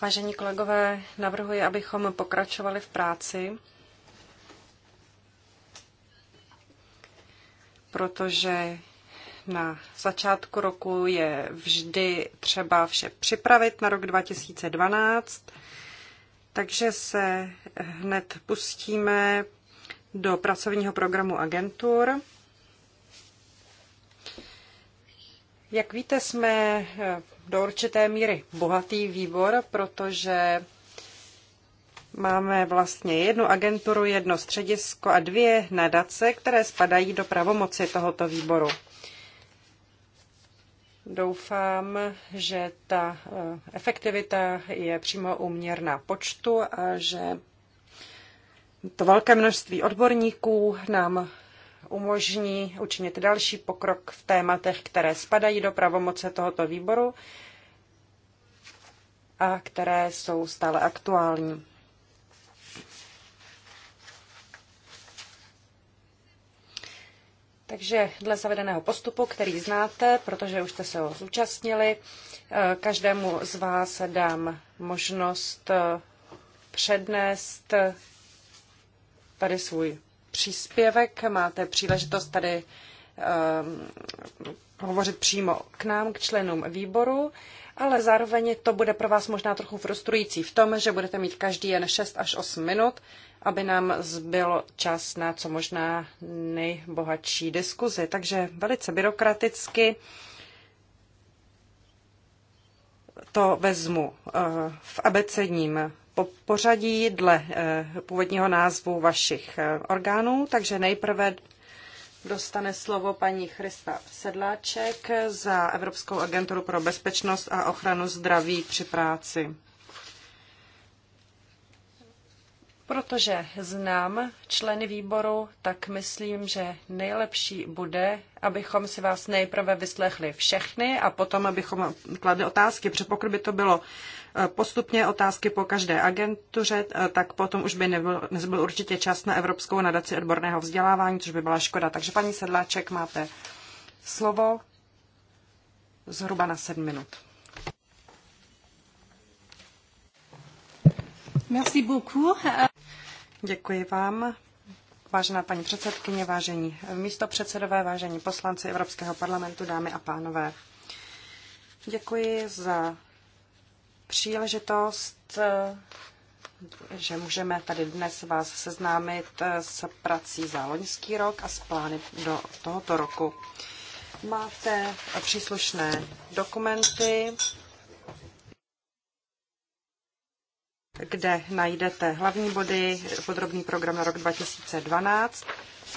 Vážení kolegové, navrhuji, abychom pokračovali v práci, protože na začátku roku je vždy třeba vše připravit na rok 2012, takže se hned pustíme do pracovního programu agentur. Jak víte, jsme do určité míry bohatý výbor, protože máme vlastně jednu agenturu, jedno středisko a dvě nadace, které spadají do pravomoci tohoto výboru. Doufám, že ta eh, efektivita je přímo úměrná počtu a že to velké množství odborníků nám umožní učinit další pokrok v tématech, které spadají do pravomoce tohoto výboru a které jsou stále aktuální. Takže dle zavedeného postupu, který znáte, protože už jste se ho zúčastnili, eh, každému z vás dám možnost eh, přednést eh, tady svůj příspěvek. Máte příležitost tady hovořit přímo k nám, k členům výboru ale zároveň to bude pro vás možná trochu frustrující v tom, že budete mít každý jen 6 až 8 minut, aby nám zbyl čas na co možná nejbohatší diskuzi. Takže velice byrokraticky to vezmu eh, v abecedním po pořadí dle eh, původního názvu vašich eh, orgánů, takže nejprve dostane slovo paní Christa Sedláček za Evropskou agenturu pro bezpečnost a ochranu zdraví při práci. Protože znám členy výboru, tak myslím, že nejlepší bude, abychom si vás nejprve vyslechli všechny a potom, abychom kladli otázky, protože pokud by to bylo postupně otázky po každé agentuře, eh, tak potom už by nebyl, nebyl určitě čas na Evropskou nadaci odborného vzdělávání, což by byla škoda. Takže paní Sedláček, máte slovo zhruba na sedm minut. Merci Děkuji vám. Vážená paní předsedkyně, vážení předsedové, vážení poslanci Evropského parlamentu, dámy a pánové. Děkuji za příležitost, že můžeme tady dnes vás seznámit s prací za loňský rok a s plány do tohoto roku. Máte příslušné dokumenty, kde najdete hlavní body, podrobný program na rok 2012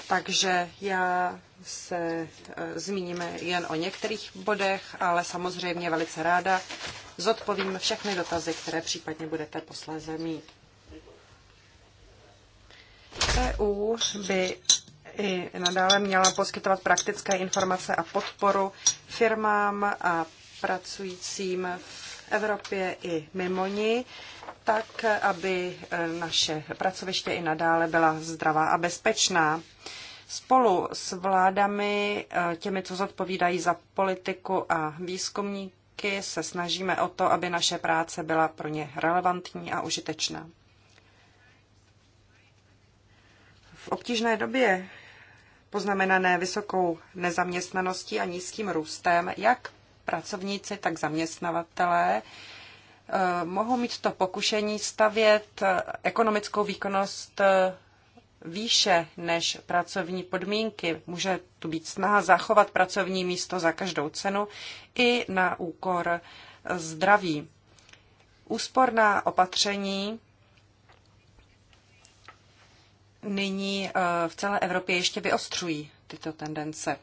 takže já se e, zmíníme jen o některých bodech, ale samozřejmě velice ráda zodpovím všechny dotazy, které případně budete posléze mít. EU by i nadále měla poskytovat praktické informace a podporu firmám a pracujícím v Evropě i mimo ní, tak aby eh, naše pracoviště i nadále byla zdravá a bezpečná. Spolu s vládami, eh, těmi, co zodpovídají za politiku a výzkumníky, se snažíme o to, aby naše práce byla pro ně relevantní a užitečná. V obtížné době poznamenané vysokou nezaměstnaností a nízkým růstem, jak pracovníci, tak zaměstnavatelé eh, mohou mít to pokušení stavět eh, ekonomickou výkonnost eh, výše než pracovní podmínky. Může tu být snaha zachovat pracovní místo za každou cenu i na úkor zdraví. Úsporná opatření nyní v celé Evropě ještě vyostřují tyto tendence.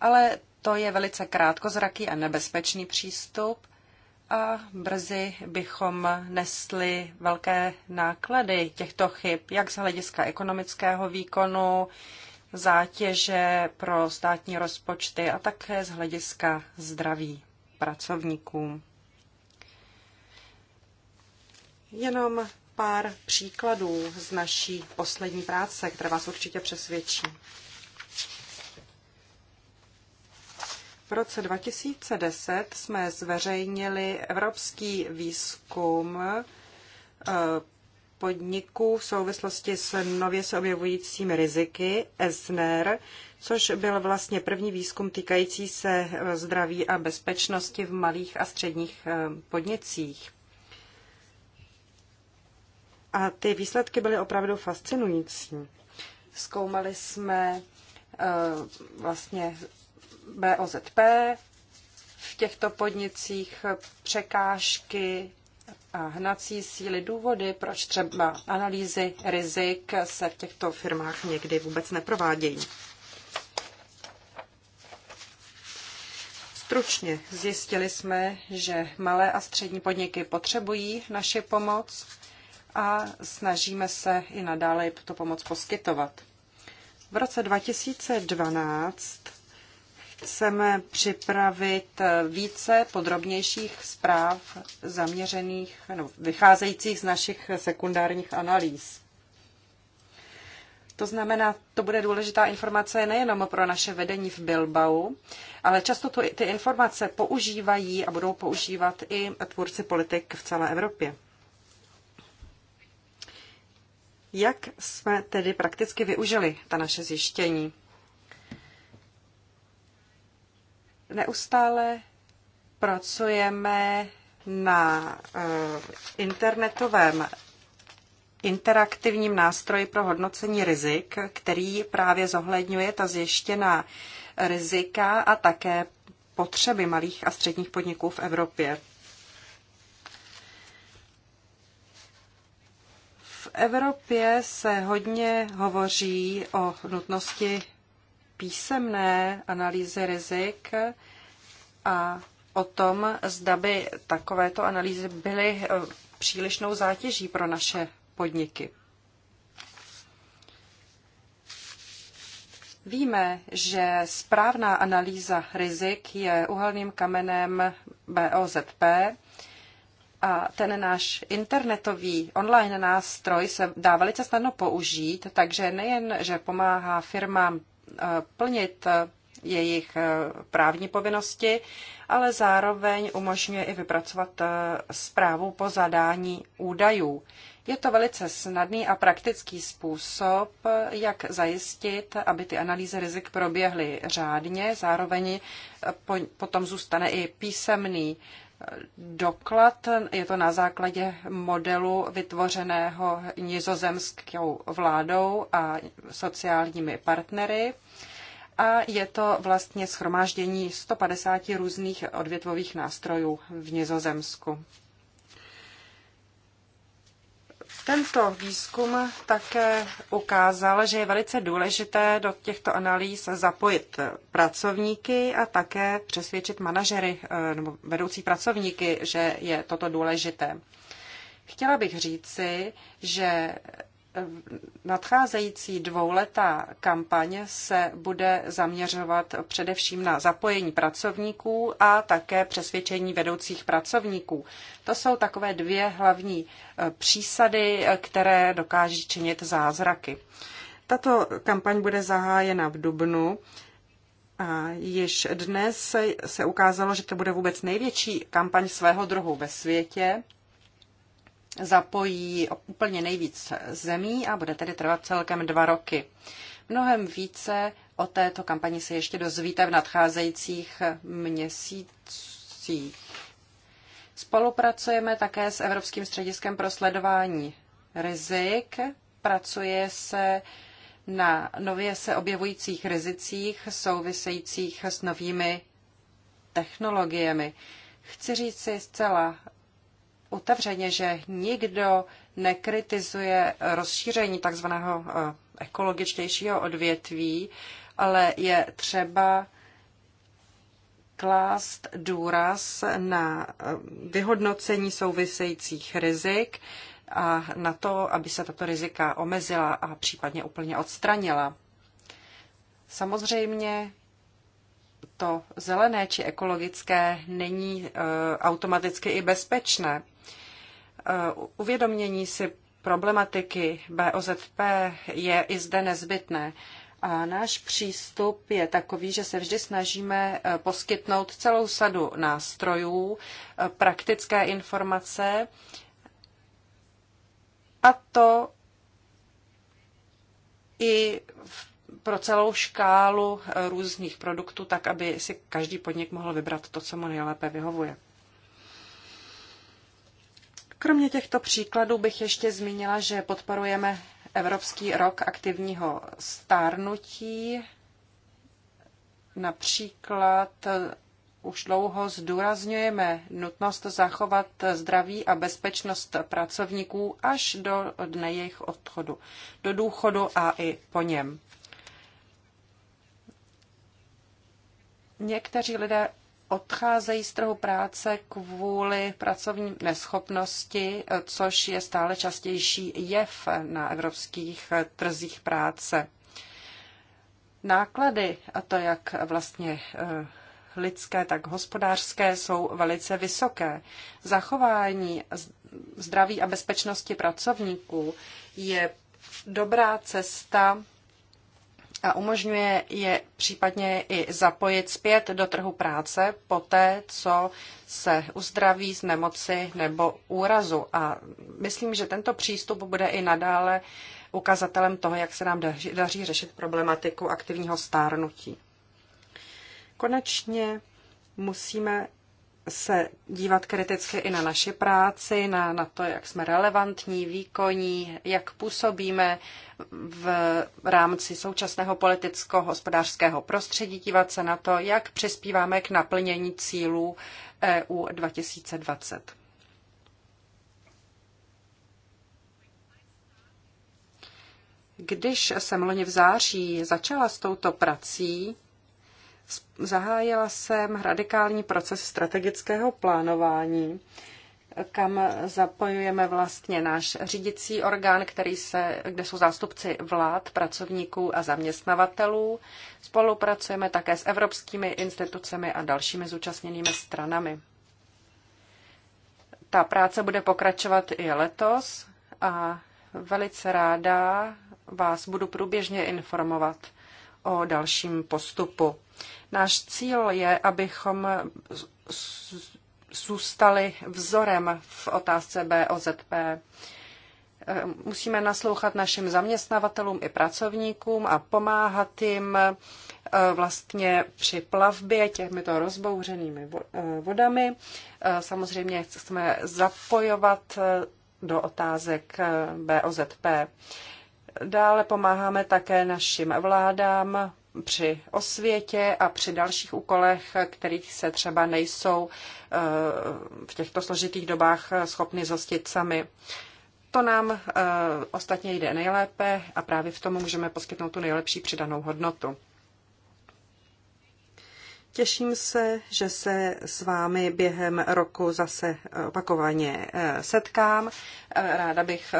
Ale to je velice krátkozraký a nebezpečný přístup a brzy bychom nesli velké náklady těchto chyb, jak z hlediska ekonomického výkonu, zátěže pro státní rozpočty a také z hlediska zdraví pracovníků. Jenom pár příkladů z naší poslední práce, které vás určitě přesvědčí. roce 2010 jsme zveřejnili evropský výzkum eh, podniků v souvislosti s nově se objevujícími riziky ESNER, což byl vlastně první výzkum týkající se eh, zdraví a bezpečnosti v malých a středních eh, podnicích. A ty výsledky byly opravdu fascinující. Zkoumali jsme vlastně BOZP v těchto podnicích, překážky a hnací síly, důvody, proč třeba analýzy rizik se v těchto firmách někdy vůbec neprovádějí. Stručně zjistili jsme, že malé a střední podniky potřebují naši pomoc a snažíme se i nadále tuto pomoc poskytovat. V roce 2012 chceme připravit více podrobnějších zpráv zaměřených, no, vycházejících z našich sekundárních analýz. To znamená, to bude důležitá informace nejenom pro naše vedení v Bilbao, ale často to, ty informace používají a budou používat i tvůrci politik v celé Evropě. Jak jsme tedy prakticky využili ta naše zjištění? Neustále pracujeme na eh, internetovém interaktivním nástroji pro hodnocení rizik, který právě zohledňuje ta zjištěná rizika a také potřeby malých a středních podniků v Evropě. V Evropě se hodně hovoří o nutnosti písemné analýzy rizik a o tom, zda by takovéto analýzy byly eh, přílišnou zátěží pro naše podniky. Víme, že správná analýza rizik je uhelným kamenem BOZP a ten náš internetový online nástroj se dá velice snadno použít, takže nejen, že pomáhá firmám Eh, plnit eh, jejich eh, právní povinnosti, ale zároveň umožňuje i vypracovat zprávu po zadání údajů. Je to velice snadný a praktický způsob, jak zajistit, aby ty analýzy rizik proběhly řádně, zároveň potom zůstane i písemný doklad. Je to na základě modelu vytvořeného nizozemskou vládou a sociálními partnery. A je to vlastně schromáždění 150 různých odvětvových nástrojů v Nizozemsku. Tento výzkum také ukázal, že je velice důležité do těchto analýz zapojit pracovníky a také přesvědčit manažery eh, nebo vedoucí pracovníky, že je toto důležité. Chtěla bych říci, že Nadcházející dvouletá kampaň se bude zaměřovat především na zapojení pracovníků a také přesvědčení vedoucích pracovníků. To jsou takové dvě hlavní eh, přísady, eh, které dokáží činit zázraky. Tato kampaň bude zahájena v Dubnu. A již dnes se ukázalo, že to bude vůbec největší kampaň svého druhu ve světě zapojí úplně nejvíc zemí a bude tedy trvat celkem dva roky. Mnohem více o této kampani se ještě dozvíte v nadcházejících měsících. Spolupracujeme také s Evropským střediskem pro sledování rizik. Pracuje se na nově se objevujících rizicích souvisejících s novými technologiemi. Chci říct si zcela otevřeně, že nikdo nekritizuje rozšíření takzvaného eh, ekologičtějšího odvětví, ale je třeba klást důraz na eh, vyhodnocení souvisejících rizik a na to, aby se tato rizika omezila a případně úplně odstranila. Samozřejmě to zelené či ekologické není eh, automaticky i bezpečné. Eh, uvědomění si problematiky BOZP je i zde nezbytné. A náš přístup je takový, že se vždy snažíme eh, poskytnout celou sadu nástrojů, eh, praktické informace a to i pro celou škálu různých produktů, tak aby si každý podnik mohl vybrat to, co mu nejlépe vyhovuje. Kromě těchto příkladů bych ještě zmínila, že podporujeme Evropský rok aktivního stárnutí. Například eh, už dlouho zdůrazňujeme nutnost zachovat zdraví a bezpečnost pracovníků až do dne jejich odchodu, do důchodu a i po něm. Někteří lidé odcházejí z trhu práce kvůli pracovní neschopnosti, což je stále častější jev na evropských trzích práce. Náklady, a to jak vlastně eh, lidské, tak hospodářské, jsou velice vysoké. Zachování zdraví a bezpečnosti pracovníků je dobrá cesta a umožňuje je případně i zapojit zpět do trhu práce poté, co se uzdraví z nemoci nebo úrazu. A myslím, že tento přístup bude i nadále ukazatelem toho, jak se nám daří, daří řešit problematiku aktivního stárnutí. Konečně musíme se dívat kriticky i na naši práci, na, na to, jak jsme relevantní, výkonní, jak působíme v rámci současného politicko-hospodářského prostředí, dívat se na to, jak přispíváme k naplnění cílů EU 2020. Když jsem loni v září začala s touto prací, Zahájila jsem radikální proces strategického plánování, kam zapojujeme vlastně náš řídicí orgán, který se, kde jsou zástupci vlád, pracovníků a zaměstnavatelů. Spolupracujeme také s evropskými institucemi a dalšími zúčastněnými stranami. Ta práce bude pokračovat i letos a velice ráda vás budu průběžně informovat o dalším postupu. Náš cíl je, abychom zůstali vzorem v otázce BOZP. Musíme naslouchat našim zaměstnavatelům i pracovníkům a pomáhat jim eh, vlastně při plavbě těmito rozbouřenými eh, vodami. Eh, samozřejmě chceme zapojovat do otázek BOZP. Dále pomáháme také našim vládám při osvětě a při dalších úkolech, kterých se třeba nejsou eh, v těchto složitých dobách eh, schopni zostit sami. To nám eh, ostatně jde nejlépe a právě v tom můžeme poskytnout tu nejlepší přidanou hodnotu. Těším se, že se s vámi během roku zase opakovaně setkám. Ráda bych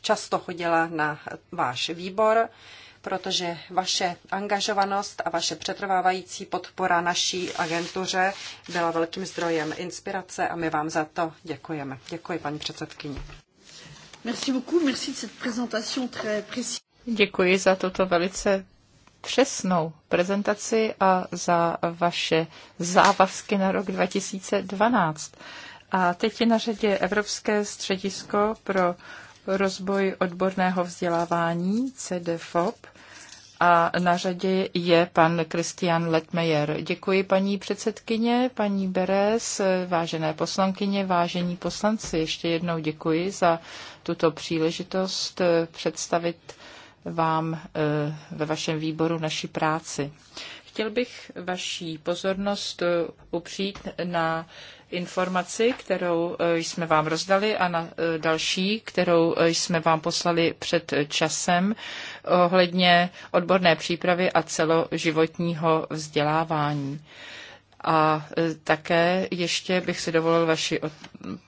často chodila na váš výbor protože vaše angažovanost a vaše přetrvávající podpora naší agentuře byla velkým zdrojem inspirace a my vám za to děkujeme. Děkuji, paní předsedkyně. Merci beaucoup, merci de cette présentation très précise. Děkuji za toto velice přesnou prezentaci a za vaše závazky na rok 2012. A teď je na řadě Evropské středisko pro rozboj odborného vzdělávání CDFOP a na řadě je pan Kristian Letmejer. Děkuji paní předsedkyně, paní Beres, vážené poslankyně, vážení poslanci. Ještě jednou děkuji za tuto příležitost eh, představit vám eh, ve vašem výboru naši práci. Chtěl bych vaší pozornost eh, upřít na informaci, kterou eh, jsme vám rozdali a na eh, další, kterou eh, jsme vám poslali před časem ohledně odborné přípravy a celoživotního vzdělávání. A také ještě bych si dovolil vaši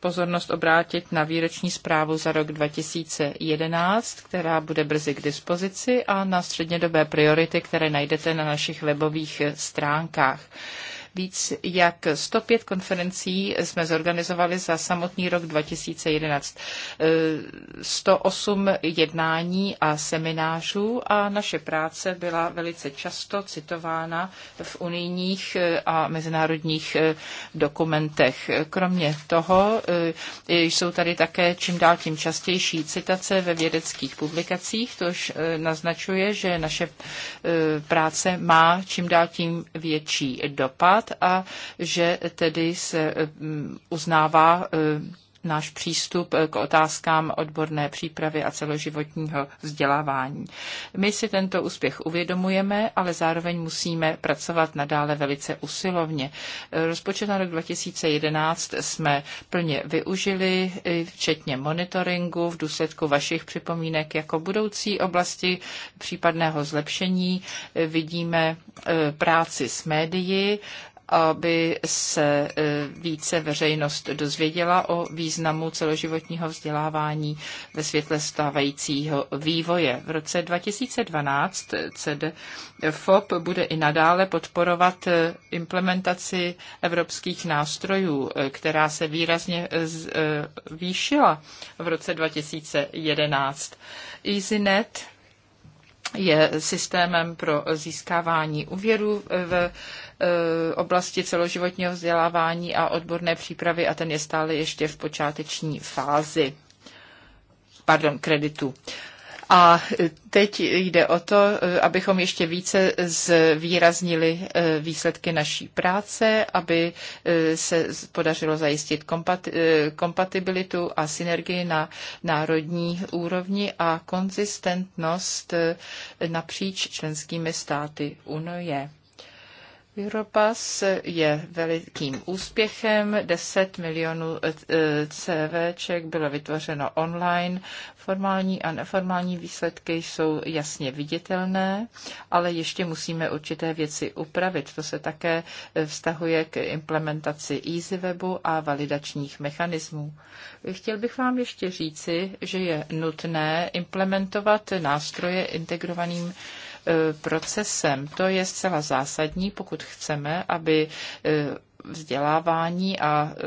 pozornost obrátit na výroční zprávu za rok 2011, která bude brzy k dispozici a na střednědobé priority, které najdete na našich webových stránkách. Víc jak 105 konferencí jsme zorganizovali za samotný rok 2011. 108 eh, jednání a seminářů a naše práce byla velice často citována v unijních eh, a mezinárodních eh, dokumentech. Kromě toho jsou tady také čím dál tím častější citace ve vědeckých publikacích, což naznačuje, že naše práce má čím dál tím větší dopad dělat a že tedy se mm, uznává e, náš přístup e, k otázkám odborné přípravy a celoživotního vzdělávání. My si tento úspěch uvědomujeme, ale zároveň musíme pracovat nadále velice usilovně. E, rozpočet na rok 2011 jsme plně využili, včetně monitoringu v důsledku vašich připomínek jako budoucí oblasti případného zlepšení. Vidíme práci s médií, aby se e, více veřejnost dozvěděla o významu celoživotního vzdělávání ve světle stávajícího vývoje. V roce 2012 FOP bude i nadále podporovat e, implementaci evropských nástrojů, e, která se výrazně zvýšila v roce 2011. EasyNet je systémem pro získávání úvěru v e, oblasti celoživotního vzdělávání a odborné přípravy a ten je stále ještě v počáteční fázi, pardon, kreditu. A teď jde o to, abychom ještě více zvýraznili eh, výsledky naší práce, aby eh, se podařilo zajistit eh, kompatibilitu a synergii na národní úrovni a konzistentnost napříč členskými státy Unie. Europass je velikým úspěchem. 10 milionů eh, CVček bylo vytvořeno online. Formální a neformální výsledky jsou jasně viditelné, ale ještě musíme určité věci upravit. To se také eh, vztahuje k implementaci EasyWebu a validačních mechanismů. Chtěl bych vám ještě říci, že je nutné implementovat nástroje integrovaným E, procesem. To je zcela zásadní, pokud chceme, aby e, vzdělávání a eh,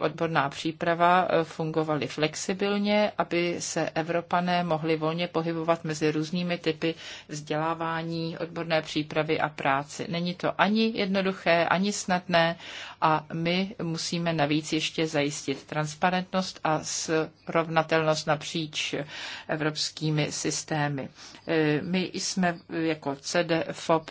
odborná příprava eh, fungovaly flexibilně, aby se Evropané mohli volně pohybovat mezi různými typy vzdělávání, odborné přípravy a práci. Není to ani jednoduché, ani snadné a my musíme navíc ještě zajistit transparentnost a srovnatelnost napříč evropskými systémy. Eh, my jsme jako CDFOP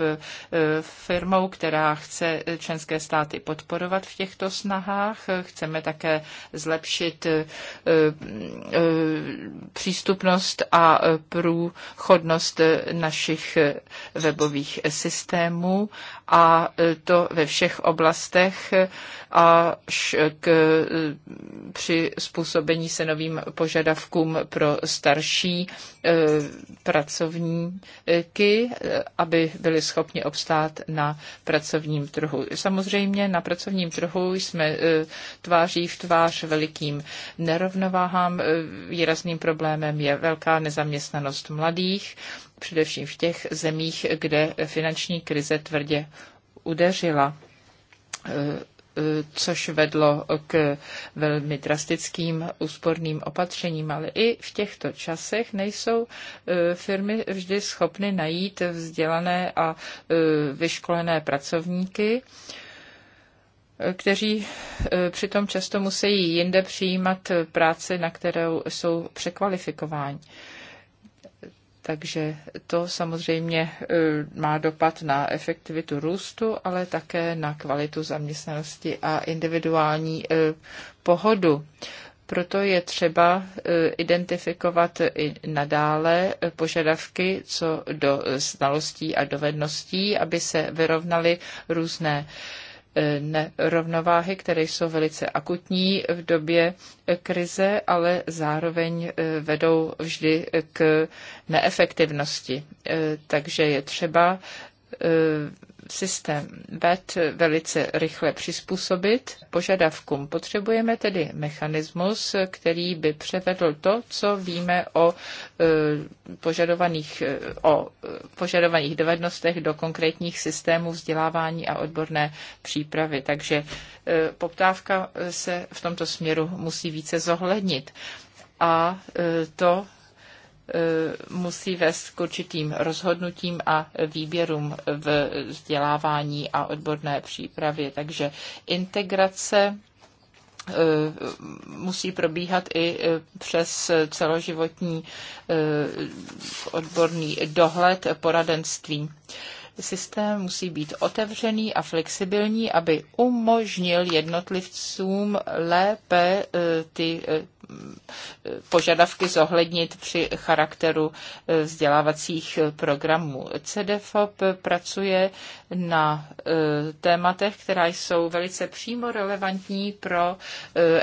firmou, která chce členské státy podporovat podporovat v těchto snahách. Chceme také zlepšit eh, eh, přístupnost a průchodnost našich webových systémů a to ve všech oblastech až k eh, přizpůsobení se novým požadavkům pro starší pracovníky, aby byli schopni obstát na pracovním trhu. Samozřejmě na pracovním pracovním trhu jsme e, tváří v tvář velikým nerovnováhám. E, výrazným problémem je velká nezaměstnanost mladých, především v těch zemích, kde finanční krize tvrdě udeřila e, což vedlo k velmi drastickým úsporným opatřením, ale i v těchto časech nejsou firmy vždy schopny najít vzdělané a vyškolené pracovníky kteří e, přitom často musí jinde přijímat práci, na kterou jsou překvalifikováni. Takže to samozřejmě e, má dopad na efektivitu růstu, ale také na kvalitu zaměstnanosti a individuální e, pohodu. Proto je třeba identifikovat i nadále požadavky co do znalostí a dovedností, aby se vyrovnaly různé E, nerovnováhy, které jsou velice akutní v době krize, ale zároveň e, vedou vždy k neefektivnosti. E, takže je třeba systém VET velice rychle přizpůsobit požadavkům. Potřebujeme tedy mechanismus, který by převedl to, co víme o e, požadovaných, e, o požadovaných dovednostech do konkrétních systémů vzdělávání a odborné přípravy. Takže e, poptávka se v tomto směru musí více zohlednit. A to Eh, musí vést k určitým rozhodnutím a výběrům v vzdělávání a odborné přípravě. Takže integrace eh, musí probíhat i eh, přes celoživotní odborný dohled poradenství. Systém musí být otevřený a flexibilní, aby umožnil jednotlivcům lépe ty požadavky zohlednit při charakteru eh, vzdělávacích eh, programů. CDFOP pracuje na eh, tématech, která jsou velice přímo relevantní pro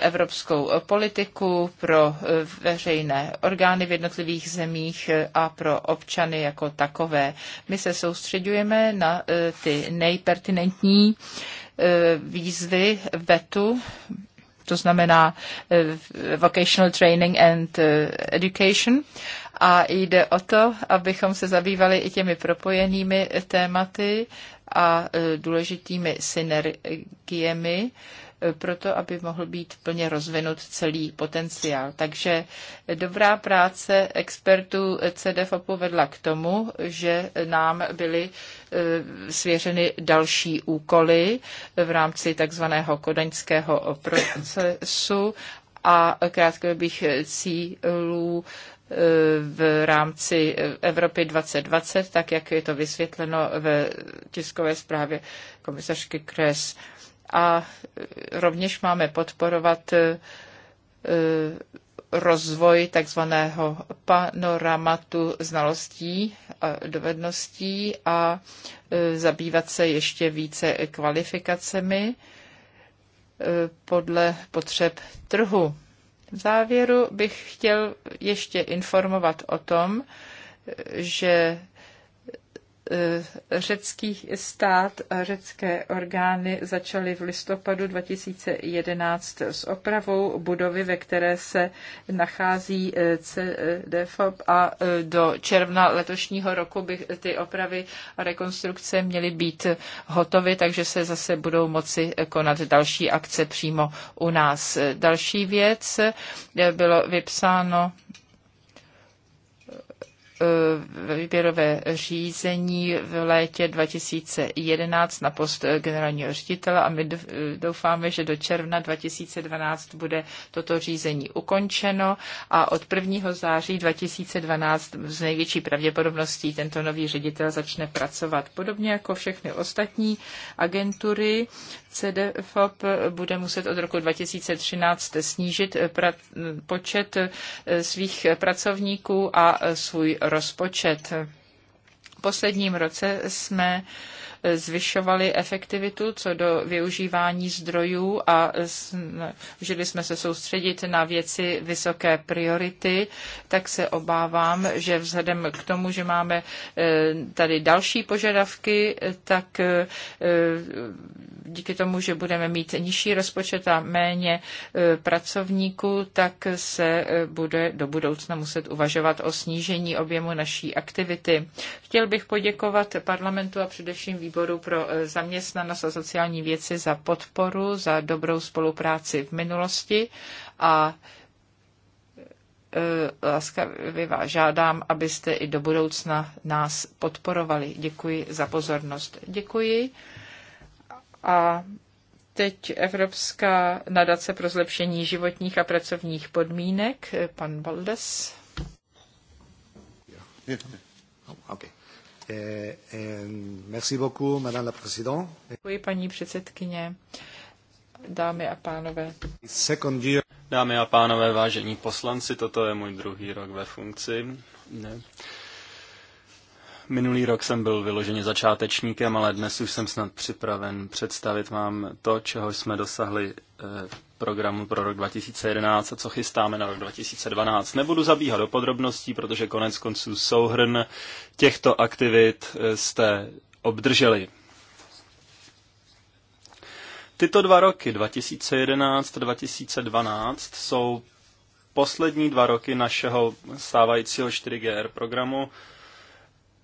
evropskou politiku, pro veřejné orgány v jednotlivých zemích a pro občany jako takové. My se soustředujeme na ty nejpertinentní výzvy VETu, to znamená eh, Vocational Training and eh, Education. A jde o to, abychom se zabývali i těmi propojenými eh, tématy a důležitými synergiemi, proto, aby mohl být plně rozvinut celý potenciál. Takže dobrá práce expertů CDFOPu vedla k tomu, že nám byly Eh, svěřeny další úkoly v rámci takzvaného kodaňského procesu a bych cílů eh, v rámci Evropy 2020, tak jak je to vysvětleno ve tiskové zprávě komisařky Kres. A rovněž máme podporovat eh, rozvoj takzvaného panoramatu znalostí a dovedností a e, zabývat se ještě více kvalifikacemi e, podle potřeb trhu. V závěru bych chtěl ještě informovat o tom, e, že Eh, řecký stát a řecké orgány začaly v listopadu 2011 s opravou budovy, ve které se nachází eh, CDFOP a eh, do června letošního roku by ty opravy a rekonstrukce měly být hotovy, takže se zase budou moci konat další akce přímo u nás. Další věc bylo vypsáno Eh, výběrové řízení v létě 2011 na post generálního ředitele a my eh, doufáme, že do června 2012 bude toto řízení ukončeno a od 1. září 2012 z největší pravděpodobností tento nový ředitel začne pracovat. Podobně jako všechny ostatní agentury CDFOP bude muset od roku 2013 snížit eh, počet svých pracovníků a svůj rozpočet. V posledním roce jsme zvyšovali efektivitu co do využívání zdrojů a žili jsme se soustředit na věci vysoké priority, tak se obávám, že vzhledem k tomu, že máme eh, tady další požadavky, tak eh, díky tomu, že budeme mít nižší rozpočet a méně eh, pracovníků, tak se bude do budoucna muset uvažovat o snížení objemu naší aktivity. Chtěl bych poděkovat parlamentu a především výboru pro eh, zaměstnanost a sociální věci za podporu, za dobrou spolupráci v minulosti a eh, laskavě vás žádám, abyste i do budoucna nás podporovali. Děkuji za pozornost. Děkuji. A teď Evropská nadace pro zlepšení životních a pracovních podmínek, pan Baldes. Oh, okay. Eh, eh, Děkuji, paní předsedkyně. Dámy a pánové. Dámy a pánové, vážení poslanci, toto je můj druhý rok ve funkci. Ne. Minulý rok jsem byl vyloženě začátečníkem, ale dnes už jsem snad připraven představit vám to, čeho jsme dosahli eh, programu pro rok 2011 a co chystáme na rok 2012. Nebudu zabíhat do podrobností, protože konec konců souhrn těchto aktivit eh, jste obdrželi. Tyto dva roky, 2011 a 2012, jsou poslední dva roky našeho stávajícího 4GR programu,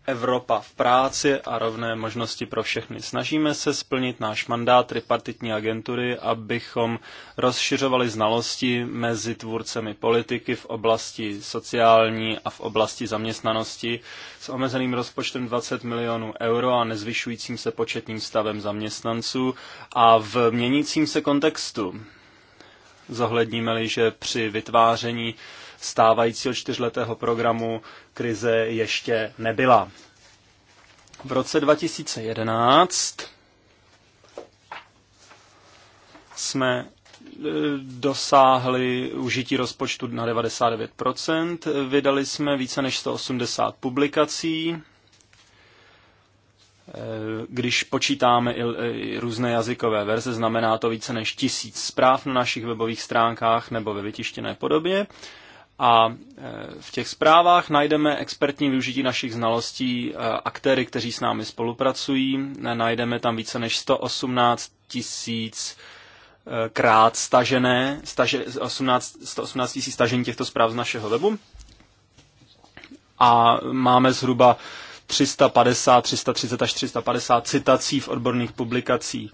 Evropa v práci a rovné možnosti pro všechny. Snažíme se splnit náš mandát tripartitní agentury, abychom rozšiřovali znalosti mezi tvůrcemi politiky v oblasti sociální a v oblasti zaměstnanosti s omezeným rozpočtem 20 milionů euro a nezvyšujícím se početním stavem zaměstnanců a v měnícím se kontextu. Zohledníme-li, že při vytváření stávajícího čtyřletého programu krize ještě nebyla. V roce 2011 jsme e, dosáhli užití rozpočtu na 99%, vydali jsme více než 180 publikací, e, když počítáme e, i různé jazykové verze, znamená to více než tisíc zpráv na našich webových stránkách nebo ve vytištěné podobě. A e, v těch zprávách najdeme expertní využití našich znalostí, e, aktéry, kteří s námi spolupracují. E, najdeme tam více než 118 tisíc krát stažené, staže, 18, 118 tisíc stažení těchto zpráv z našeho webu. A máme zhruba 350, 330 až 350 citací v odborných publikacích.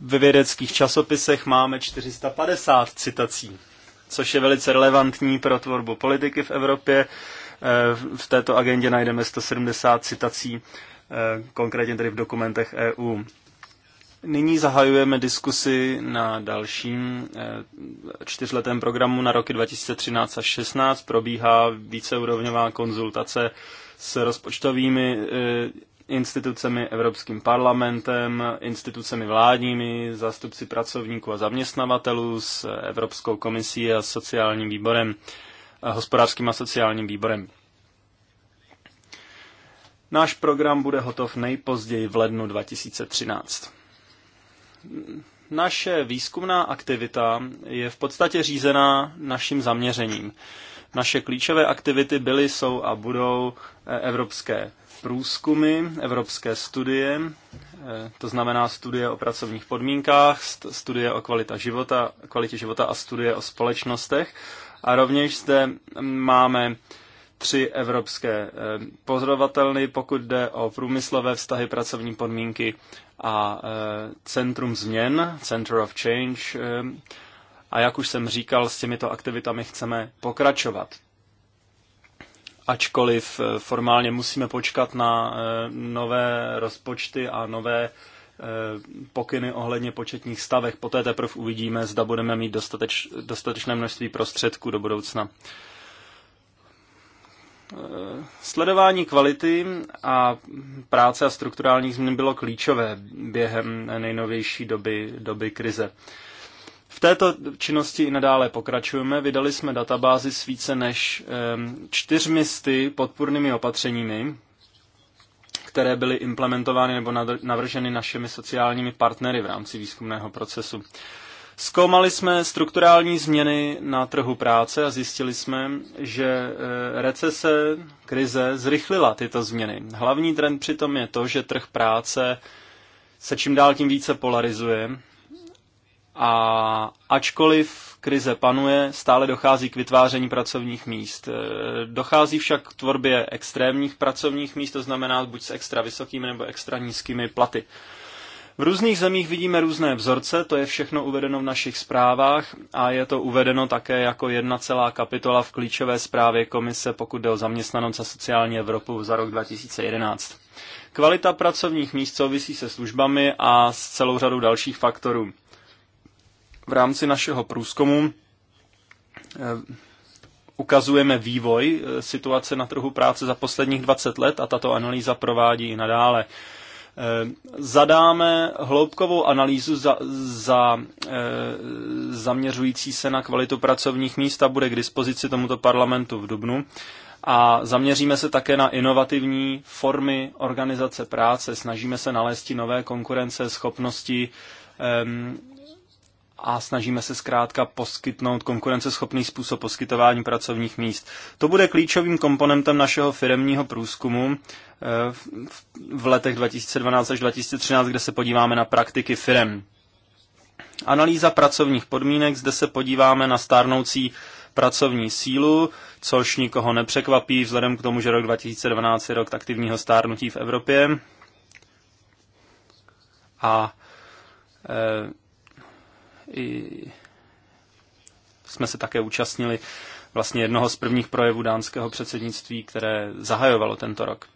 Ve vědeckých časopisech máme 450 citací což je velice relevantní pro tvorbu politiky v Evropě. Eh, v této agendě najdeme 170 citací, eh, konkrétně tedy v dokumentech EU. Nyní zahajujeme diskusi na dalším eh, čtyřletém programu na roky 2013 až 16. Probíhá víceúrovňová konzultace s rozpočtovými institucemi, Evropským parlamentem, institucemi vládními, zástupci pracovníků a zaměstnavatelů, s Evropskou komisí a sociálním výborem, a hospodářským a sociálním výborem. Náš program bude hotov nejpozději v lednu 2013. Naše výzkumná aktivita je v podstatě řízená naším zaměřením. Naše klíčové aktivity byly, jsou a budou e, evropské průzkumy, evropské studie, eh, to znamená studie o pracovních podmínkách, studie o kvalita života, kvalitě života a studie o společnostech. A rovněž zde máme tři evropské eh, pozorovatelny, pokud jde o průmyslové vztahy, pracovní podmínky a eh, Centrum změn, Center of Change. A jak už jsem říkal, s těmito aktivitami chceme pokračovat ačkoliv eh, formálně musíme počkat na eh, nové rozpočty a nové eh, pokyny ohledně početních stavek. Poté teprve uvidíme, zda budeme mít dostateč, dostatečné množství prostředků do budoucna. Sledování kvality a práce a strukturálních změn bylo klíčové během nejnovější doby, doby krize. V této činnosti i nadále pokračujeme. Vydali jsme databázi s více než sty podpůrnými opatřeními, které byly implementovány nebo navrženy našimi sociálními partnery v rámci výzkumného procesu. Zkoumali jsme strukturální změny na trhu práce a zjistili jsme, že eh, recese, krize zrychlila tyto změny. Hlavní trend přitom je to, že trh práce se čím dál tím více polarizuje a ačkoliv krize panuje, stále dochází k vytváření pracovních míst. E, dochází však k tvorbě extrémních pracovních míst, to znamená buď s extra vysokými nebo extra nízkými platy. V různých zemích vidíme různé vzorce, to je všechno uvedeno v našich zprávách a je to uvedeno také jako jedna celá kapitola v klíčové zprávě komise, pokud jde o zaměstnanost a sociální Evropu za rok 2011. Kvalita pracovních míst souvisí se službami a s celou řadou dalších faktorů v rámci našeho průzkumu eh, ukazujeme vývoj eh, situace na trhu práce za posledních 20 let a tato analýza provádí i nadále. Eh, zadáme hloubkovou analýzu za, za, zaměřující se na kvalitu pracovních míst a bude k dispozici tomuto parlamentu v Dubnu. A zaměříme se také na inovativní formy organizace práce. Snažíme se nalézt nové konkurence, schopnosti, ehm, a snažíme se zkrátka poskytnout konkurenceschopný způsob poskytování pracovních míst. To bude klíčovým komponentem našeho firemního průzkumu eh, v letech 2012 až 2013, kde se podíváme na praktiky firem. Analýza pracovních podmínek, zde se podíváme na stárnoucí pracovní sílu, což nikoho nepřekvapí vzhledem k tomu, že rok 2012 je rok aktivního stárnutí v Evropě. A e, jsme se také účastnili vlastně jednoho z prvních projevů dánského předsednictví, které zahajovalo tento rok.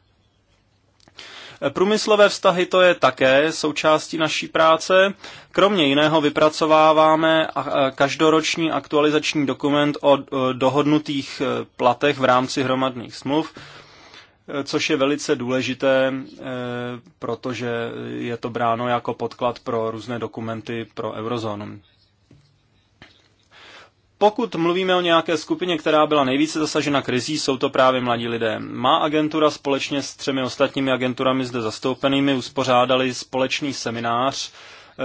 Průmyslové vztahy to je také součástí naší práce. Kromě jiného vypracováváme každoroční aktualizační dokument o dohodnutých e, platech v rámci hromadných smluv což je velice důležité, eh, protože je to bráno jako podklad pro různé dokumenty pro eurozónu. Pokud mluvíme o nějaké skupině, která byla nejvíce zasažena krizí, jsou to právě mladí lidé. Má agentura společně s třemi ostatními agenturami zde zastoupenými uspořádali společný seminář,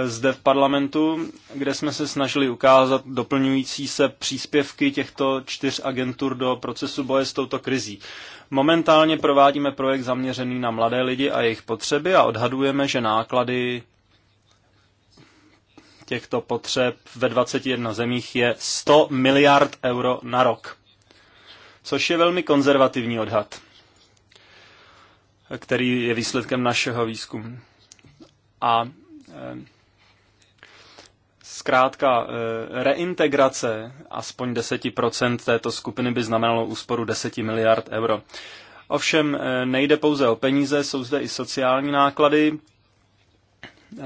zde v parlamentu, kde jsme se snažili ukázat doplňující se příspěvky těchto čtyř agentur do procesu boje s touto krizí. Momentálně provádíme projekt zaměřený na mladé lidi a jejich potřeby a odhadujeme, že náklady těchto potřeb ve 21 zemích je 100 miliard euro na rok, což je velmi konzervativní odhad, který je výsledkem našeho výzkumu. A eh, Zkrátka, eh, reintegrace aspoň 10% této skupiny by znamenalo úsporu 10 miliard euro. Ovšem eh, nejde pouze o peníze, jsou zde i sociální náklady. Eh,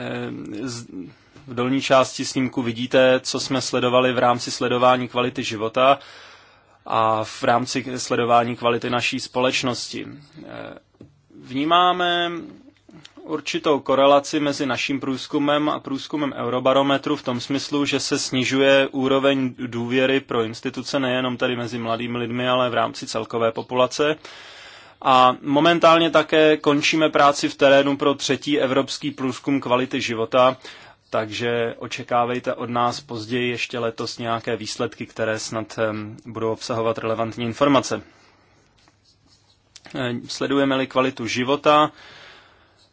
v dolní části snímku vidíte, co jsme sledovali v rámci sledování kvality života a v rámci sledování kvality naší společnosti. Vnímáme určitou korelaci mezi naším průzkumem a průzkumem Eurobarometru v tom smyslu, že se snižuje úroveň důvěry pro instituce nejenom tady mezi mladými lidmi, ale v rámci celkové populace. A momentálně také končíme práci v terénu pro třetí evropský průzkum kvality života, takže očekávejte od nás později ještě letos nějaké výsledky, které snad budou obsahovat relevantní informace. Sledujeme-li kvalitu života,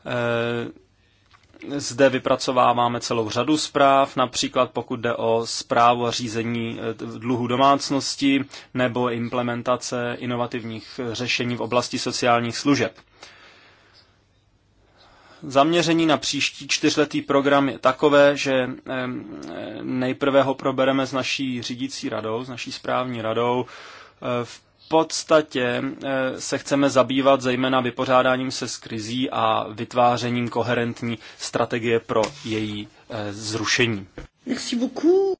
Eh, zde vypracováváme celou řadu zpráv, například pokud jde o zprávu a řízení eh, dluhu domácnosti nebo implementace inovativních řešení v oblasti sociálních služeb. Zaměření na příští čtyřletý program je takové, že eh, nejprve ho probereme s naší řídící radou, s naší správní radou v podstatě eh, se chceme zabývat zejména vypořádáním se s krizí a vytvářením koherentní strategie pro její eh, zrušení. Merci beaucoup.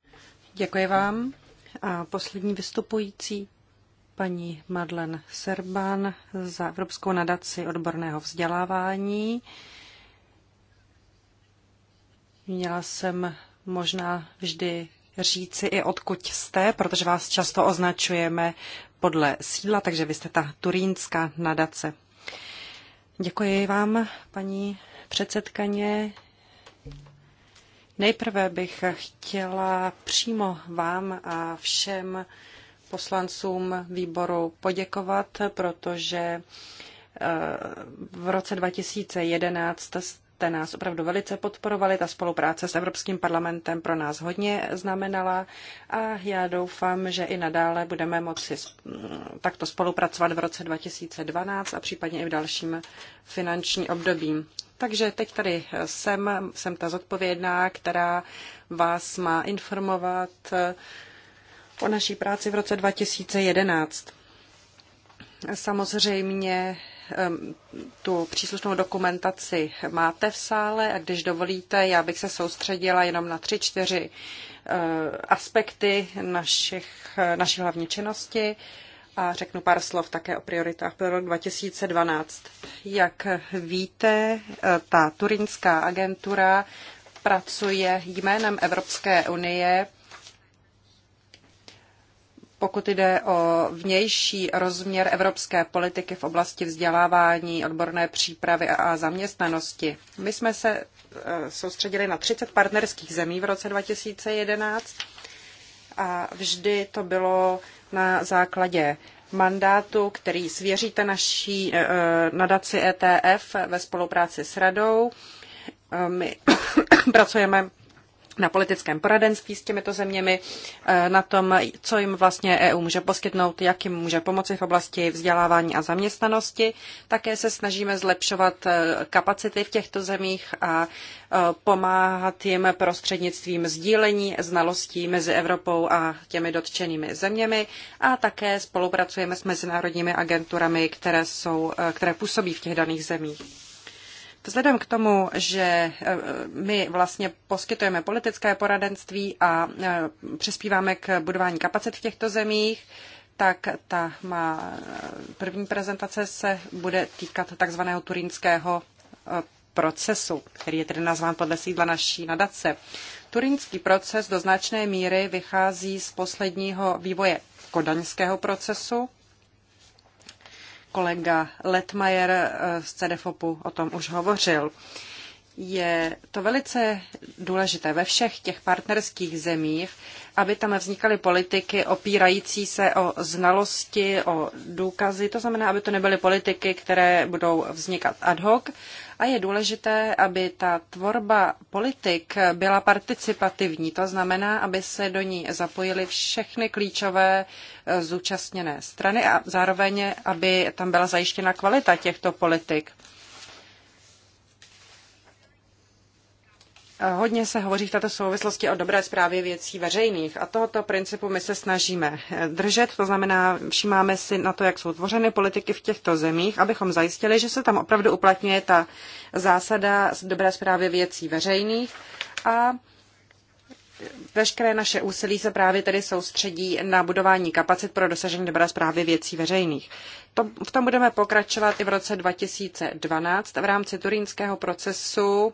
Děkuji vám. A poslední vystupující paní Madlen Serban za Evropskou nadaci odborného vzdělávání. Měla jsem možná vždy říci i odkud jste, protože vás často označujeme podle sídla, takže vy jste ta turínská nadace. Děkuji vám, paní předsedkaně. Nejprve bych chtěla přímo vám a všem poslancům výboru poděkovat, protože eh, v roce 2011 jste nás opravdu velice podporovali. Ta spolupráce s Evropským parlamentem pro nás hodně znamenala a já doufám, že i nadále budeme moci mm, takto spolupracovat v roce 2012 a případně i v dalším finanční období. Takže teď tady jsem, jsem ta zodpovědná, která vás má informovat eh, o naší práci v roce 2011. Samozřejmě tu příslušnou dokumentaci máte v sále a když dovolíte, já bych se soustředila jenom na tři, čtyři eh, aspekty našich, eh, naší hlavní činnosti a řeknu pár slov také o prioritách pro rok 2012. Jak víte, eh, ta turinská agentura pracuje jménem Evropské unie pokud jde o vnější rozměr evropské politiky v oblasti vzdělávání, odborné přípravy a zaměstnanosti. My jsme se e, soustředili na 30 partnerských zemí v roce 2011 a vždy to bylo na základě mandátu, který svěříte naší e, e, nadaci ETF ve spolupráci s radou. My pracujeme na politickém poradenství s těmito zeměmi, eh, na tom, co jim vlastně EU může poskytnout, jak jim může pomoci v oblasti vzdělávání a zaměstnanosti. Také se snažíme zlepšovat eh, kapacity v těchto zemích a eh, pomáhat jim prostřednictvím sdílení znalostí mezi Evropou a těmi dotčenými zeměmi a také spolupracujeme s mezinárodními agenturami, které, jsou, které působí v těch daných zemích. Vzhledem k tomu, že e, my vlastně poskytujeme politické poradenství a e, přispíváme k budování kapacit v těchto zemích, tak ta má e, první prezentace se bude týkat takzvaného turínského procesu, který je tedy nazván podle sídla naší nadace. Turínský proces do značné míry vychází z posledního vývoje kodaňského procesu, Kolega Letmajer eh, z CDFOPu o tom už hovořil. Je to velice důležité ve všech těch partnerských zemích, aby tam vznikaly politiky opírající se o znalosti, o důkazy. To znamená, aby to nebyly politiky, které budou vznikat ad hoc, a je důležité, aby ta tvorba politik byla participativní, to znamená, aby se do ní zapojily všechny klíčové eh, zúčastněné strany a zároveň, aby tam byla zajištěna kvalita těchto politik. Eh, hodně se hovoří v této souvislosti o dobré zprávě věcí veřejných a tohoto principu my se snažíme eh, držet, to znamená všímáme si na to, jak jsou tvořeny politiky v těchto zemích, abychom zajistili, že se tam opravdu uplatňuje ta zásada dobré zprávy věcí veřejných a veškeré naše úsilí se právě tedy soustředí na budování kapacit pro dosažení dobré zprávy věcí veřejných. To, v tom budeme pokračovat i v roce 2012 v rámci turínského procesu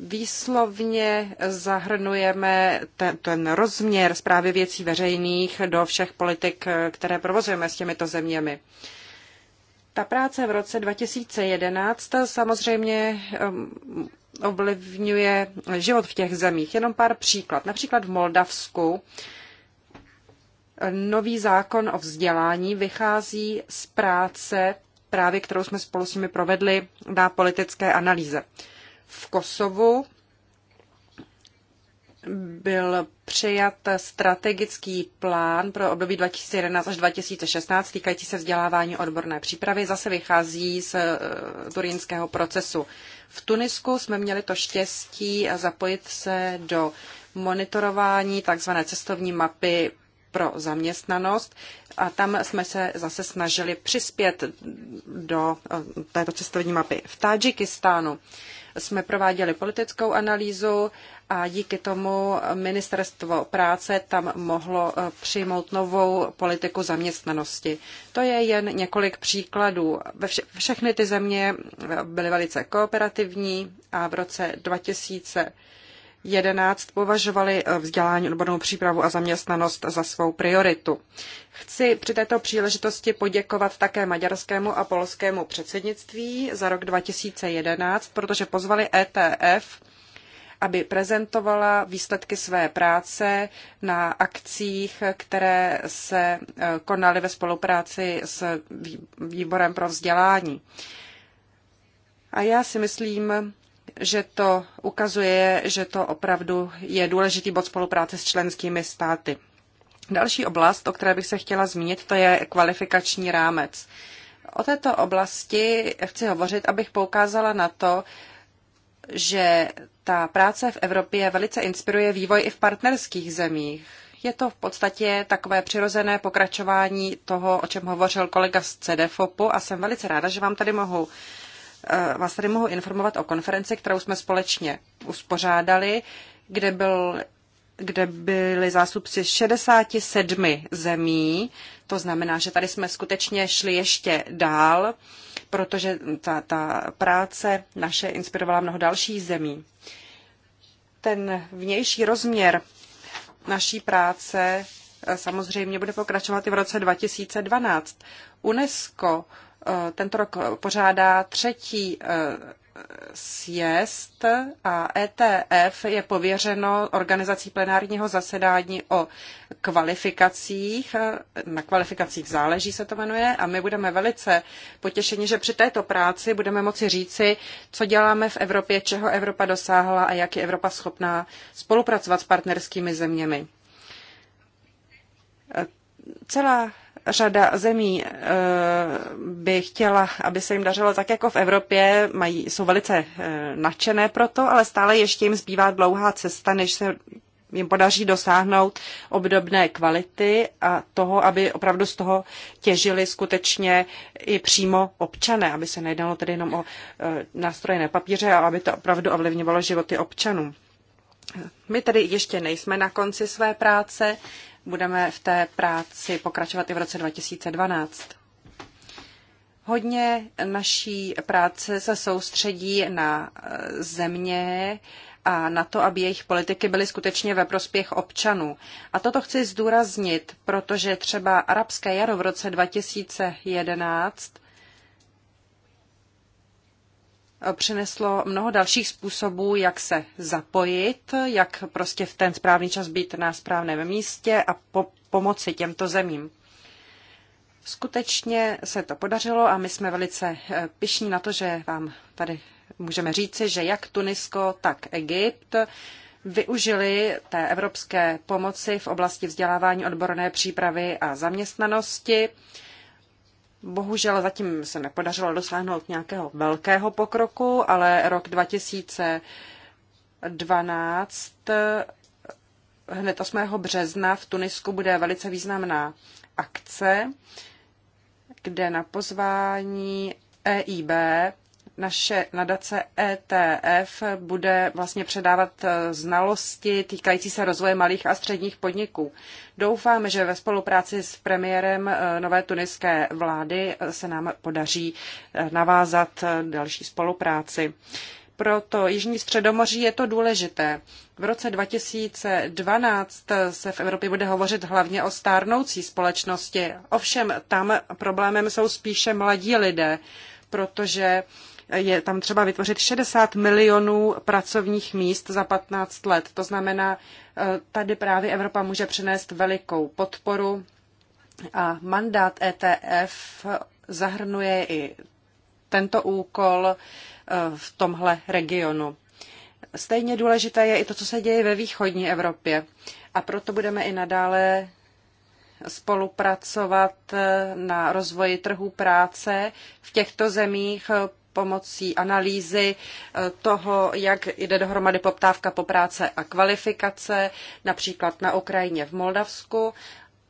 výslovně zahrnujeme ten, ten rozměr zprávy věcí veřejných do všech politik, které provozujeme s těmito zeměmi. Ta práce v roce 2011 samozřejmě um, ovlivňuje život v těch zemích. Jenom pár příklad. Například v Moldavsku nový zákon o vzdělání vychází z práce, právě kterou jsme spolu s nimi provedli na politické analýze. V Kosovu byl přijat strategický plán pro období 2011 až 2016 týkající se vzdělávání odborné přípravy. Zase vychází z eh, turínského procesu. V Tunisku jsme měli to štěstí zapojit se do monitorování tzv. cestovní mapy pro zaměstnanost a tam jsme se zase snažili přispět do eh, této cestovní mapy. V Tadžikistánu jsme prováděli politickou analýzu a díky tomu ministerstvo práce tam mohlo eh, přijmout novou politiku zaměstnanosti. To je jen několik příkladů. všechny ty země byly velice kooperativní a v roce 2000 2011 považovali eh, vzdělání, odbornou přípravu a zaměstnanost za svou prioritu. Chci při této příležitosti poděkovat také maďarskému a polskému předsednictví za rok 2011, protože pozvali ETF, aby prezentovala výsledky své práce na akcích, které se eh, konaly ve spolupráci s výborem pro vzdělání. A já si myslím, že to ukazuje, že to opravdu je důležitý bod spolupráce s členskými státy. Další oblast, o které bych se chtěla zmínit, to je kvalifikační rámec. O této oblasti chci hovořit, abych poukázala na to, že ta práce v Evropě velice inspiruje vývoj i v partnerských zemích. Je to v podstatě takové přirozené pokračování toho, o čem hovořil kolega z CDFOPu a jsem velice ráda, že vám tady mohu Eh, vás tady mohu informovat o konferenci, kterou jsme společně uspořádali, kde, byl, kde byli zástupci 67 zemí. To znamená, že tady jsme skutečně šli ještě dál, protože ta, ta práce naše inspirovala mnoho dalších zemí. Ten vnější rozměr naší práce eh, samozřejmě bude pokračovat i v roce 2012. UNESCO Eh, tento rok pořádá třetí eh, sjezd a ETF je pověřeno organizací plenárního zasedání o kvalifikacích. Eh, na kvalifikacích záleží se to jmenuje a my budeme velice potěšeni, že při této práci budeme moci říci, co děláme v Evropě, čeho Evropa dosáhla a jak je Evropa schopná spolupracovat s partnerskými zeměmi. Celá řada zemí eh, by chtěla, aby se jim dařilo tak jako v Evropě, mají, jsou velice eh, nadšené proto, ale stále ještě jim zbývá dlouhá cesta, než se jim podaří dosáhnout obdobné kvality a toho, aby opravdu z toho těžili skutečně i přímo občané, aby se nejednalo tedy jenom o eh, nástroje na papíře, ale aby to opravdu ovlivňovalo životy občanů. My tedy ještě nejsme na konci své práce budeme v té práci pokračovat i v roce 2012. Hodně naší práce se soustředí na eh, země a na to, aby jejich politiky byly skutečně ve prospěch občanů. A toto chci zdůraznit, protože třeba arabské jaro v roce 2011 přineslo mnoho dalších způsobů, jak se zapojit, jak prostě v ten správný čas být na správném místě a po- pomoci těmto zemím. Skutečně se to podařilo a my jsme velice eh, pišní na to, že vám tady můžeme říci, že jak Tunisko, tak Egypt využili té evropské pomoci v oblasti vzdělávání odborné přípravy a zaměstnanosti Bohužel zatím se nepodařilo dosáhnout nějakého velkého pokroku, ale rok 2012, hned 8. března v Tunisku bude velice významná akce, kde na pozvání EIB naše nadace ETF bude vlastně předávat e, znalosti týkající se rozvoje malých a středních podniků. Doufám, že ve spolupráci s premiérem e, nové tuniské vlády e, se nám podaří navázat další spolupráci. Pro to Jižní středomoří je to důležité. V roce 2012 se v Evropě bude hovořit hlavně o stárnoucí společnosti. Ovšem tam problémem jsou spíše mladí lidé, protože je tam třeba vytvořit 60 milionů pracovních míst za 15 let. To znamená, eh, tady právě Evropa může přinést velikou podporu a mandát ETF zahrnuje i tento úkol eh, v tomhle regionu. Stejně důležité je i to, co se děje ve východní Evropě. A proto budeme i nadále spolupracovat eh, na rozvoji trhu práce v těchto zemích pomocí analýzy eh, toho, jak jde dohromady poptávka po práce a kvalifikace, například na Ukrajině v Moldavsku.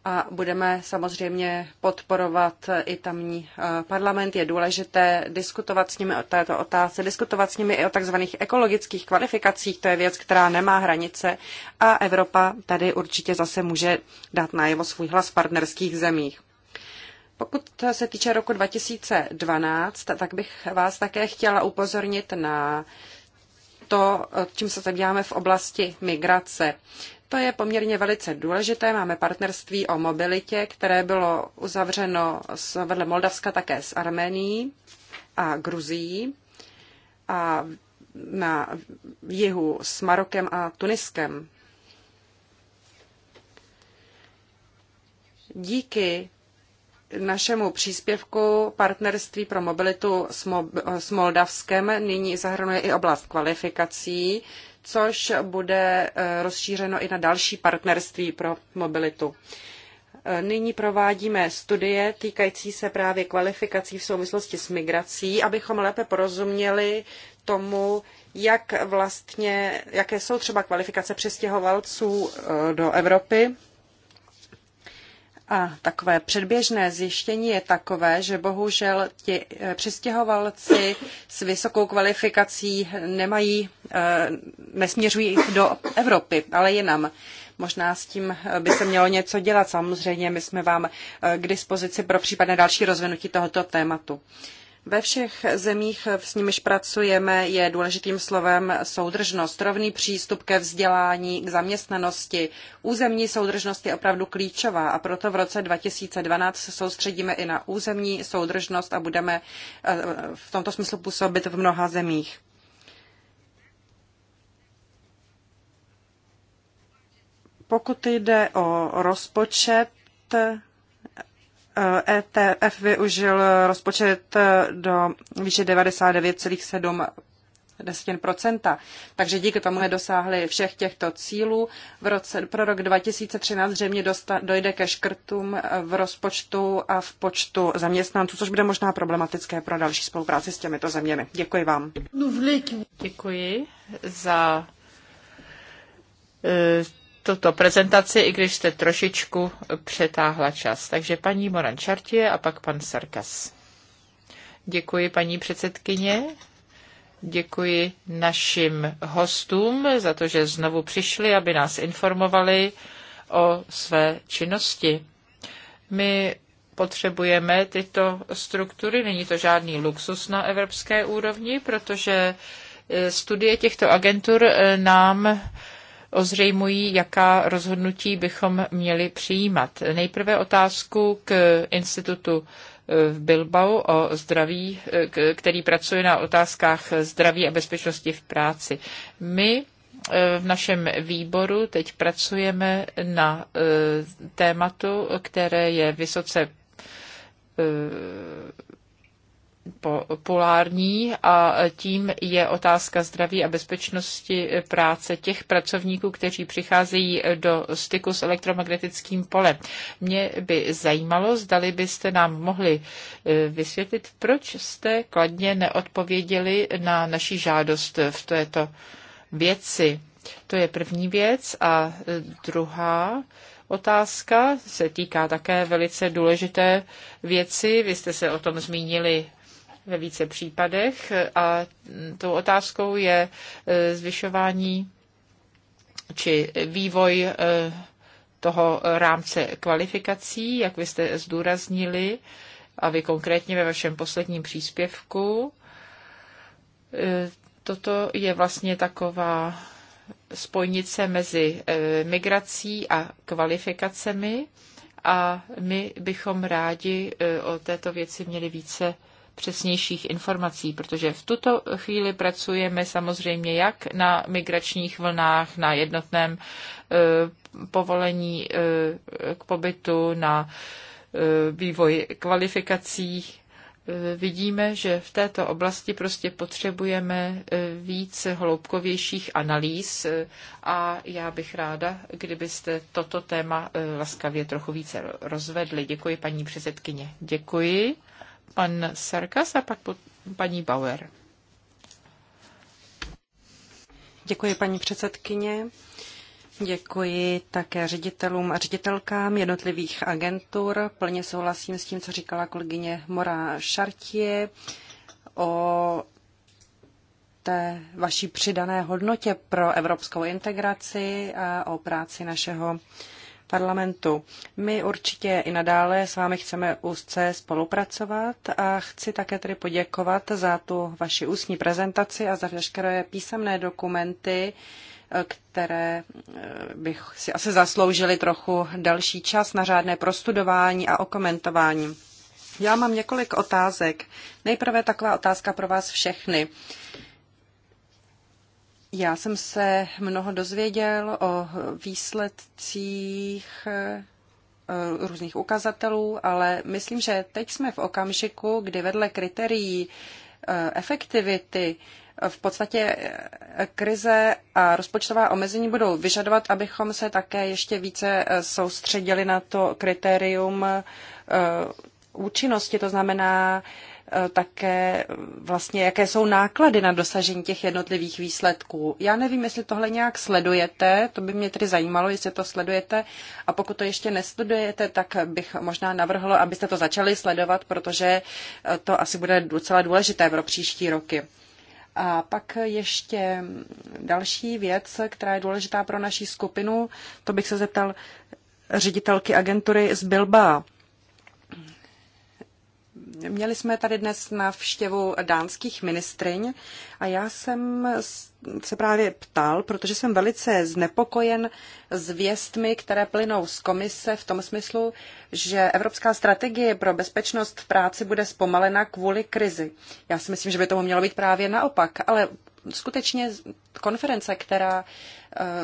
A budeme samozřejmě podporovat i tamní eh, parlament. Je důležité diskutovat s nimi o této otázce, diskutovat s nimi i o takzvaných ekologických kvalifikacích. To je věc, která nemá hranice a Evropa tady určitě zase může dát najevo svůj hlas v partnerských zemích. Pokud se týče roku 2012, tak bych vás také chtěla upozornit na to, čím se zabýváme v oblasti migrace. To je poměrně velice důležité. Máme partnerství o mobilitě, které bylo uzavřeno s, vedle Moldavska také s Armenií a Gruzií a na jihu s Marokem a Tuniskem. Díky našemu příspěvku partnerství pro mobilitu s, s Moldavskem nyní zahrnuje i oblast kvalifikací, což bude eh, rozšířeno i na další partnerství pro mobilitu. Eh, nyní provádíme studie týkající se právě kvalifikací v souvislosti s migrací, abychom lépe porozuměli tomu, jak vlastně, jaké jsou třeba kvalifikace přistěhovalců eh, do Evropy a takové předběžné zjištění je takové, že bohužel ti eh, přistěhovalci s vysokou kvalifikací nemají, eh, nesměřují do Evropy, ale jinam. Možná s tím eh, by se mělo něco dělat. Samozřejmě my jsme vám k dispozici pro případné další rozvinutí tohoto tématu. Ve všech zemích, s nimiž pracujeme, je důležitým slovem soudržnost, rovný přístup ke vzdělání, k zaměstnanosti. Územní soudržnost je opravdu klíčová a proto v roce 2012 se soustředíme i na územní soudržnost a budeme eh, v tomto smyslu působit v mnoha zemích. Pokud jde o rozpočet, ETF využil rozpočet e, do výše 99,7 10%. Takže díky tomu nedosáhli všech těchto cílů. V roce, pro rok 2013 zřejmě dosta, dojde ke škrtům e, v rozpočtu a v počtu zaměstnanců, což bude možná problematické pro další spolupráci s těmito zeměmi. Děkuji vám. Děkuji za e, tuto prezentaci, i když jste trošičku přetáhla čas. Takže paní Moran Čartě a pak pan Sarkas. Děkuji paní předsedkyně. Děkuji našim hostům za to, že znovu přišli, aby nás informovali o své činnosti. My potřebujeme tyto struktury, není to žádný luxus na evropské úrovni, protože eh, studie těchto agentur eh, nám ozřejmují, jaká rozhodnutí bychom měli přijímat. Nejprve otázku k institutu eh, v Bilbao o zdraví, eh, který pracuje na otázkách zdraví a bezpečnosti v práci. My eh, v našem výboru teď pracujeme na tématu, které je vysoce populární a tím je otázka zdraví a bezpečnosti práce těch pracovníků, kteří přicházejí do styku s elektromagnetickým polem. Mě by zajímalo, zdali byste nám mohli e, vysvětlit, proč jste kladně neodpověděli na naší žádost v této věci. To je první věc. A e, druhá, otázka se týká také velice důležité věci. Vy jste se o tom zmínili ve více případech a tou otázkou je e, zvyšování či vývoj e, toho rámce kvalifikací, jak vy jste zdůraznili, a vy konkrétně ve vašem posledním příspěvku. E, toto je vlastně taková spojnice mezi migrací a kvalifikacemi a my bychom rádi o této věci měli více přesnějších informací, protože v tuto chvíli pracujeme samozřejmě jak na migračních vlnách, na jednotném e, povolení e, k pobytu, na e, vývoji kvalifikací. Vidíme, že v této oblasti prostě potřebujeme víc hloubkovějších analýz a já bych ráda, kdybyste toto téma laskavě trochu více rozvedli. Děkuji, paní předsedkyně. Děkuji pan Serkas a pak paní Bauer. Děkuji, paní předsedkyně. Děkuji také ředitelům a ředitelkám jednotlivých agentur. Plně souhlasím s tím, co říkala kolegyně Mora Šartě o té vaší přidané hodnotě pro evropskou integraci a o práci našeho parlamentu. My určitě i nadále s vámi chceme úzce spolupracovat a chci také tedy poděkovat za tu vaši ústní prezentaci a za veškeré písemné dokumenty, které eh, bych si asi zasloužili trochu další čas na řádné prostudování a okomentování. Já mám několik otázek. Nejprve taková otázka pro vás všechny. Já jsem se mnoho dozvěděl o výsledcích eh, různých ukazatelů, ale myslím, že teď jsme v okamžiku, kdy vedle kritérií eh, efektivity eh, v podstatě krize a rozpočtová omezení budou vyžadovat, abychom se také ještě více soustředili na to kritérium účinnosti, to znamená, Eh, také eh, vlastně, jaké jsou náklady na dosažení těch jednotlivých výsledků. Já nevím, jestli tohle nějak sledujete, to by mě tedy zajímalo, jestli to sledujete a pokud to ještě nesledujete, tak bych možná navrhla, abyste to začali sledovat, protože eh, to asi bude docela důležité pro příští roky. A pak ještě další věc, která je důležitá pro naší skupinu, to bych se zeptal ředitelky agentury z Bilbao Měli jsme tady dnes návštěvu dánských ministryň a já jsem se právě ptal, protože jsem velice znepokojen zvěstmi, které plynou z komise v tom smyslu, že evropská strategie pro bezpečnost v práci bude zpomalena kvůli krizi. Já si myslím, že by tomu mělo být právě naopak, ale skutečně konference, která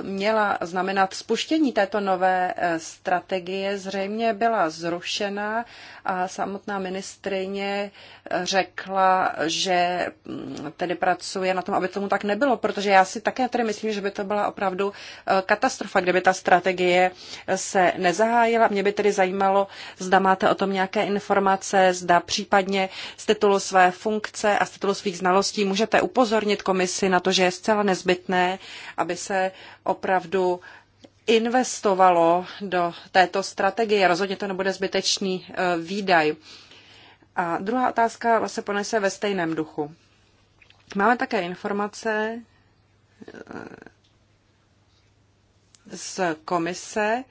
měla znamenat spuštění této nové eh, strategie, zřejmě byla zrušena a samotná ministrině eh, řekla, že mm, tedy pracuje na tom, aby tomu tak nebylo, protože já si také tedy myslím, že by to byla opravdu eh, katastrofa, kdyby ta strategie se nezahájila. Mě by tedy zajímalo, zda máte o tom nějaké informace, zda případně z titulu své funkce a z titulu svých znalostí můžete upozornit komisi na to, že je zcela nezbytné, aby se opravdu investovalo do této strategie. Rozhodně to nebude zbytečný e, výdaj. A druhá otázka se ponese ve stejném duchu. Máme také informace e, z komise,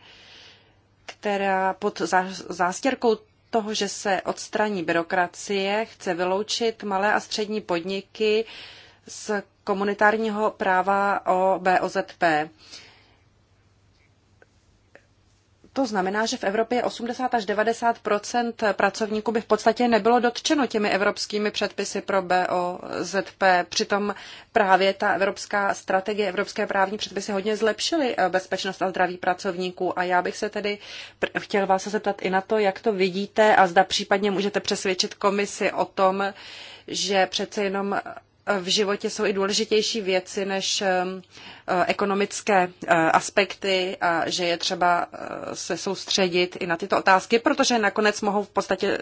která pod zástěrkou toho, že se odstraní byrokracie, chce vyloučit malé a střední podniky z komunitárního práva o BOZP. To znamená, že v Evropě 80 až 90 pracovníků by v podstatě nebylo dotčeno těmi evropskými předpisy pro BOZP. Přitom právě ta evropská strategie, evropské právní předpisy hodně zlepšily eh, bezpečnost a zdraví pracovníků. A já bych se tedy chtěl vás zeptat i na to, jak to vidíte a zda případně můžete přesvědčit komisi o tom, že přece jenom v životě jsou i důležitější věci než eh, eh, ekonomické eh, aspekty a že je třeba se soustředit i na tyto otázky, protože nakonec mohou v podstatě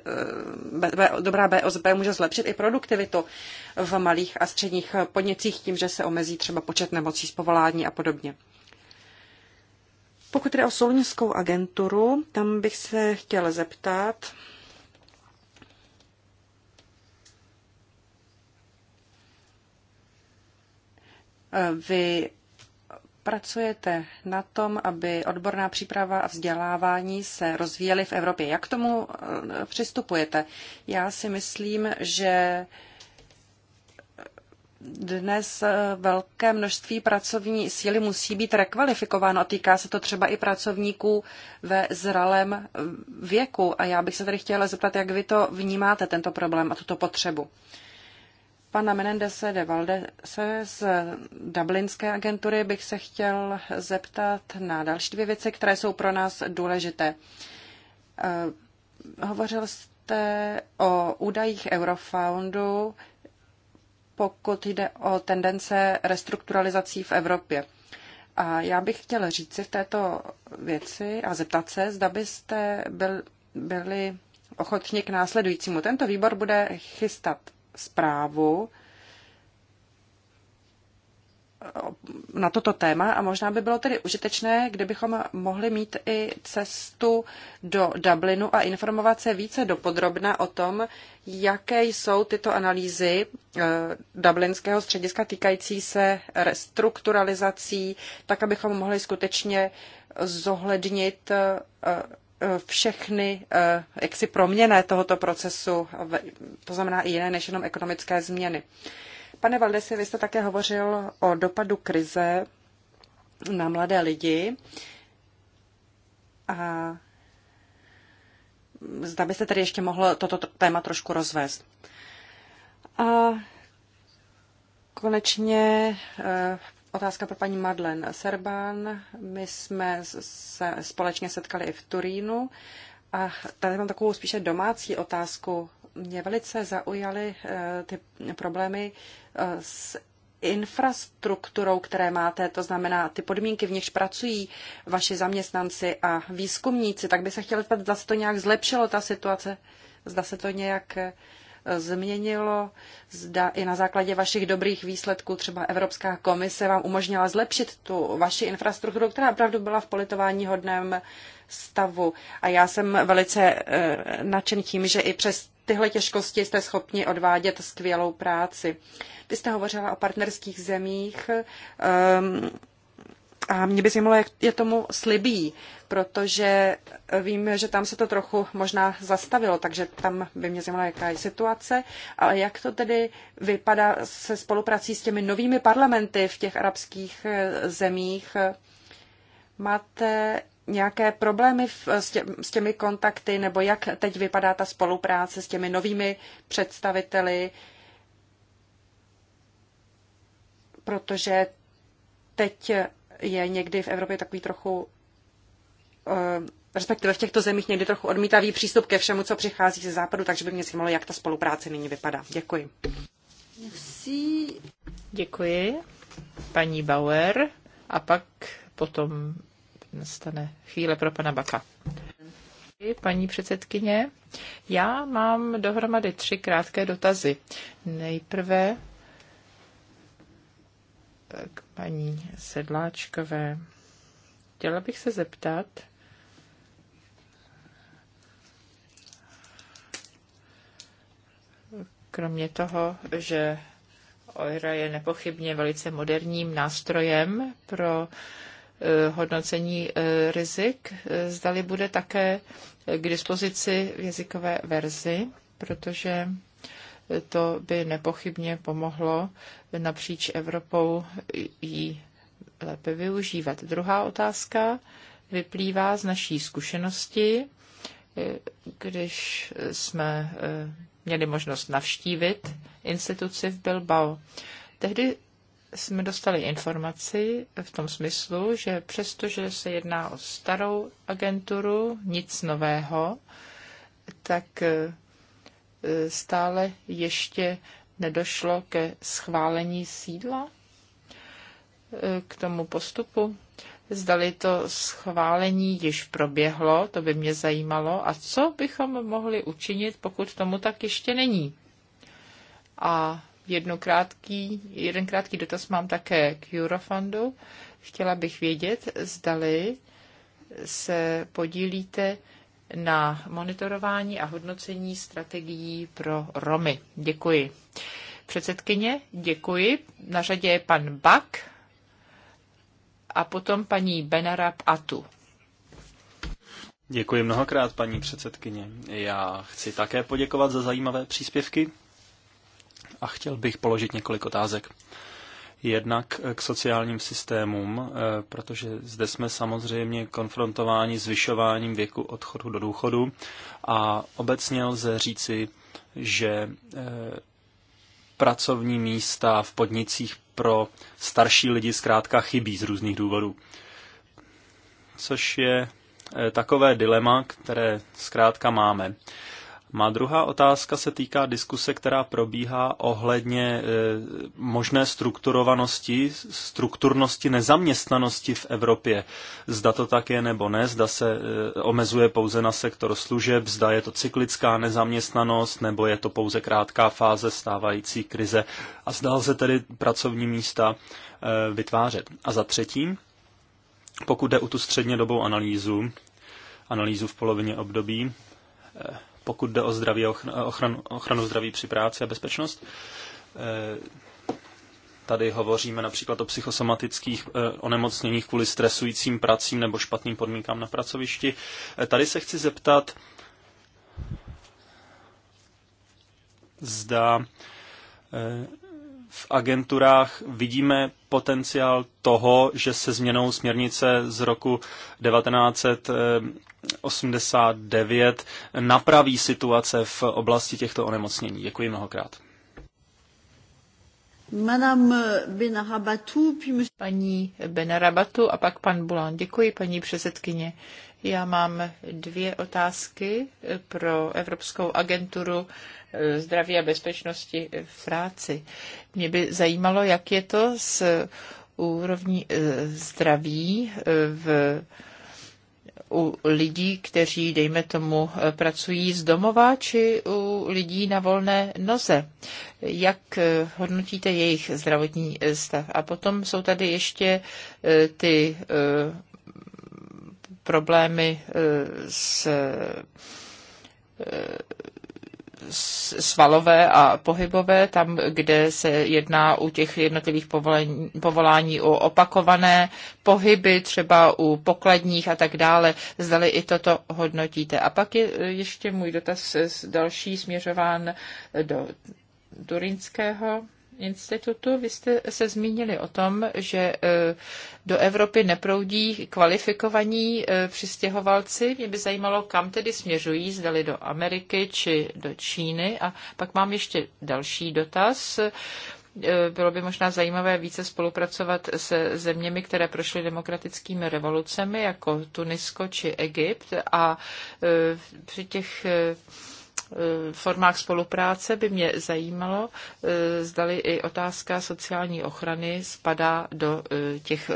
dobrá BOZP může zlepšit i produktivitu v malých a středních podnicích tím, že se omezí třeba počet nemocí z povolání a podobně. Pokud jde o solnickou agenturu, tam bych se chtěla zeptat, Vy pracujete na tom, aby odborná příprava a vzdělávání se rozvíjely v Evropě. Jak k tomu eh, přistupujete? Já si myslím, že dnes eh, velké množství pracovní síly musí být rekvalifikováno a týká se to třeba i pracovníků ve zralém eh, věku. A já bych se tady chtěla zeptat, jak vy to vnímáte, tento problém a tuto potřebu. Pana Menendese de Valdese z Dublinské agentury bych se chtěl zeptat na další dvě věci, které jsou pro nás důležité. Eh, hovořil jste o údajích Eurofoundu, pokud jde o tendence restrukturalizací v Evropě. A já bych chtěl říci v této věci a zeptat se, zda byste byl, byli ochotni k následujícímu. Tento výbor bude chystat zprávu na toto téma a možná by bylo tedy užitečné, kdybychom mohli mít i cestu do Dublinu a informovat se více dopodrobna o tom, jaké jsou tyto analýzy eh, Dublinského střediska týkající se restrukturalizací, tak abychom mohli skutečně zohlednit eh, všechny eh, jaksi proměné tohoto procesu, to znamená i jiné než jenom ekonomické změny. Pane Valdesi, vy jste také hovořil o dopadu krize na mladé lidi a zda byste tedy ještě mohl toto téma trošku rozvést. A konečně eh, Otázka pro paní Madlen Serbán. My jsme se společně setkali i v Turínu a tady mám takovou spíše domácí otázku. Mě velice zaujaly eh, ty problémy eh, s infrastrukturou, které máte, to znamená ty podmínky, v nichž pracují vaši zaměstnanci a výzkumníci, tak by se chtěla zeptat, zda se to nějak zlepšilo, ta situace, zda se to nějak eh, změnilo. Zda i na základě vašich dobrých výsledků třeba Evropská komise vám umožnila zlepšit tu vaši infrastrukturu, která opravdu byla v politování hodném stavu. A já jsem velice eh, nadšen tím, že i přes tyhle těžkosti jste schopni odvádět skvělou práci. Vy jste hovořila o partnerských zemích. Ehm, a mě by zajímalo, jak je tomu slibí, protože vím, že tam se to trochu možná zastavilo, takže tam by mě zajímalo, jaká je situace. Ale jak to tedy vypadá se spoluprací s těmi novými parlamenty v těch arabských eh, zemích? Máte nějaké problémy v, s, tě, s těmi kontakty, nebo jak teď vypadá ta spolupráce s těmi novými představiteli? Protože teď je někdy v Evropě takový trochu eh, respektive v těchto zemích někdy trochu odmítavý přístup ke všemu, co přichází ze západu, takže by mě zajímalo, jak ta spolupráce nyní vypadá. Děkuji. Merci. Děkuji. Paní Bauer a pak potom nastane chvíle pro pana Baka. Paní předsedkyně, já mám dohromady tři krátké dotazy. Nejprve k paní Sedláčkové. Chtěla bych se zeptat, kromě toho, že OIRA je nepochybně velice moderním nástrojem pro eh, hodnocení eh, rizik, eh, zdali bude také k dispozici v jazykové verzi, protože to by nepochybně pomohlo napříč Evropou ji lépe využívat. Druhá otázka vyplývá z naší zkušenosti, když jsme eh, měli možnost navštívit instituci v Bilbao. Tehdy jsme dostali informaci v tom smyslu, že přestože se jedná o starou agenturu, nic nového, tak eh, stále ještě nedošlo ke schválení sídla e, k tomu postupu. Zdali to schválení již proběhlo, to by mě zajímalo. A co bychom mohli učinit, pokud tomu tak ještě není? A jedno krátký, jeden krátký dotaz mám také k Eurofundu. Chtěla bych vědět, zdali se podílíte na monitorování a hodnocení strategií pro Romy. Děkuji. Předsedkyně, děkuji. Na řadě je pan Bak a potom paní Benarab Atu. Děkuji mnohokrát, paní předsedkyně. Já chci také poděkovat za zajímavé příspěvky a chtěl bych položit několik otázek jednak k sociálním systémům, eh, protože zde jsme samozřejmě konfrontováni zvyšováním věku odchodu do důchodu a obecně lze říci, že eh, pracovní místa v podnicích pro starší lidi zkrátka chybí z různých důvodů. Což je eh, takové dilema, které zkrátka máme. Má druhá otázka se týká diskuse, která probíhá ohledně eh, možné strukturovanosti, strukturnosti nezaměstnanosti v Evropě. Zda to tak je nebo ne, zda se eh, omezuje pouze na sektor služeb, zda je to cyklická nezaměstnanost, nebo je to pouze krátká fáze stávající krize a zda se tedy pracovní místa eh, vytvářet. A za třetí, pokud jde o tu střednědobou analýzu, analýzu v polovině období, pokud jde o zdraví, ochranu, ochranu zdraví při práci a bezpečnost. E, tady hovoříme například o psychosomatických e, onemocněních kvůli stresujícím pracím nebo špatným podmínkám na pracovišti. E, tady se chci zeptat, zda v agenturách vidíme potenciál toho, že se změnou směrnice z roku 1989 napraví situace v oblasti těchto onemocnění. Děkuji mnohokrát. paní Benarabatu a pak pan Bulan. Děkuji, paní předsedkyně. Já mám dvě otázky pro Evropskou agenturu zdraví a bezpečnosti v práci. Mě by zajímalo, jak je to s úrovní e, zdraví e, v u lidí, kteří, dejme tomu, e, pracují z domova, či u lidí na volné noze. Jak hodnotíte jejich zdravotní stav? A potom jsou tady ještě ty problémy s svalové a pohybové, tam, kde se jedná u těch jednotlivých povolení, povolání o opakované pohyby, třeba u pokladních a tak dále, zdali i toto hodnotíte. A pak je e, ještě můj dotaz další směřován do Durinského institutu. Vy jste se zmínili o tom, že eh, do Evropy neproudí kvalifikovaní eh, přistěhovalci. Mě by zajímalo, kam tedy směřují, zdali do Ameriky či do Číny. A pak mám ještě další dotaz eh, bylo by možná zajímavé více spolupracovat se zeměmi, které prošly demokratickými revolucemi, jako Tunisko či Egypt. A při těch Eh, formách spolupráce by mě zajímalo, eh, zdali i otázka sociální ochrany spadá do eh, těch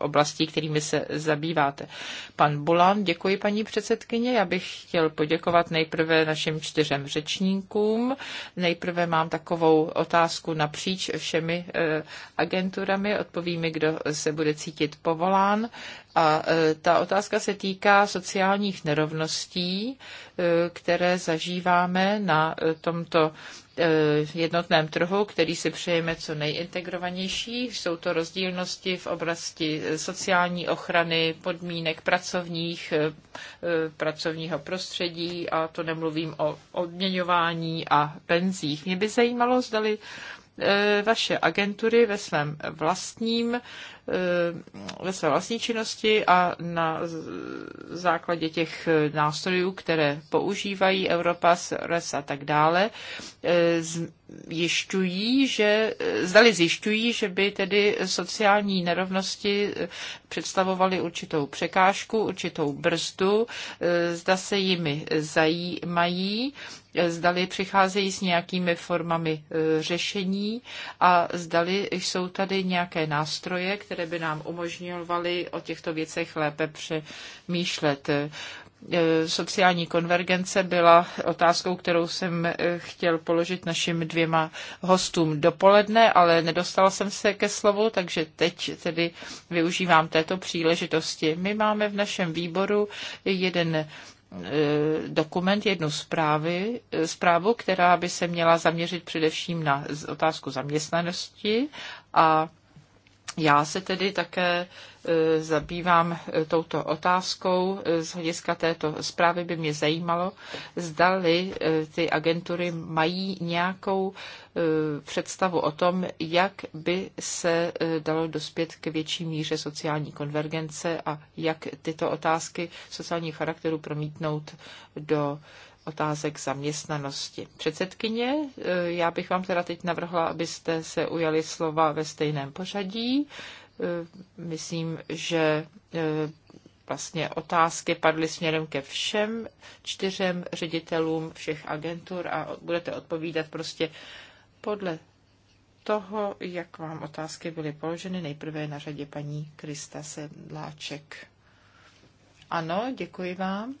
oblastí, kterými se zabýváte. Pan Bulan, děkuji paní předsedkyně. Já bych chtěl poděkovat nejprve našim čtyřem řečníkům. Nejprve mám takovou otázku napříč všemi eh, agenturami. Odpoví mi, kdo se bude cítit povolán. A eh, ta otázka se týká sociálních nerovností, eh, které zažíváme na tomto Eh, jednotném trhu, který si přejeme co nejintegrovanější. Jsou to rozdílnosti v oblasti eh, sociální ochrany, podmínek pracovních, eh, pracovního prostředí a to nemluvím o odměňování a penzích. Mě by zajímalo, zdali vaše agentury ve svém vlastním Eh, ve své vlastní činnosti a na základě těch eh, nástrojů, které používají Evropa, RES a tak dále, eh, zjišťují, že, zdali zjišťují, že by tedy sociální nerovnosti představovaly určitou překážku, určitou brzdu, zda se jimi zajímají, zdali přicházejí s nějakými formami řešení a zdali jsou tady nějaké nástroje, které by nám umožňovaly o těchto věcech lépe přemýšlet e, sociální konvergence byla otázkou, kterou jsem e, chtěl položit našim dvěma hostům dopoledne, ale nedostal jsem se ke slovu, takže teď tedy využívám této příležitosti. My máme v našem výboru jeden e, dokument, jednu zprávy, zprávu, která by se měla zaměřit především na otázku zaměstnanosti a já se tedy také e, zabývám e, touto otázkou. E, z hlediska této zprávy by mě zajímalo, zdali ty agentury mají nějakou představu o tom, jak by se dalo dospět k větší míře sociální konvergence a jak tyto otázky sociálního charakteru promítnout do otázek zaměstnanosti. Předsedkyně, eh, já bych vám teda teď navrhla, abyste se ujali slova ve stejném pořadí. Eh, myslím, že eh, vlastně otázky padly směrem ke všem čtyřem ředitelům všech agentur a budete odpovídat prostě podle toho, jak vám otázky byly položeny. Nejprve na řadě paní Krista Sedláček. Ano, děkuji vám.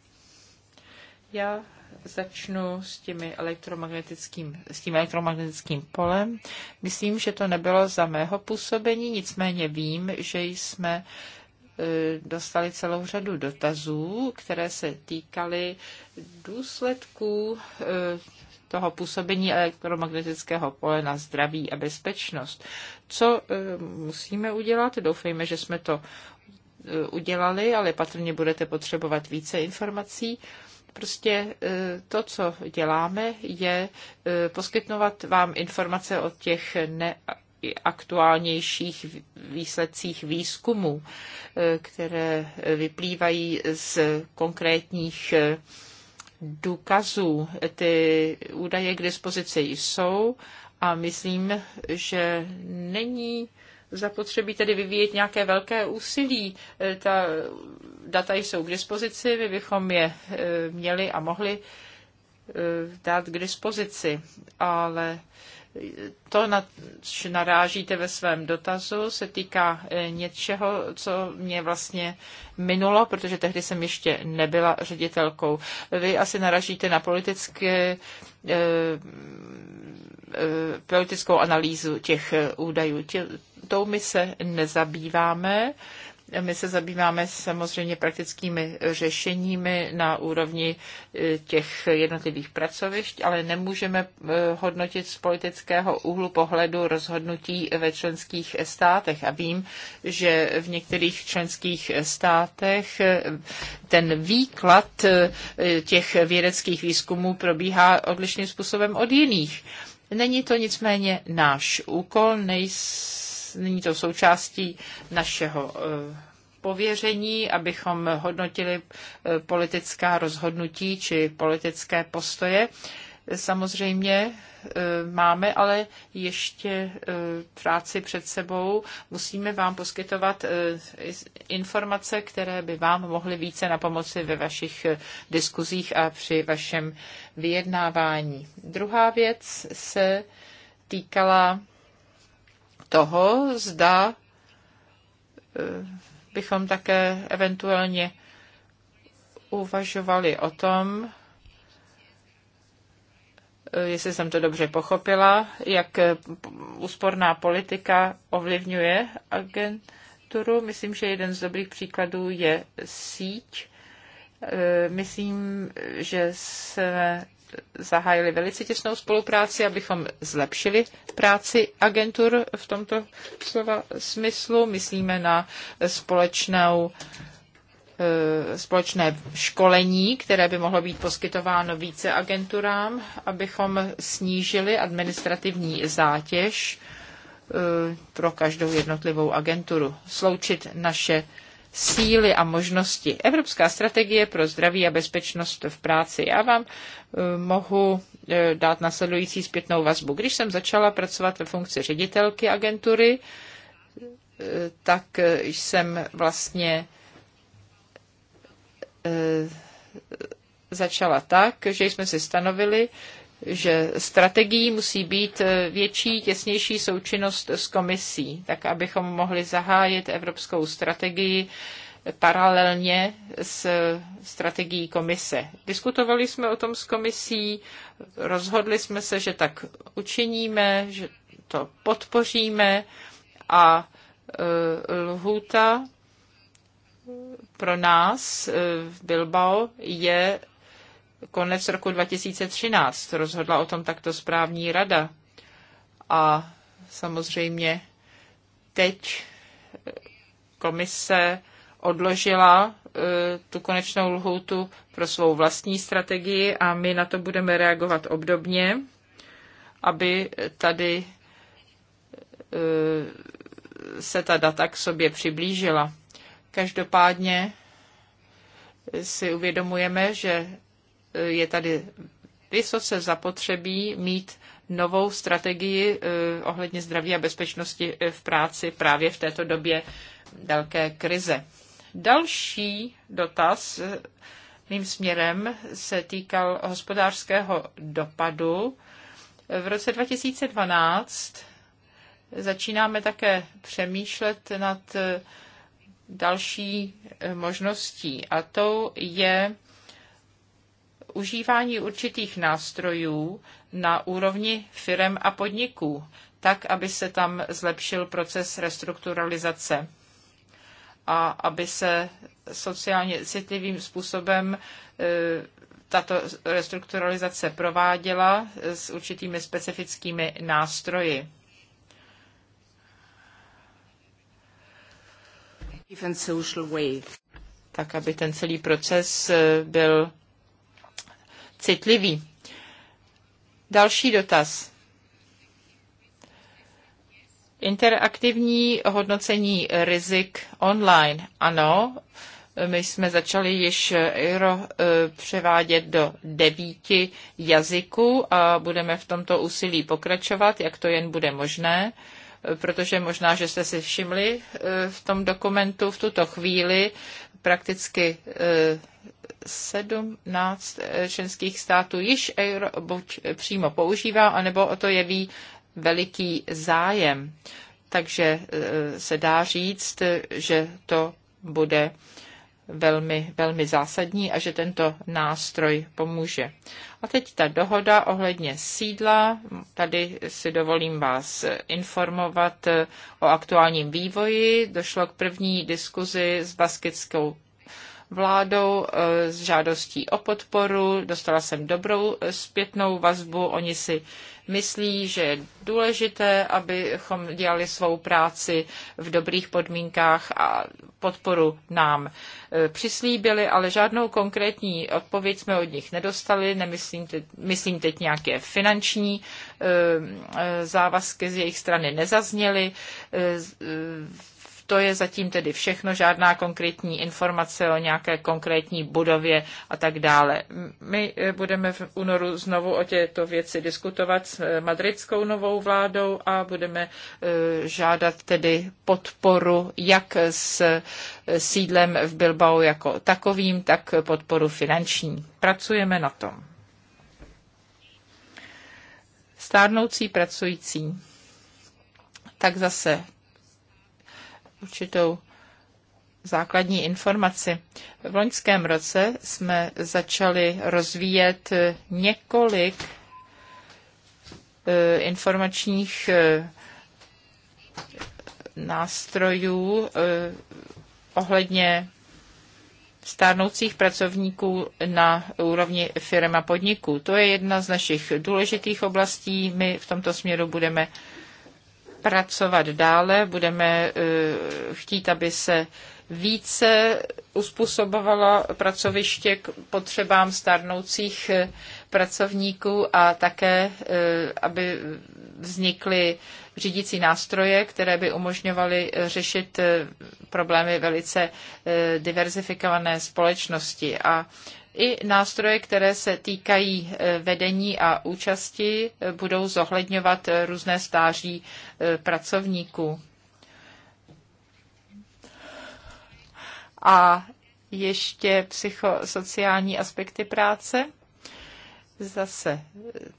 Já začnu s, těmi elektromagnetickým, s tím elektromagnetickým polem. Myslím, že to nebylo za mého působení, nicméně vím, že jsme e, dostali celou řadu dotazů, které se týkaly důsledků e, toho působení elektromagnetického pole na zdraví a bezpečnost. Co e, musíme udělat? Doufejme, že jsme to udělali, ale patrně budete potřebovat více informací. Prostě e, to, co děláme, je e, poskytnovat vám informace o těch ne aktuálnějších výsledcích výzkumů, e, které vyplývají z konkrétních důkazů. Ty údaje k dispozici jsou a myslím, že není zapotřebí tedy vyvíjet nějaké velké úsilí. E, ta data jsou k dispozici, my bychom je e, měli a mohli e, dát k dispozici, ale to, na narážíte ve svém dotazu, se týká něčeho, co mě vlastně minulo, protože tehdy jsem ještě nebyla ředitelkou. Vy asi narážíte na politické Eh, politickou analýzu těch eh, údajů. Tě, tou my se nezabýváme. My se zabýváme samozřejmě praktickými řešeními na úrovni eh, těch jednotlivých pracovišť, ale nemůžeme hodnotit z politického úhlu pohledu rozhodnutí ve členských státech. A vím, že v některých členských státech ten výklad těch vědeckých výzkumů probíhá odlišným způsobem od jiných. Není to nicméně náš úkol, nejs, není to součástí našeho eh, pověření, abychom hodnotili eh, politická rozhodnutí či politické postoje samozřejmě eh, máme ale ještě eh, práci před sebou. Musíme vám poskytovat eh, informace, které by vám mohly více na pomoci ve vašich diskuzích a při vašem vyjednávání. Druhá věc se týkala toho, zda bychom také eventuálně uvažovali o tom, Eh, jestli jsem to dobře pochopila, jak eh, úsporná politika ovlivňuje agenturu. Myslím, že jeden z dobrých příkladů je síť. Eh, myslím, že jsme zahájili velice těsnou spolupráci, abychom zlepšili práci agentur v tomto slova smyslu. Myslíme na společnou Eh, společné školení, které by mohlo být poskytováno více agenturám, abychom snížili administrativní zátěž eh, pro každou jednotlivou agenturu. Sloučit naše síly a možnosti. Evropská strategie pro zdraví a bezpečnost v práci. Já vám eh, mohu dát nasledující zpětnou vazbu. Když jsem začala pracovat ve funkci ředitelky agentury, tak jsem vlastně Eh, začala tak, že jsme si stanovili, že strategií musí být eh, větší, těsnější součinnost s komisí, tak abychom mohli zahájit evropskou strategii paralelně s eh, strategií komise. Diskutovali jsme o tom s komisí, rozhodli jsme se, že tak učiníme, že to podpoříme a lhůta pro nás eh, v Bilbao je konec roku 2013. Rozhodla o tom takto správní rada. A samozřejmě teď eh, komise odložila eh, tu konečnou lhoutu pro svou vlastní strategii a my na to budeme reagovat obdobně, aby tady se ta data k sobě přiblížila. Každopádně si uvědomujeme, že eh, je tady vysoce zapotřebí mít novou strategii eh, ohledně zdraví a bezpečnosti eh, v práci právě v této době velké krize. Další dotaz mým směrem se týkal hospodářského dopadu. V roce 2012 začínáme také přemýšlet nad další eh, možností a to je užívání určitých nástrojů na úrovni firem a podniků, tak, aby se tam zlepšil proces restrukturalizace a aby se sociálně citlivým způsobem eh, tato restrukturalizace prováděla s určitými specifickými nástroji. tak aby ten celý proces eh, byl citlivý. Další dotaz. Interaktivní hodnocení rizik online. Ano, my jsme začali již eh, euro eh, převádět do devíti jazyků a budeme v tomto úsilí pokračovat, jak to jen bude možné protože možná, že jste si všimli eh, v tom dokumentu v tuto chvíli prakticky 17 eh, eh, členských států již euro buď přímo používá, anebo o to jeví veliký zájem. Takže se dá říct, že to bude velmi, velmi zásadní a že tento nástroj pomůže. A teď ta dohoda ohledně sídla. Tady si dovolím vás informovat eh, o aktuálním vývoji. Došlo k první diskuzi s baskickou vládou eh, s žádostí o podporu. Dostala jsem dobrou eh, zpětnou vazbu. Oni si myslí, že je důležité, abychom dělali svou práci v dobrých podmínkách a podporu nám eh, přislíbili, ale žádnou konkrétní odpověď jsme od nich nedostali. Nemyslím teď, myslím teď nějaké finanční závazky z jejich strany nezazněly. To je zatím tedy všechno, žádná konkrétní informace o nějaké konkrétní budově a tak dále. My eh, budeme v únoru znovu o těto věci diskutovat s eh, madridskou novou vládou a budeme eh, žádat tedy podporu jak s sídlem v Bilbao jako takovým, tak podporu finanční. Pracujeme na tom. Stárnoucí pracující. Tak zase určitou základní informaci. V loňském roce jsme začali rozvíjet několik eh, informačních eh, nástrojů eh, ohledně stárnoucích pracovníků na úrovni firm a podniků. To je jedna z našich důležitých oblastí. My v tomto směru budeme pracovat dále, budeme eh, chtít, aby se více uspůsobovala pracoviště k potřebám starnoucích eh, pracovníků a také, eh, aby vznikly řídící nástroje, které by umožňovaly řešit problémy velice diverzifikované společnosti. A i nástroje, které se týkají eh, vedení a účasti, eh, budou zohledňovat eh, různé stáží pracovníků. A ještě psychosociální aspekty práce. Zase,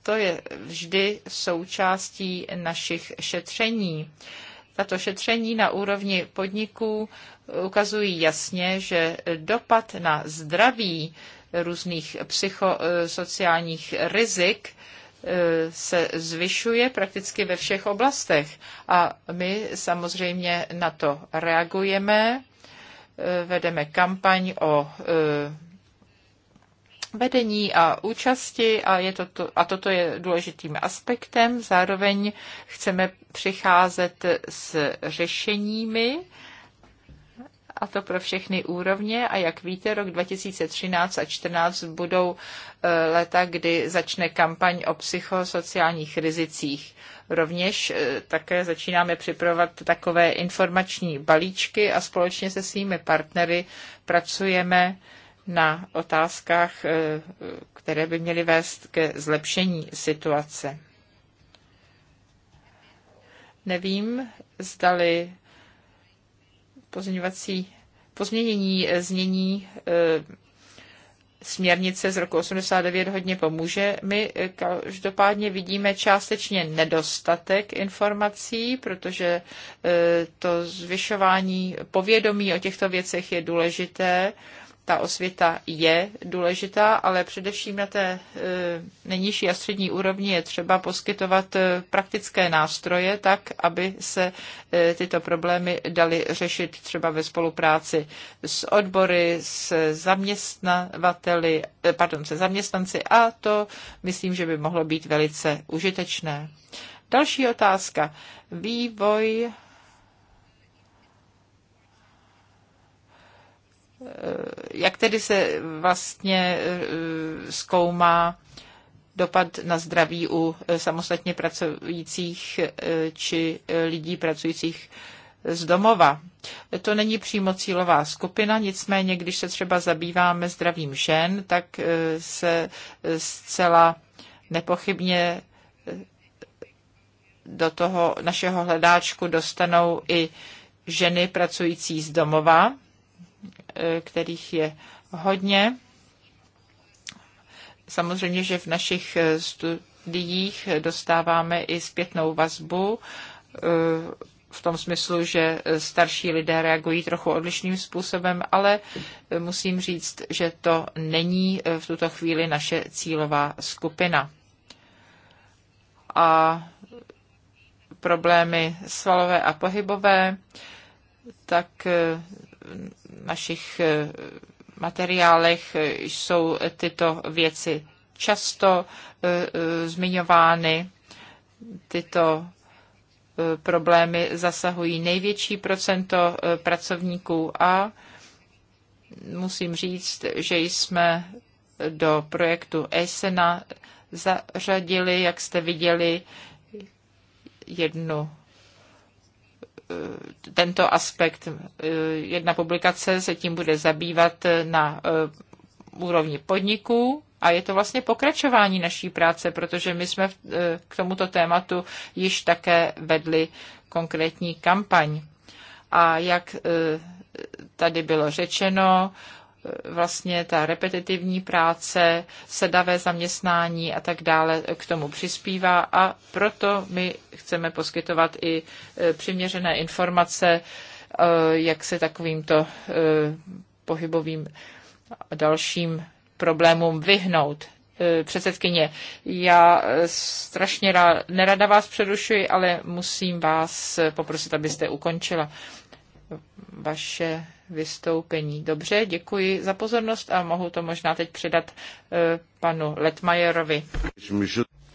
to je vždy součástí našich šetření. Tato šetření na úrovni podniků ukazují jasně, že dopad na zdraví různých psychosociálních rizik eh, se zvyšuje prakticky ve všech oblastech. A my samozřejmě na to reagujeme, eh, vedeme kampaň o eh, vedení a účasti a, je to, to, a toto je důležitým aspektem. Zároveň chceme přicházet s řešeními, a to pro všechny úrovně. A jak víte, rok 2013 a 2014 budou e, leta, kdy začne kampaň o psychosociálních rizicích. Rovněž e, také začínáme připravovat takové informační balíčky a společně se svými partnery pracujeme na otázkách, e, které by měly vést ke zlepšení situace. Nevím, zdali pozměňovací pozměnění eh, znění eh, směrnice z roku 89 hodně pomůže. My eh, každopádně vidíme částečně nedostatek informací, protože to zvyšování povědomí o těchto věcech je důležité ta osvěta je důležitá, ale především na té eh, nejnižší a střední úrovni je třeba poskytovat eh, praktické nástroje tak, aby se eh, tyto problémy daly řešit třeba ve spolupráci s odbory, s zaměstnavateli, pardon, se zaměstnanci a to myslím, že by mohlo být velice užitečné. Další otázka. Vývoj jak tedy se vlastně eh, zkoumá dopad na zdraví u eh, samostatně pracujících eh, či lidí pracujících z domova. To není přímo cílová skupina, nicméně když se třeba zabýváme zdravím žen, tak se zcela nepochybně do toho našeho hledáčku dostanou i ženy pracující z domova, Eh, kterých je hodně. Samozřejmě, že v našich eh, studiích dostáváme i zpětnou vazbu eh, v tom smyslu, že starší lidé reagují trochu odlišným způsobem, ale musím říct, že to není v tuto chvíli naše cílová skupina. A problémy svalové a pohybové, tak našich eh, materiálech eh, jsou tyto věci často eh, zmiňovány. Tyto problémy zasahují největší procento pracovníků a musím říct, že jsme do projektu ESENA zařadili, jak jste viděli, jednu Eh, tento aspekt. Eh, jedna publikace se tím bude zabývat eh, na úrovni podniků a je to vlastně pokračování naší práce, protože my jsme k tomuto tématu již také vedli konkrétní kampaň. A jak tady bylo řečeno, Eh, vlastně ta repetitivní práce, sedavé zaměstnání a tak dále k tomu přispívá a proto my chceme poskytovat i eh, přiměřené informace, eh, jak se takovýmto pohybovým dalším problémům vyhnout předsedkyně. Já strašně rád, nerada vás přerušuji, ale musím vás poprosit, abyste ukončila vaše vystoupení. Dobře, děkuji za pozornost a mohu to možná teď předat eh, panu Letmajerovi.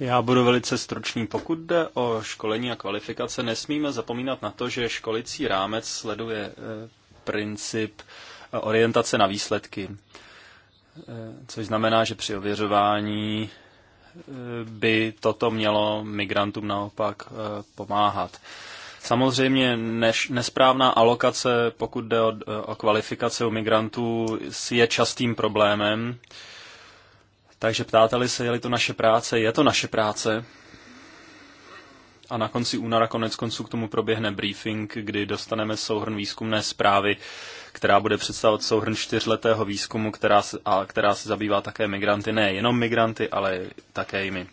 Já budu velice stručný. Pokud jde o školení a kvalifikace, nesmíme zapomínat na to, že školicí rámec sleduje eh, princip eh, orientace na výsledky, což znamená, že při ověřování by toto mělo migrantům naopak pomáhat. Samozřejmě než, nesprávná alokace, pokud jde o, o kvalifikaci u migrantů, je častým problémem. Takže ptáte-li se, je-li to naše práce, je to naše práce. A na konci února konec konců k tomu proběhne briefing, kdy dostaneme souhrn výzkumné zprávy, která bude představovat souhrn čtyřletého výzkumu, která se, a která se zabývá také migranty, ne jenom migranty, ale také jimi.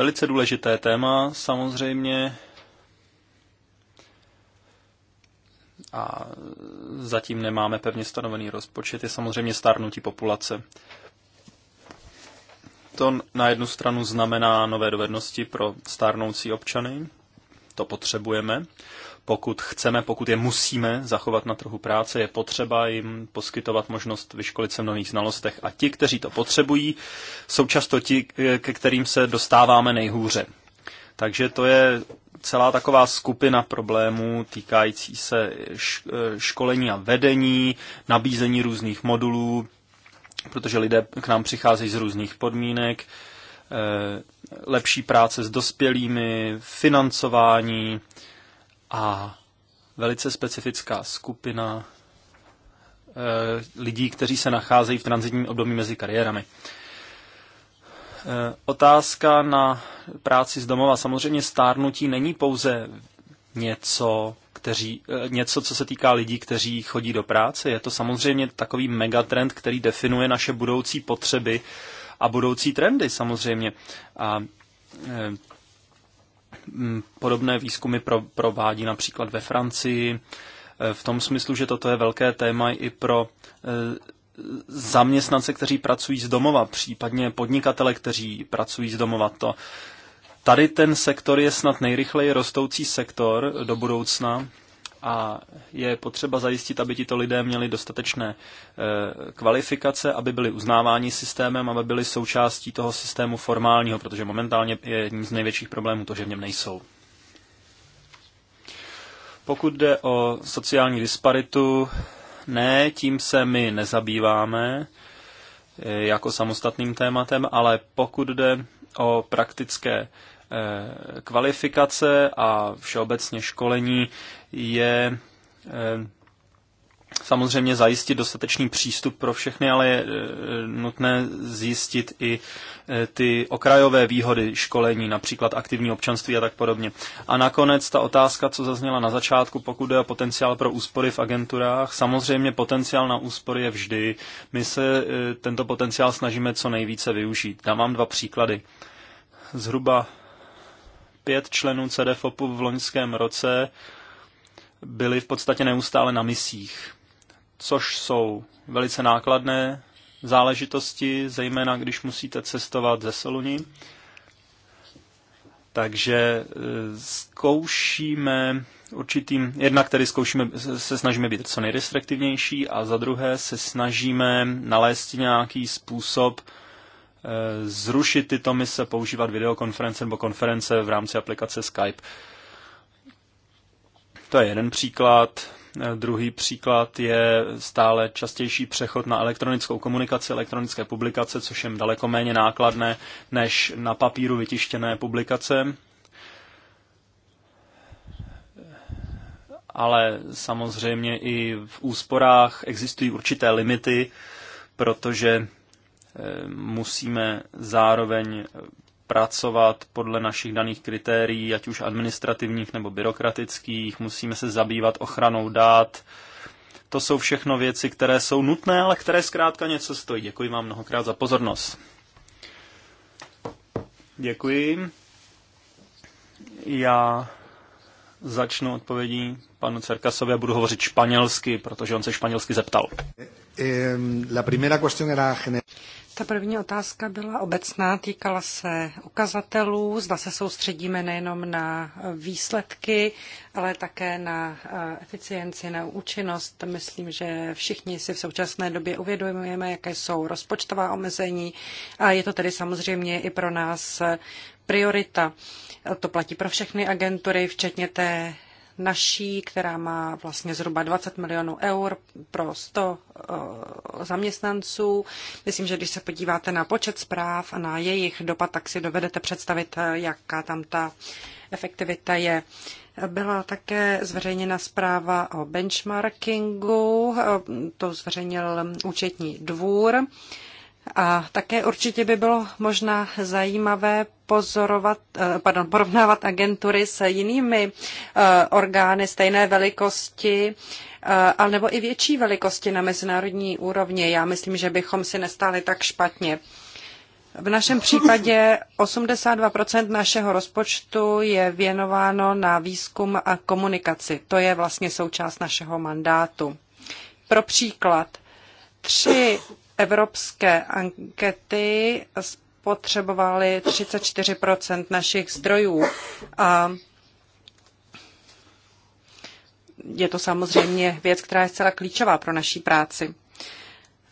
Velice důležité téma samozřejmě. A zatím nemáme pevně stanovený rozpočet, je samozřejmě stárnutí populace. To na jednu stranu znamená nové dovednosti pro stárnoucí občany, to potřebujeme pokud chceme, pokud je musíme zachovat na trhu práce, je potřeba jim poskytovat možnost vyškolit se v nových znalostech. A ti, kteří to potřebují, jsou často ti, ke kterým se dostáváme nejhůře. Takže to je celá taková skupina problémů týkající se školení a vedení, nabízení různých modulů, protože lidé k nám přicházejí z různých podmínek, e, lepší práce s dospělými, financování, a velice specifická skupina eh, lidí, kteří se nacházejí v transitním období mezi kariérami. Eh, otázka na práci z domova. Samozřejmě stárnutí není pouze něco, kteří, eh, něco, co se týká lidí, kteří chodí do práce. Je to samozřejmě takový megatrend, který definuje naše budoucí potřeby a budoucí trendy samozřejmě. A Mm, podobné výzkumy provádí například ve Francii, e, v tom smyslu, že toto je velké téma i pro e, zaměstnance, kteří pracují z domova, případně podnikatele, kteří pracují z domova. To. Tady ten sektor je snad nejrychleji rostoucí sektor do budoucna a je potřeba zajistit, aby tito lidé měli dostatečné eh, kvalifikace, aby byli uznáváni systémem, aby byli součástí toho systému formálního, protože momentálně je jedním z největších problémů to, že v něm nejsou. Pokud jde o sociální disparitu, ne, tím se my nezabýváme eh, jako samostatným tématem, ale pokud jde o praktické eh, kvalifikace a všeobecně školení je eh, samozřejmě zajistit dostatečný přístup pro všechny, ale je eh, nutné zjistit i eh, ty okrajové výhody školení, například aktivní občanství a tak podobně. A nakonec ta otázka, co zazněla na začátku, pokud jde o potenciál pro úspory v agenturách, samozřejmě potenciál na úspory je vždy. My se tento potenciál snažíme co nejvíce využít. Dám vám dva příklady. Zhruba pět členů CDFOPu v loňském roce byli v podstatě neustále na misích, což jsou velice nákladné záležitosti, zejména když musíte cestovat ze Soluni. Takže e, zkoušíme určitým, jednak tedy zkoušíme, se snažíme být co nejrestriktivnější a za druhé se snažíme nalézt nějaký způsob e, zrušit tyto mise, používat videokonference nebo konference v rámci aplikace Skype. To je jeden příklad. E, druhý příklad je stále častější přechod na elektronickou komunikaci, elektronické publikace, což je daleko méně nákladné než na papíru vytištěné publikace. Ale samozřejmě i v úsporách existují určité limity, protože e, musíme zároveň pracovat podle našich daných kritérií, ať už administrativních nebo byrokratických, musíme se zabývat ochranou dát. To jsou všechno věci, které jsou nutné, ale které zkrátka něco stojí. Děkuji vám mnohokrát za pozornost. Děkuji. Já začnu odpovědí panu Cerkasovi a budu hovořit španělsky, protože on se španělsky zeptal. Eh, eh, la primera cuestión era ta první otázka byla obecná, týkala se ukazatelů. Zda se soustředíme nejenom na výsledky, ale také na eh, eficienci, na účinnost. Myslím, že všichni si v současné době uvědomujeme, jaké jsou rozpočtová omezení a je to tedy samozřejmě i pro nás eh, priorita. To platí pro všechny agentury, včetně té naší, která má vlastně zhruba 20 milionů eur pro 100 eh, zaměstnanců. Myslím, že když se podíváte na počet zpráv a na jejich dopad, tak si dovedete představit, eh, jaká tam ta efektivita je. Byla také zveřejněna zpráva o benchmarkingu, eh, to zveřejnil účetní dvůr. A také určitě by bylo možná zajímavé pozorovat, eh, pardon, porovnávat agentury s jinými eh, orgány stejné velikosti, eh, ale nebo i větší velikosti na mezinárodní úrovni. Já myslím, že bychom si nestáli tak špatně. V našem případě 82% našeho rozpočtu je věnováno na výzkum a komunikaci. To je vlastně součást našeho mandátu. Pro příklad, tři Evropské ankety spotřebovaly 34 našich zdrojů a je to samozřejmě věc, která je zcela klíčová pro naší práci.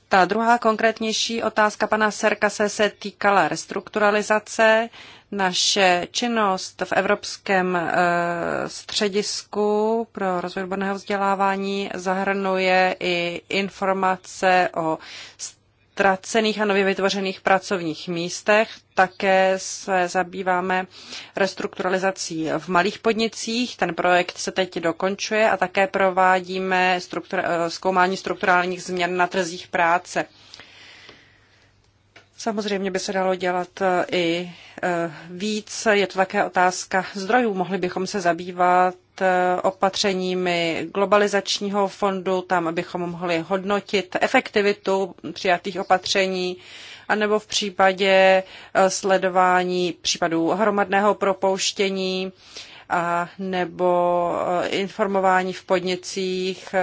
Ta druhá konkrétnější otázka pana Serkase se týkala restrukturalizace. Naše činnost v Evropském eh, středisku pro rozvoj odborného vzdělávání zahrnuje i informace o ztracených a nově vytvořených pracovních místech. Také se zabýváme restrukturalizací v malých podnicích. Ten projekt se teď dokončuje a také provádíme struktura, eh, zkoumání strukturálních změn na trzích práce. Samozřejmě by se dalo dělat e, i e, víc. Je to také otázka zdrojů. Mohli bychom se zabývat e, opatřeními globalizačního fondu, tam bychom mohli hodnotit efektivitu přijatých opatření, anebo v případě sledování případů hromadného propouštění a nebo informování v podnicích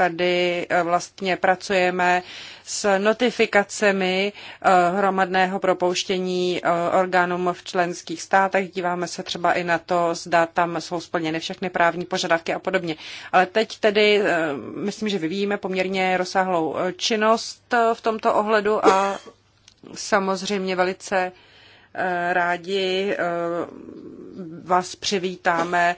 tady eh, vlastně pracujeme s notifikacemi eh, hromadného propouštění eh, orgánům v členských státech. Díváme se třeba i na to, zda tam jsou splněny všechny právní požadavky a podobně. Ale teď tedy myslím, že vyvíjíme poměrně rozsáhlou činnost v tomto ohledu a samozřejmě velice rádi vás přivítáme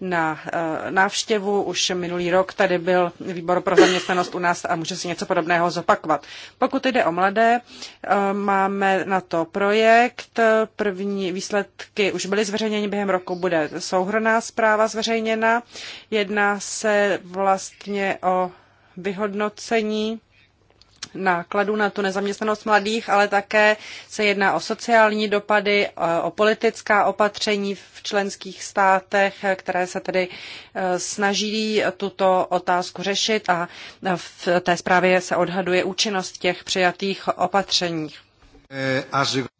na eh, návštěvu. Už minulý rok tady byl výbor pro zaměstnanost u nás a může si něco podobného zopakovat. Pokud jde o mladé, eh, máme na to projekt. První výsledky už byly zveřejněny během roku, bude souhrná zpráva zveřejněna. Jedná se vlastně o vyhodnocení nákladů na tu nezaměstnanost mladých, ale také se jedná o sociální dopady, eh, o politická opatření v členských státech, eh, které se tedy eh, snaží tuto otázku řešit a v té zprávě se odhaduje účinnost těch přijatých opatřeních.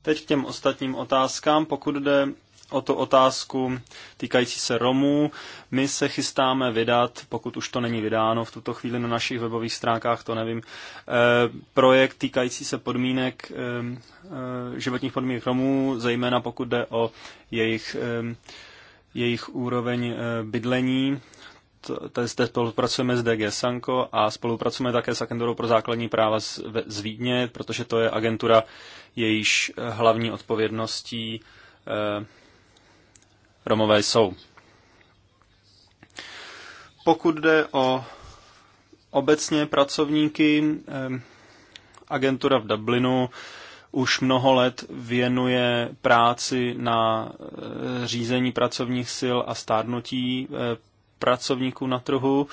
Teď k těm ostatním otázkám, pokud jde o tu otázku týkající se Romů. My se chystáme vydat, pokud už to není vydáno v tuto chvíli na našich webových stránkách, to nevím, eh, projekt týkající se podmínek, eh, eh, životních podmínek Romů, zejména pokud jde o jejich, jejich úroveň bydlení. Zde spolupracujeme s DG Sanko a spolupracujeme také s Agenturou pro základní práva z, z Vídně, protože to je agentura, jejíž hlavní odpovědností Romové jsou. Pokud jde o obecně pracovníky, eh, agentura v Dublinu už mnoho let věnuje práci na eh, řízení pracovních sil a stárnutí eh, pracovníků na trhu.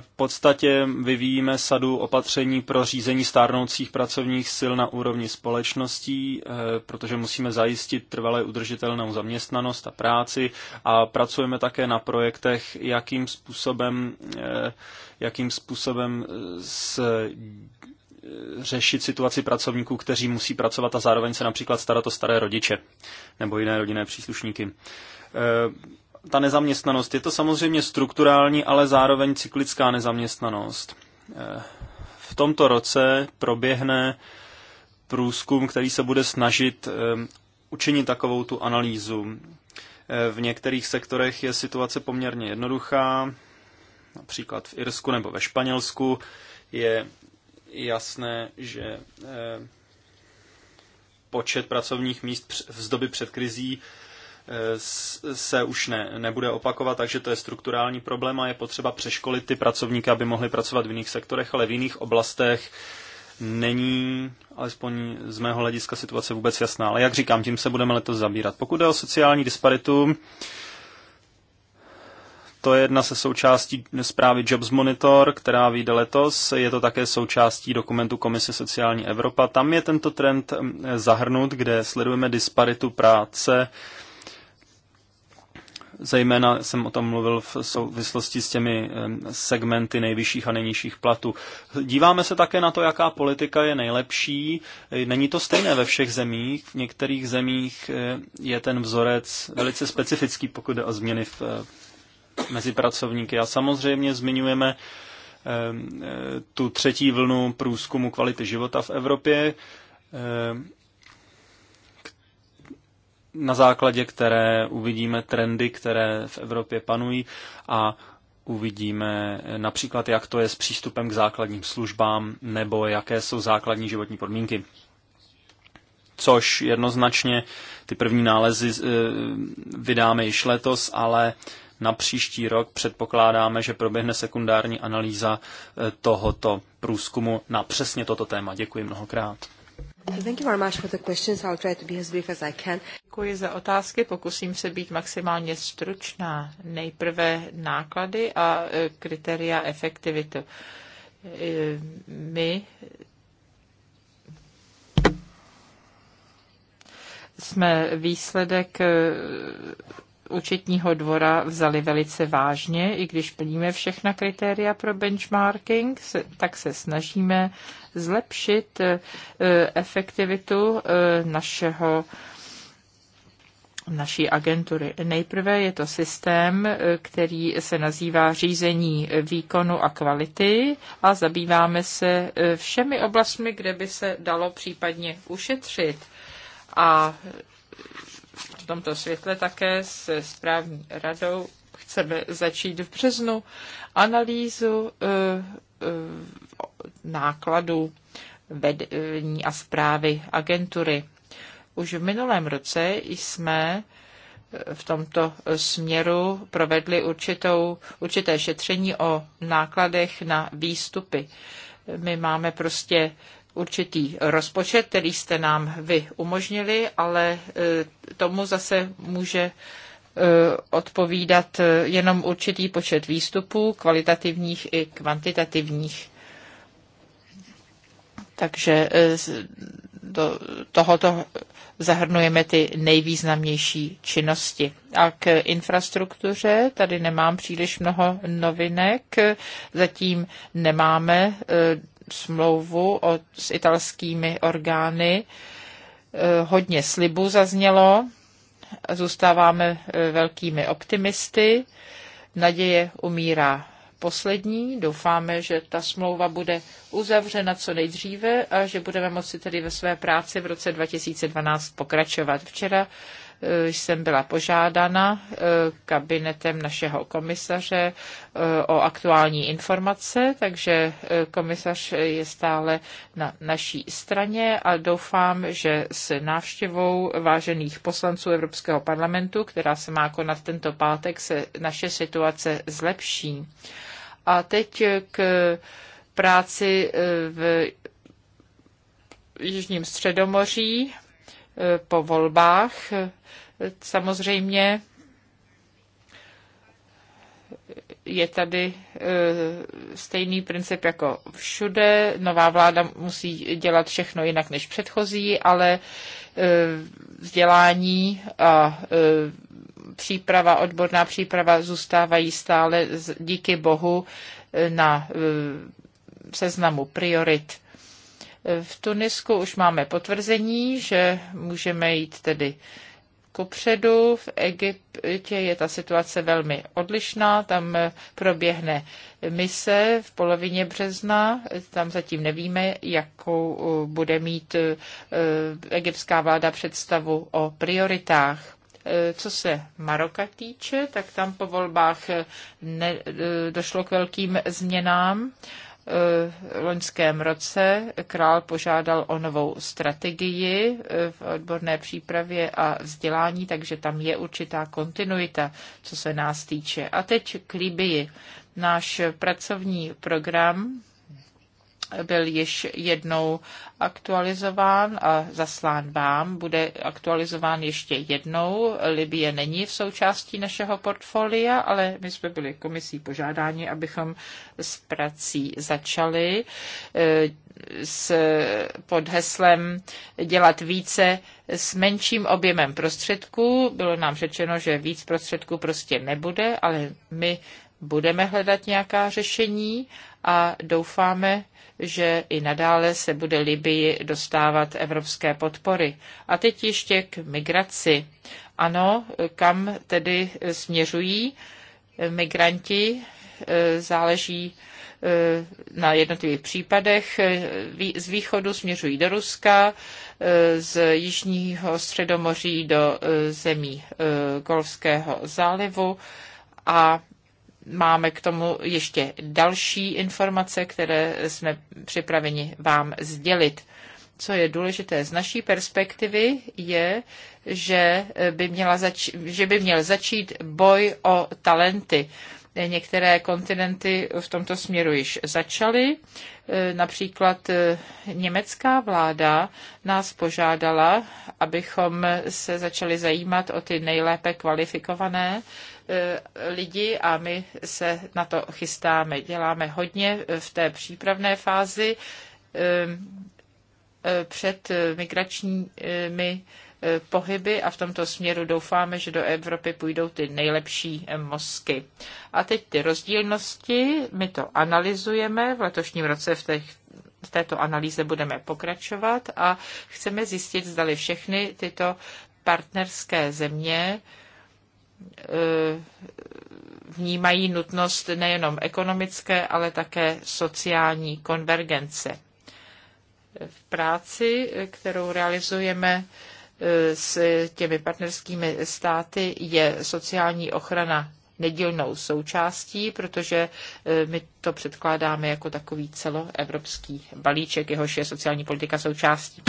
V podstatě vyvíjíme sadu opatření pro řízení stárnoucích pracovních sil na úrovni společností, eh, protože musíme zajistit trvalé udržitelnou zaměstnanost a práci a pracujeme také na projektech, jakým způsobem, eh, jakým způsobem eh, s řešit situaci pracovníků, kteří musí pracovat a zároveň se například starat o staré rodiče nebo jiné rodinné příslušníky ta nezaměstnanost. Je to samozřejmě strukturální, ale zároveň cyklická nezaměstnanost. Eh, v tomto roce proběhne průzkum, který se bude snažit eh, učinit takovou tu analýzu. Eh, v některých sektorech je situace poměrně jednoduchá, například v Irsku nebo ve Španělsku je jasné, že počet pracovních míst z doby před krizí se už ne, nebude opakovat, takže to je strukturální problém a je potřeba přeškolit ty pracovníky, aby mohli pracovat v jiných sektorech, ale v jiných oblastech není, alespoň z mého hlediska, situace vůbec jasná. Ale jak říkám, tím se budeme letos zabírat. Pokud jde o sociální disparitu, to je jedna se součástí zprávy Jobs Monitor, která vyjde letos. Je to také součástí dokumentu Komise sociální Evropa. Tam je tento trend mm, zahrnut, kde sledujeme disparitu práce Zejména jsem o tom mluvil v souvislosti s těmi segmenty nejvyšších a nejnižších platů. Díváme se také na to, jaká politika je nejlepší. Není to stejné ve všech zemích. V některých zemích eh, je ten vzorec velice specifický, pokud jde o změny v, eh, mezi pracovníky. A samozřejmě zmiňujeme eh, tu třetí vlnu průzkumu kvality života v Evropě na základě které uvidíme trendy, které v Evropě panují a uvidíme například, jak to je s přístupem k základním službám nebo jaké jsou základní životní podmínky. Což jednoznačně ty první nálezy eh, vydáme již letos, ale na příští rok předpokládáme, že proběhne sekundární analýza eh, tohoto průzkumu na přesně toto téma. Děkuji mnohokrát. Thank you very much for the questions. I'll try to be as brief as I can. Děkuji za otázky. Pokusím se být maximálně stručná. Nejprve náklady a e, kritéria efektivitu. E, my jsme výsledek e, účetního dvora vzali velice vážně, i když plníme všechna kritéria pro benchmarking, tak se snažíme zlepšit efektivitu našeho naší agentury. Nejprve je to systém, který se nazývá řízení výkonu a kvality a zabýváme se eh, všemi oblastmi, kde by se dalo případně ušetřit. A v tomto světle také se správní radou chceme začít v březnu analýzu eh, eh, nákladů vedení a zprávy agentury už v minulém roce jsme v tomto směru provedli určitou, určité šetření o nákladech na výstupy. My máme prostě určitý rozpočet, který jste nám vy umožnili, ale e, tomu zase může e, odpovídat jenom určitý počet výstupů, kvalitativních i kvantitativních. Takže e, do tohoto zahrnujeme ty nejvýznamnější činnosti. A k infrastruktuře tady nemám příliš mnoho novinek. Zatím nemáme e, smlouvu od, s italskými orgány. E, hodně slibů zaznělo. Zůstáváme e, velkými optimisty. Naděje umírá poslední. Doufáme, že ta smlouva bude uzavřena co nejdříve a že budeme moci tedy ve své práci v roce 2012 pokračovat. Včera e, jsem byla požádána e, kabinetem našeho komisaře e, o aktuální informace, takže komisař je stále na naší straně a doufám, že s návštěvou vážených poslanců Evropského parlamentu, která se má konat tento pátek, se naše situace zlepší. A teď k práci eh, v Jižním středomoří eh, po volbách. Samozřejmě je tady eh, stejný princip jako všude. Nová vláda musí dělat všechno jinak než předchozí, ale vzdělání a příprava, odborná příprava zůstávají stále díky bohu e, na e, seznamu priorit. E, v Tunisku už máme potvrzení, že můžeme jít tedy kopředu. V Egyptě je ta situace velmi odlišná. Tam proběhne mise v polovině března. Tam zatím nevíme, jakou bude mít egyptská vláda představu o prioritách. Eh, co se Maroka týče, tak tam po volbách eh, ne, eh, došlo k velkým změnám loňském roce král požádal o novou strategii v odborné přípravě a vzdělání, takže tam je určitá kontinuita, co se nás týče. A teď k Libii. Náš pracovní program byl již jednou aktualizován a zaslán vám, bude aktualizován ještě jednou. Libie není v součástí našeho portfolia, ale my jsme byli komisí požádáni, abychom s prací začali eh, s, pod heslem dělat více s menším objemem prostředků. Bylo nám řečeno, že víc prostředků prostě nebude, ale my budeme hledat nějaká řešení a doufáme, že i nadále se bude Libii dostávat evropské podpory. A teď ještě k migraci. Ano, kam tedy směřují migranti, záleží eh, na jednotlivých případech. Z východu směřují do Ruska, eh, z jižního středomoří do eh, zemí Golfského zálivu a Máme k tomu ještě další informace, které jsme připraveni vám sdělit. Co je důležité z naší perspektivy, je, že by, měla zač- že by měl začít boj o talenty. Některé kontinenty v tomto směru již začaly. Například eh, německá vláda nás požádala, abychom se začali zajímat o ty nejlépe kvalifikované E, lidi a my se na to chystáme. Děláme hodně v té přípravné fázi e, e, před migračními pohyby a v tomto směru doufáme, že do Evropy půjdou ty nejlepší mozky. A teď ty rozdílnosti, my to analyzujeme, v letošním roce v těch v této analýze budeme pokračovat a chceme zjistit, zdali všechny tyto partnerské země Eh, vnímají nutnost nejenom ekonomické, ale také sociální konvergence. V práci, kterou realizujeme eh, s těmi partnerskými státy, je sociální ochrana nedílnou součástí, protože eh, my to předkládáme jako takový celoevropský balíček, jehož je sociální politika součástí.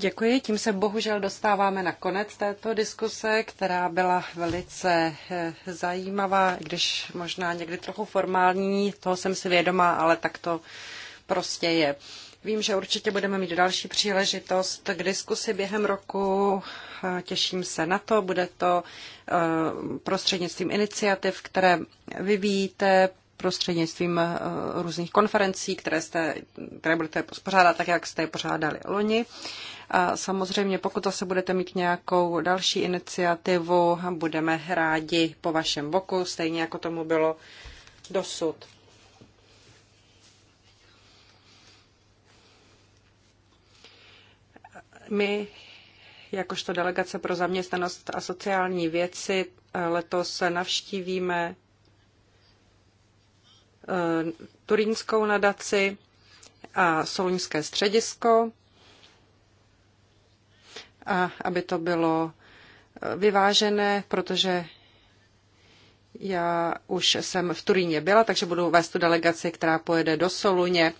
Děkuji. Tím se bohužel dostáváme na konec této diskuse, která byla velice eh, zajímavá, když možná někdy trochu formální, toho jsem si vědomá, ale tak to prostě je. Vím, že určitě budeme mít další příležitost k diskusi během roku. Eh, těším se na to. Bude to eh, prostřednictvím iniciativ, které vyvíjíte, prostřednictvím různých konferencí, které, jste, které budete pořádat tak, jak jste je pořádali loni. A samozřejmě, pokud zase budete mít nějakou další iniciativu, budeme rádi po vašem boku, stejně jako tomu bylo dosud. My, jakožto delegace pro zaměstnanost a sociální věci, letos navštívíme eh, Turínskou nadaci a Soluňské středisko a aby to bylo eh, vyvážené, protože já už jsem v Turíně byla, takže budu vést tu delegaci, která pojede do Soluně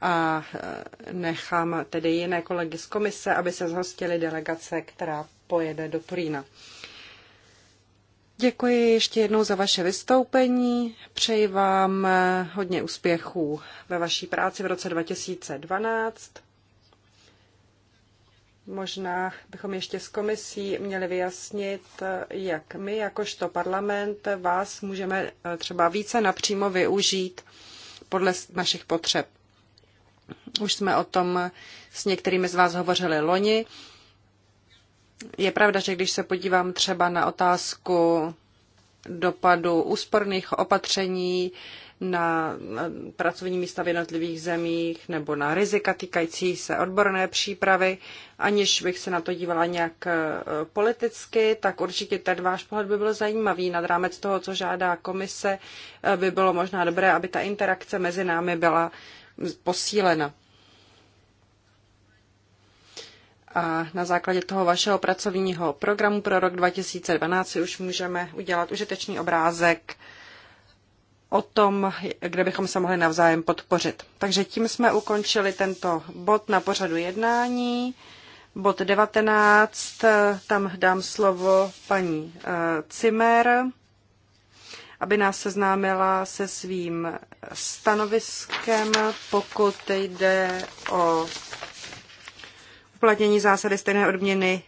a eh, nechám tedy jiné kolegy z komise, aby se zhostili delegace, která pojede do Turína. Děkuji ještě jednou za vaše vystoupení. Přeji vám eh, hodně úspěchů ve vaší práci v roce 2012. Možná bychom ještě s komisí měli vyjasnit, jak my, jakožto parlament, vás můžeme eh, třeba více napřímo využít podle našich potřeb. Už jsme o tom s některými z vás hovořili loni. Je pravda, že když se podívám třeba na otázku dopadu úsporných opatření na pracovní místa v jednotlivých zemích nebo na rizika týkající se odborné přípravy, aniž bych se na to dívala nějak eh, politicky, tak určitě ten váš pohled by byl zajímavý. Nad rámec toho, co žádá komise, eh, by bylo možná dobré, aby ta interakce mezi námi byla posílena. A na základě toho vašeho pracovního programu pro rok 2012 si už můžeme udělat užitečný obrázek o tom, kde bychom se mohli navzájem podpořit. Takže tím jsme ukončili tento bod na pořadu jednání. Bod 19, tam dám slovo paní eh, Cimer, aby nás seznámila se svým stanoviskem, pokud jde o uplatnění zásady stejné odměny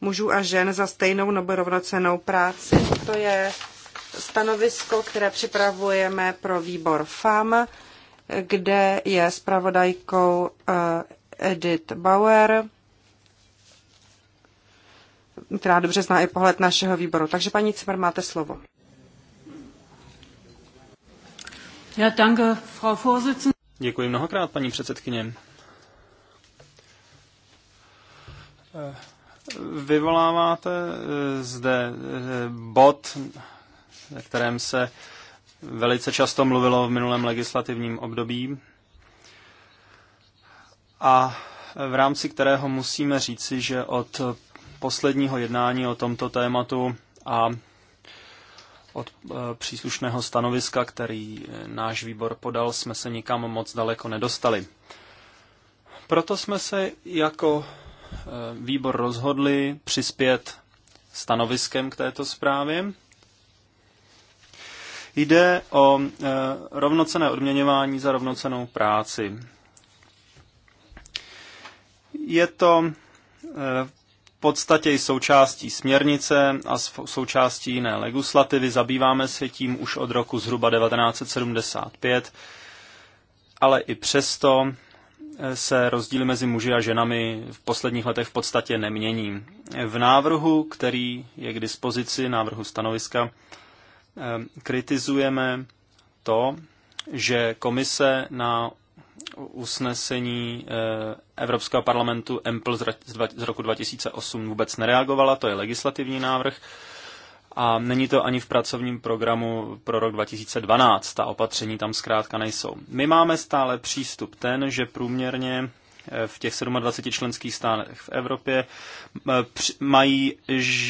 mužů a žen za stejnou nebo rovnocenou práci. To je stanovisko, které připravujeme pro výbor FAM, kde je zpravodajkou eh, Edith Bauer, která dobře zná i pohled našeho výboru. Takže paní Cimr, máte slovo. Ja, danke, Frau Vorsitzende. Děkuji mnohokrát, paní předsedkyně. Eh, vyvoláváte eh, zde bod o kterém se velice často mluvilo v minulém legislativním období a v rámci kterého musíme říci, že od posledního jednání o tomto tématu a od e, příslušného stanoviska, který náš výbor podal, jsme se nikam moc daleko nedostali. Proto jsme se jako e, výbor rozhodli přispět stanoviskem k této zprávě Jde o eh, rovnocené odměňování za rovnocenou práci. Je to eh, v podstatě i součástí směrnice a součástí jiné legislativy. Zabýváme se tím už od roku zhruba 1975, ale i přesto eh, se rozdíly mezi muži a ženami v posledních letech v podstatě nemění. V návrhu, který je k dispozici, návrhu stanoviska, Ehm, kritizujeme to, že komise na usnesení eh, Evropského parlamentu EMPL z roku 2008 vůbec nereagovala, to je legislativní návrh a není to ani v pracovním programu pro rok 2012, ta opatření tam zkrátka nejsou. My máme stále přístup ten, že průměrně v těch 27 členských státech v Evropě mají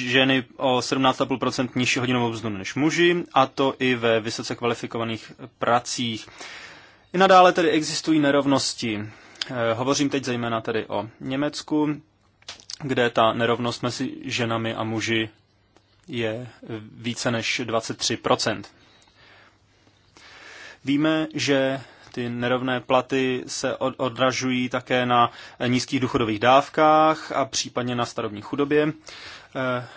ženy o 17,5 nižší hodinovou mzdu než muži, a to i ve vysoce kvalifikovaných pracích. I nadále tedy existují nerovnosti. Eh, hovořím teď zejména tedy o Německu, kde ta nerovnost mezi ženami a muži je více než 23 Víme, že ty nerovné platy se odražují také na nízkých důchodových dávkách a případně na starobní chudobě. Eh,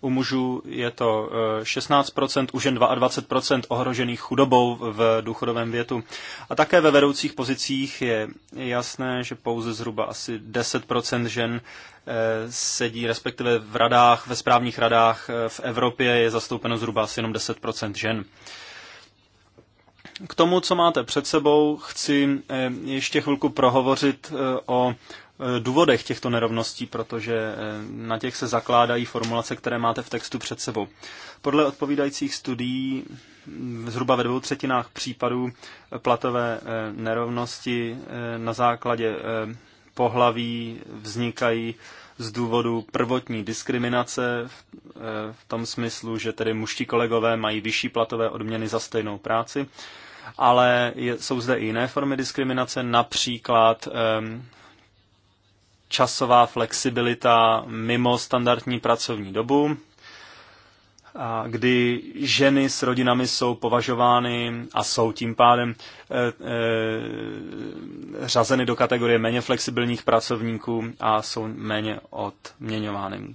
u mužů je to 16%, eh, u žen 22% ohrožených chudobou v důchodovém větu. A také ve vedoucích pozicích je jasné, že pouze zhruba asi 10% žen eh, sedí, respektive v radách, ve správních radách v Evropě je zastoupeno zhruba asi jenom 10% žen. K tomu, co máte před sebou, chci eh, ještě chvilku prohovořit eh, o eh, důvodech těchto nerovností, protože na těch se zakládají formulace, které máte v textu před sebou. Podle odpovídajících studií mm, zhruba ve dvou třetinách případů platové nerovnosti na základě pohlaví vznikají z důvodu prvotní diskriminace v tom smyslu, že tedy muští kolegové mají vyšší platové odměny za stejnou práci ale jsou zde i jiné formy diskriminace, například časová flexibilita mimo standardní pracovní dobu, kdy ženy s rodinami jsou považovány a jsou tím pádem e, e, řazeny do kategorie méně flexibilních pracovníků a jsou méně odměňovány.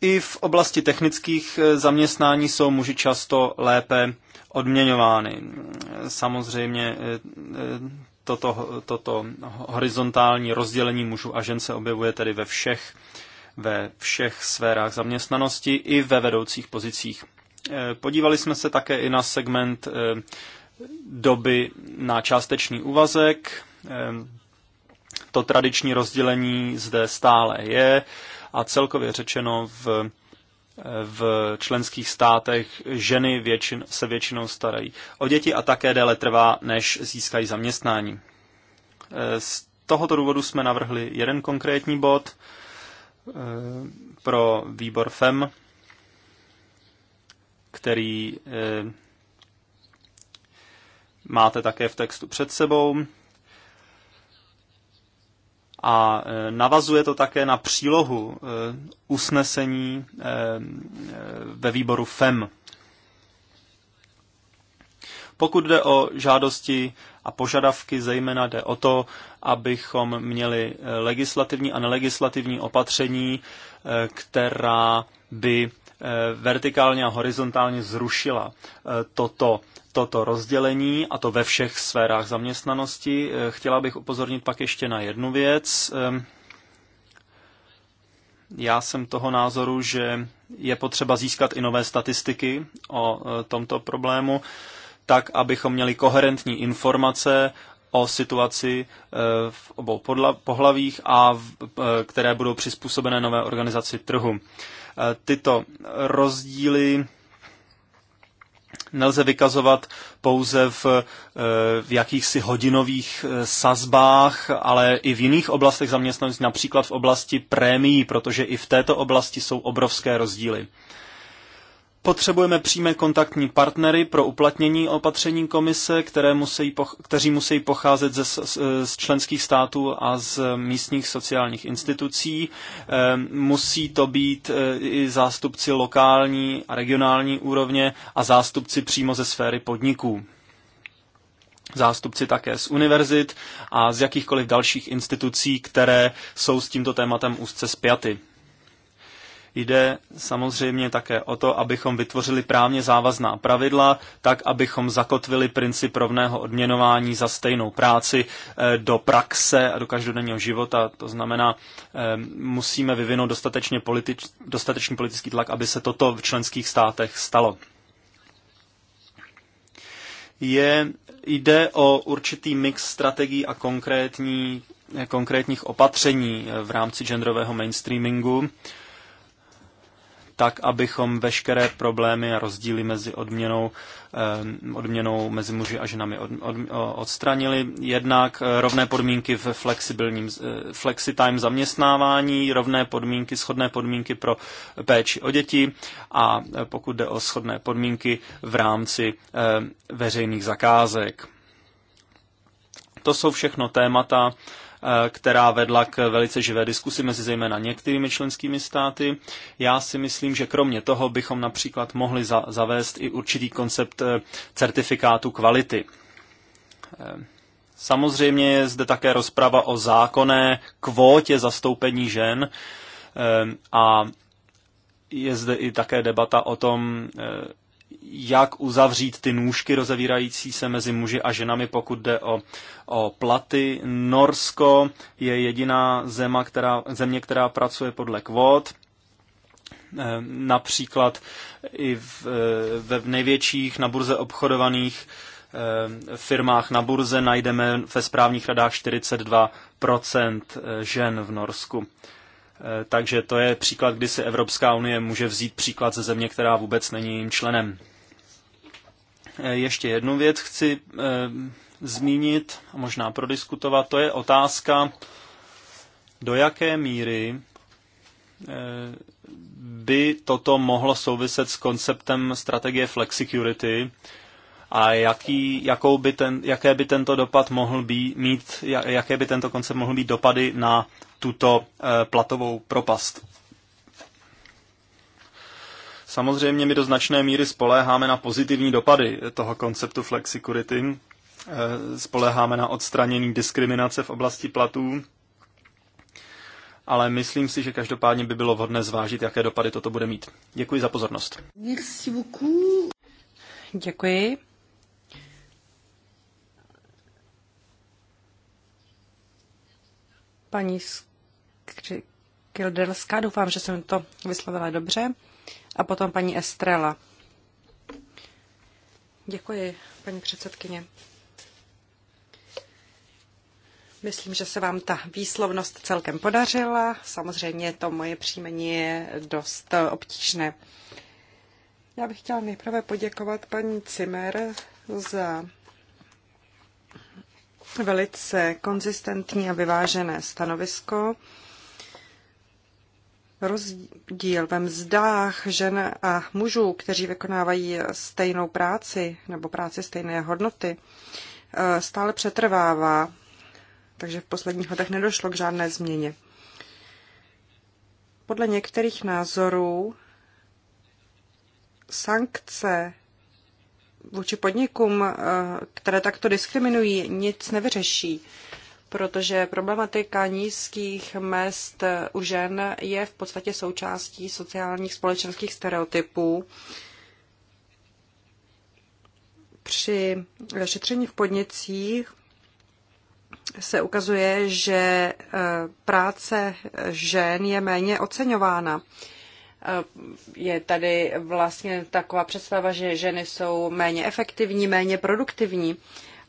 I v oblasti technických eh, zaměstnání jsou muži často lépe odměňovány. Samozřejmě eh, eh, toto, toto horizontální rozdělení mužů a žen se objevuje tedy ve všech, ve všech sférách zaměstnanosti i ve vedoucích pozicích. Podívali jsme se také i na segment doby na částečný úvazek. To tradiční rozdělení zde stále je a celkově řečeno v v členských státech ženy většin, se většinou starají o děti a také déle trvá, než získají zaměstnání. E, z tohoto důvodu jsme navrhli jeden konkrétní bod e, pro výbor FEM, který e, máte také v textu před sebou. A e, navazuje to také na přílohu e, usnesení e, ve výboru FEM. Pokud jde o žádosti a požadavky, zejména jde o to, abychom měli legislativní a nelegislativní opatření, která by vertikálně a horizontálně zrušila toto toto rozdělení, a to ve všech sférách zaměstnanosti. Eh, chtěla bych upozornit pak ještě na jednu věc. Eh, já jsem toho názoru, že je potřeba získat i nové statistiky o eh, tomto problému, tak abychom měli koherentní informace o situaci v obou pohlavích a v, které budou přizpůsobené nové organizaci trhu. Tyto rozdíly nelze vykazovat pouze v, eh, v jakýchsi hodinových eh, sazbách, ale i v jiných oblastech zaměstnanosti, například v oblasti prémií, protože i v této oblasti jsou obrovské rozdíly. Potřebujeme přímé kontaktní partnery pro uplatnění opatření komise, které musí poch- kteří musí pocházet ze, z, z členských států a z místních sociálních institucí. E, musí to být e, i zástupci lokální a regionální úrovně a zástupci přímo ze sféry podniků. Zástupci také z univerzit a z jakýchkoliv dalších institucí, které jsou s tímto tématem úzce spjaty. Jde samozřejmě také o to, abychom vytvořili právně závazná pravidla, tak abychom zakotvili princip rovného odměnování za stejnou práci eh, do praxe a do každodenního života. To znamená, eh, musíme vyvinout dostatečně politič, dostatečný politický tlak, aby se toto v členských státech stalo. Je, jde o určitý mix strategií a konkrétní, konkrétních opatření eh, v rámci genderového mainstreamingu tak abychom veškeré problémy a rozdíly mezi odměnou, eh, odměnou mezi muži a ženami od, od, odstranili. Jednak eh, rovné podmínky v flexibilním eh, flexitime zaměstnávání, rovné podmínky, schodné podmínky pro péči o děti a pokud jde o schodné podmínky v rámci veřejných zakázek. To jsou všechno témata, Eh, která vedla k velice živé diskusi mezi zejména některými členskými státy. Já si myslím, že kromě toho bychom například mohli za- zavést i určitý koncept eh, certifikátu kvality. Eh, samozřejmě je zde také rozprava o zákonné kvótě zastoupení žen a je zde i také debata o tom, jak uzavřít ty nůžky rozevírající se mezi muži a ženami, pokud jde o, o platy. Norsko je jediná zema, která, země, která pracuje podle kvót. Eh, například i v, eh, ve největších na burze obchodovaných eh, firmách na burze najdeme ve správních radách 42 žen v Norsku. Takže to je příklad, kdy si Evropská unie může vzít příklad ze země, která vůbec není jejím členem. Eh, ještě jednu věc chci eh, zmínit a možná prodiskutovat, to je otázka, do jaké míry eh, by toto mohlo souviset s konceptem strategie flexicurity a jaký, jakou by ten, jaké by tento dopad mohl být, mít, jaké by tento koncept mohl být dopady na tuto platovou propast. Samozřejmě my do značné míry spoléháme na pozitivní dopady toho konceptu flexicurity, eh, spoléháme na odstranění diskriminace v oblasti platů, ale myslím si, že každopádně by bylo vhodné zvážit, jaké dopady toto bude mít. Děkuji za pozornost. Merci Děkuji. Paní Skřik. Kilderská. Doufám, že jsem to vyslovila dobře a potom paní Estrela. Děkuji, paní předsedkyně. Myslím, že se vám ta výslovnost celkem podařila. Samozřejmě to moje příjmení je dost obtížné. Já bych chtěla nejprve poděkovat paní Cimer za velice konzistentní a vyvážené stanovisko rozdíl ve mzdách žen a mužů, kteří vykonávají stejnou práci nebo práci stejné hodnoty, eh, stále přetrvává. Takže v posledních letech nedošlo k žádné změně. Podle některých názorů sankce vůči podnikům, eh, které takto diskriminují, nic nevyřeší protože problematika nízkých mest u žen je v podstatě součástí sociálních společenských stereotypů. Při šetření v podnicích se ukazuje, že eh, práce žen je méně oceňována. Eh, je tady vlastně taková představa, že ženy jsou méně efektivní, méně produktivní.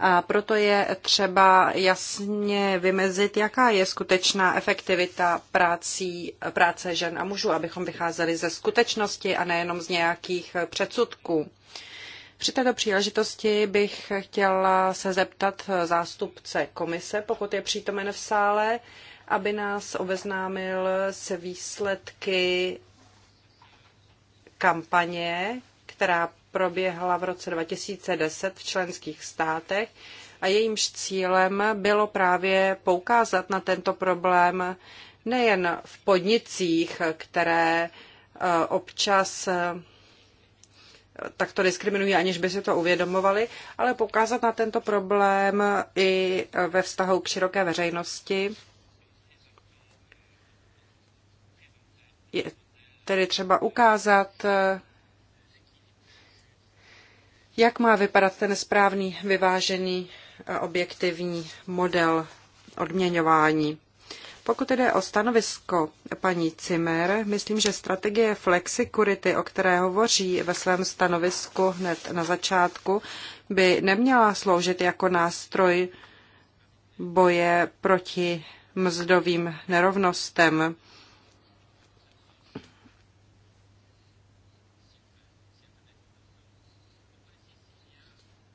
A proto je třeba jasně vymezit, jaká je skutečná efektivita prací, práce žen a mužů, abychom vycházeli ze skutečnosti a nejenom z nějakých předsudků. Při této příležitosti bych chtěla se zeptat zástupce komise, pokud je přítomen v sále, aby nás obeznámil se výsledky kampaně, která proběhla v roce 2010 v členských státech a jejímž cílem bylo právě poukázat na tento problém nejen v podnicích, které e, občas e, takto diskriminují, aniž by si to uvědomovali, ale poukázat na tento problém i ve vztahu k široké veřejnosti. Je tedy třeba ukázat jak má vypadat ten správný, vyvážený eh, objektivní model odměňování. Pokud jde o stanovisko paní Cimer, myslím, že strategie flexikurity, o které hovoří ve svém stanovisku hned na začátku, by neměla sloužit jako nástroj boje proti mzdovým nerovnostem.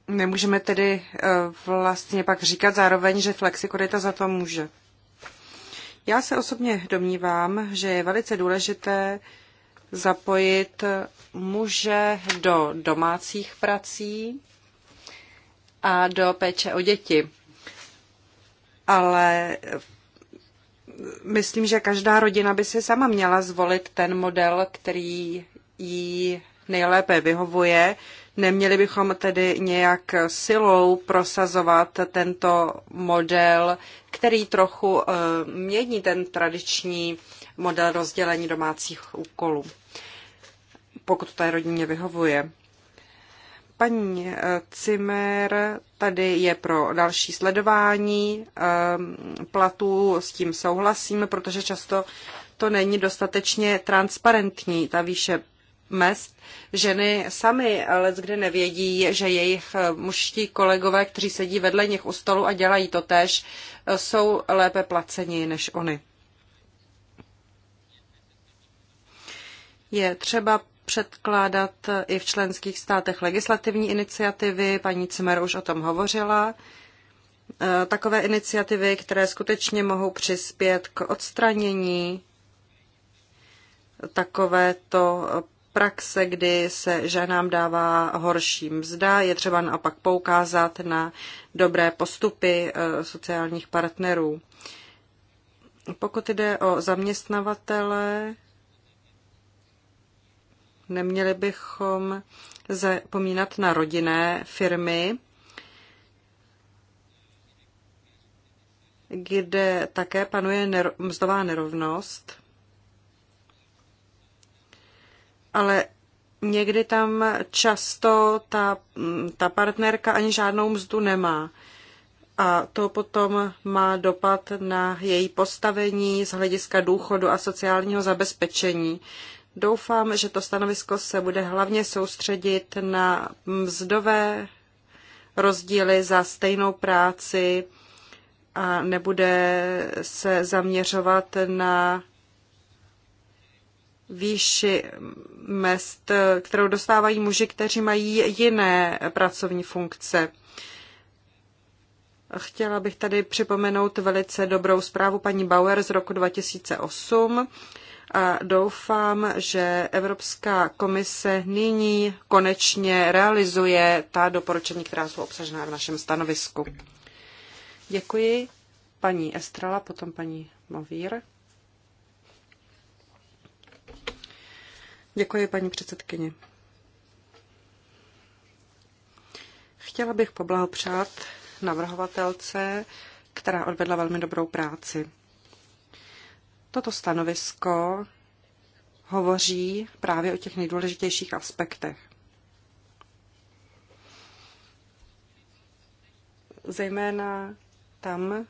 Nemůžeme tedy eh, vlastně pak říkat zároveň, že flexikorita za to může. Já se osobně domnívám, že je velice důležité zapojit muže do domácích prací a do péče o děti. Ale eh, myslím, že každá rodina by si sama měla zvolit ten model, který jí nejlépe vyhovuje, Neměli bychom tedy nějak silou prosazovat tento model, který trochu eh, mění ten tradiční model rozdělení domácích úkolů, pokud to té rodině vyhovuje. Paní eh, Cimer tady je pro další sledování eh, platů, s tím souhlasím, protože často to není dostatečně transparentní, ta výše mest. Ženy sami let kdy nevědí, že jejich eh, mužští kolegové, kteří sedí vedle nich u stolu a dělají to tež, eh, jsou lépe placeni než oni. Je třeba předkládat eh, i v členských státech legislativní iniciativy, paní Cimer už o tom hovořila, takové iniciativy, které skutečně mohou přispět k odstranění takovéto praxe, kdy se ženám dává horší mzda. Je třeba naopak poukázat na dobré postupy eh, sociálních partnerů. Pokud jde o zaměstnavatele, neměli bychom zapomínat na rodinné firmy, kde také panuje mzdová nerovnost. ale někdy tam často ta, mm, ta partnerka ani žádnou mzdu nemá. A to potom má dopad na její postavení z hlediska důchodu a sociálního zabezpečení. Doufám, že to stanovisko se bude hlavně soustředit na mzdové rozdíly za stejnou práci a nebude se zaměřovat na výši mest, kterou dostávají muži, kteří mají jiné pracovní funkce. Chtěla bych tady připomenout velice dobrou zprávu paní Bauer z roku 2008 a doufám, že Evropská komise nyní konečně realizuje ta doporučení, která jsou obsažená v našem stanovisku. Děkuji paní Estrala, potom paní Movír. Děkuji, paní předsedkyně. Chtěla bych poblahopřát navrhovatelce, která odvedla velmi dobrou práci. Toto stanovisko hovoří právě o těch nejdůležitějších aspektech. Zejména tam,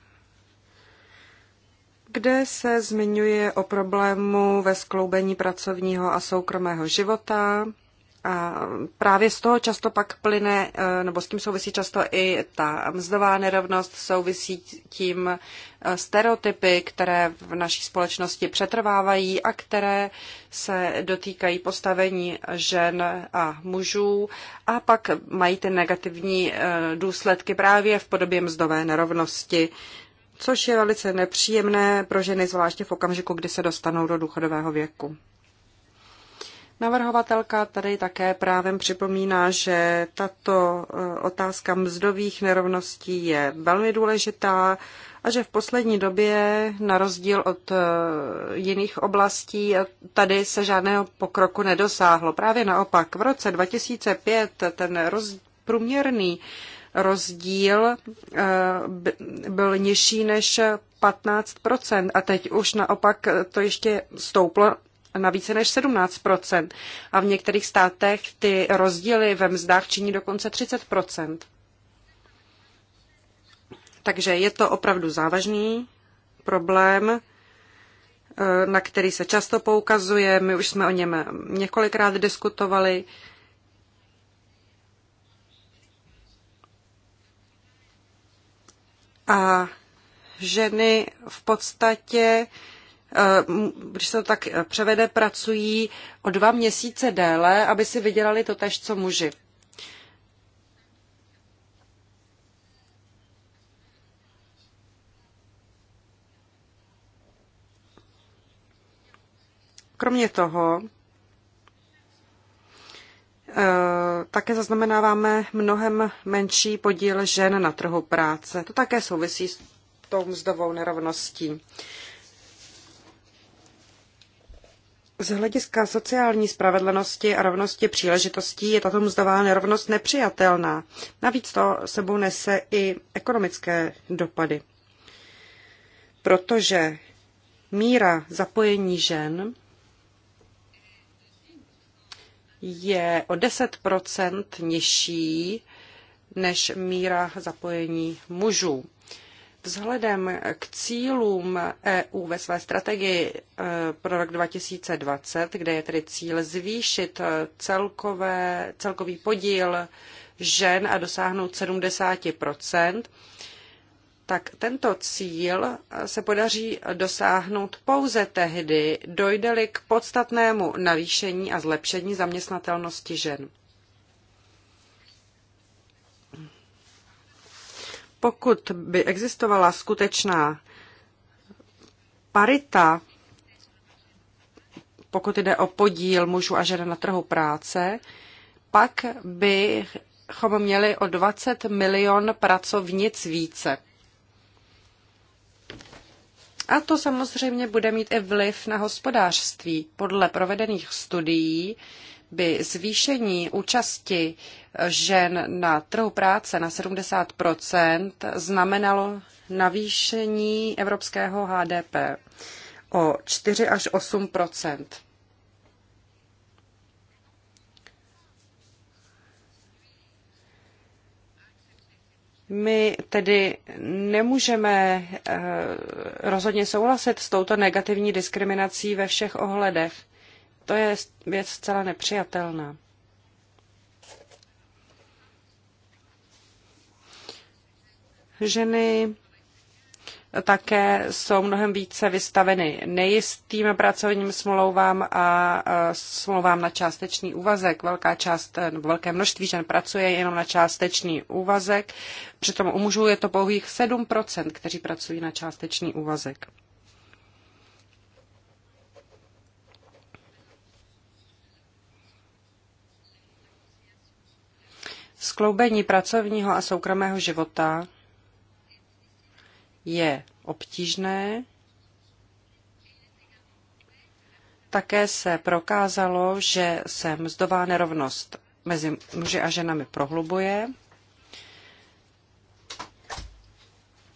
kde se zmiňuje o problému ve skloubení pracovního a soukromého života. A právě z toho často pak plyne, eh, nebo s tím souvisí často i ta mzdová nerovnost, souvisí tím eh, stereotypy, které v naší společnosti přetrvávají a které se dotýkají postavení žen a mužů a pak mají ty negativní eh, důsledky právě v podobě mzdové nerovnosti což je velice nepříjemné pro ženy, zvláště v okamžiku, kdy se dostanou do důchodového věku. Navrhovatelka tady také právem připomíná, že tato eh, otázka mzdových nerovností je velmi důležitá a že v poslední době, na rozdíl od eh, jiných oblastí, eh, tady se žádného pokroku nedosáhlo. Právě naopak, v roce 2005 ten roz... průměrný rozdíl eh, byl nižší než 15 a teď už naopak to ještě stouplo na více než 17 a v některých státech ty rozdíly ve mzdách činí dokonce 30 Takže je to opravdu závažný problém, eh, na který se často poukazuje. My už jsme o něm několikrát diskutovali. a ženy v podstatě, eh, když se to tak převede, pracují o dva měsíce déle, aby si vydělali to tež, co muži. Kromě toho Eh, také zaznamenáváme mnohem menší podíl žen na trhu práce. To také souvisí s tou mzdovou nerovností. Z hlediska sociální spravedlnosti a rovnosti příležitostí je tato mzdová nerovnost nepřijatelná. Navíc to sebou nese i ekonomické dopady. Protože míra zapojení žen je o 10 nižší než míra zapojení mužů. Vzhledem k cílům EU ve své strategii eh, pro rok 2020, kde je tedy cíl zvýšit eh, celkové, celkový podíl žen a dosáhnout 70 tak tento cíl se podaří dosáhnout pouze tehdy, dojde-li k podstatnému navýšení a zlepšení zaměstnatelnosti žen. Pokud by existovala skutečná parita, pokud jde o podíl mužů a žen na trhu práce, pak bychom měli o 20 milion pracovnic více. A to samozřejmě bude mít i vliv na hospodářství. Podle provedených studií by zvýšení účasti žen na trhu práce na 70 znamenalo navýšení evropského HDP o 4 až 8 My tedy nemůžeme eh, rozhodně souhlasit s touto negativní diskriminací ve všech ohledech. To je věc zcela nepřijatelná. Ženy také jsou mnohem více vystaveny nejistým pracovním smlouvám a smlouvám na částečný úvazek. Velká část, nebo velké množství žen pracuje jenom na částečný úvazek, přitom u mužů je to pouhých 7%, kteří pracují na částečný úvazek. Skloubení pracovního a soukromého života je obtížné. Také se prokázalo, že se mzdová nerovnost mezi muži a ženami prohlubuje.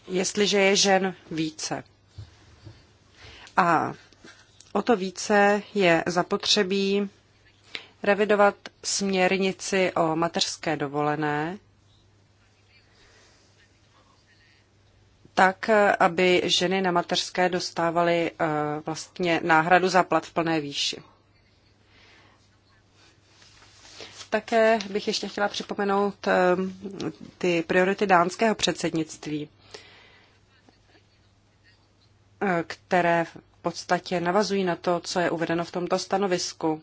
Jestliže je žen více. A o to více je zapotřebí revidovat směrnici o mateřské dovolené, tak, aby ženy na mateřské dostávaly eh, vlastně náhradu za plat v plné výši. Také bych ještě chtěla připomenout eh, ty priority dánského předsednictví, eh, které v podstatě navazují na to, co je uvedeno v tomto stanovisku.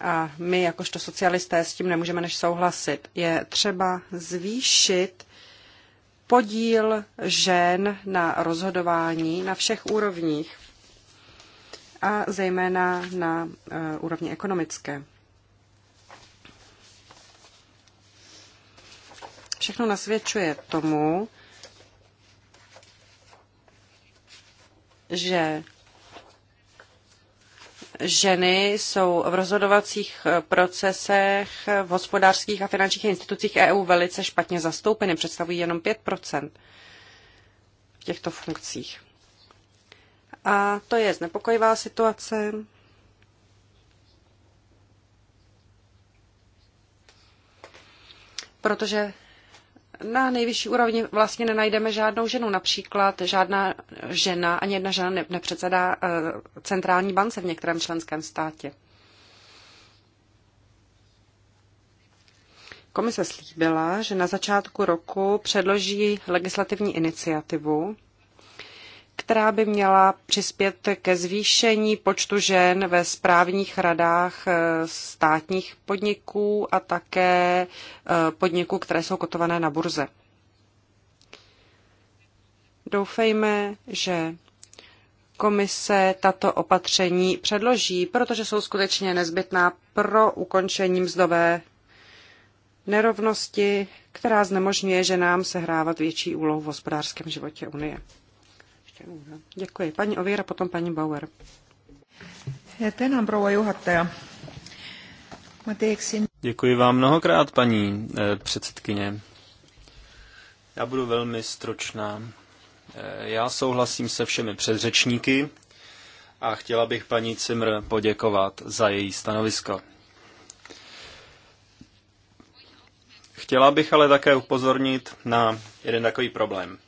A my, jakožto socialisté, s tím nemůžeme než souhlasit. Je třeba zvýšit podíl žen na rozhodování na všech úrovních a zejména na e, úrovni ekonomické. Všechno nasvědčuje tomu, že ženy jsou v rozhodovacích eh, procesech v hospodářských a finančních institucích EU velice špatně zastoupeny, představují jenom 5 v těchto funkcích. A to je znepokojivá situace. Protože na nejvyšší úrovni vlastně nenajdeme žádnou ženu. Například žádná žena, ani jedna žena nepředsedá eh, centrální bance v některém členském státě. Komise slíbila, že na začátku roku předloží legislativní iniciativu, která by měla přispět ke zvýšení počtu žen ve správních radách eh, státních podniků a také eh, podniků, které jsou kotované na burze. Doufejme, že komise tato opatření předloží, protože jsou skutečně nezbytná pro ukončení mzdové nerovnosti, která znemožňuje ženám sehrávat větší úlohu v hospodářském životě Unie. Děkuji. Paní Ovíra, potom paní Bauer. Děkuji vám mnohokrát, paní eh, předsedkyně. Já budu velmi stročná. Eh, já souhlasím se všemi předřečníky a chtěla bych paní Cimr poděkovat za její stanovisko. Chtěla bych ale také upozornit na jeden takový problém.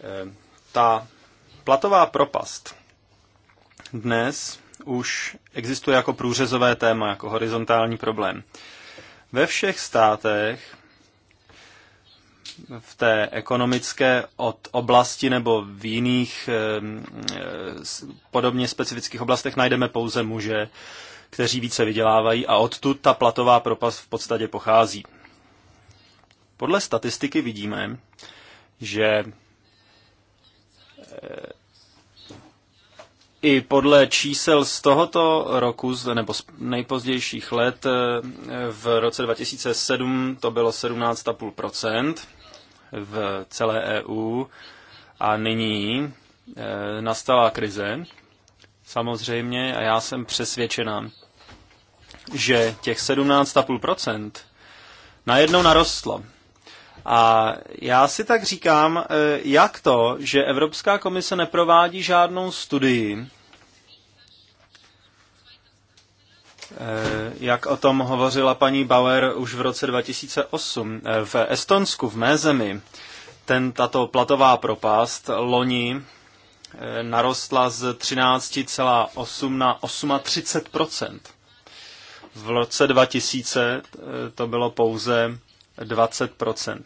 Eh, ta platová propast dnes už existuje jako průřezové téma, jako horizontální problém. Ve všech státech v té ekonomické od oblasti nebo v jiných eh, eh, podobně specifických oblastech najdeme pouze muže, kteří více vydělávají a odtud ta platová propast v podstatě pochází. Podle statistiky vidíme, že i podle čísel z tohoto roku, nebo z nejpozdějších let, eh, v roce 2007 to bylo 17,5% v celé EU a nyní eh, nastala krize, samozřejmě, a já jsem přesvědčená, že těch 17,5% najednou narostlo. A já si tak říkám, eh, jak to, že Evropská komise neprovádí žádnou studii, eh, jak o tom hovořila paní Bauer už v roce 2008 eh, v Estonsku, v mé zemi, ten, tato platová propast loni narostla z 13,8 na 38 V roce 2000 to bylo pouze 20%.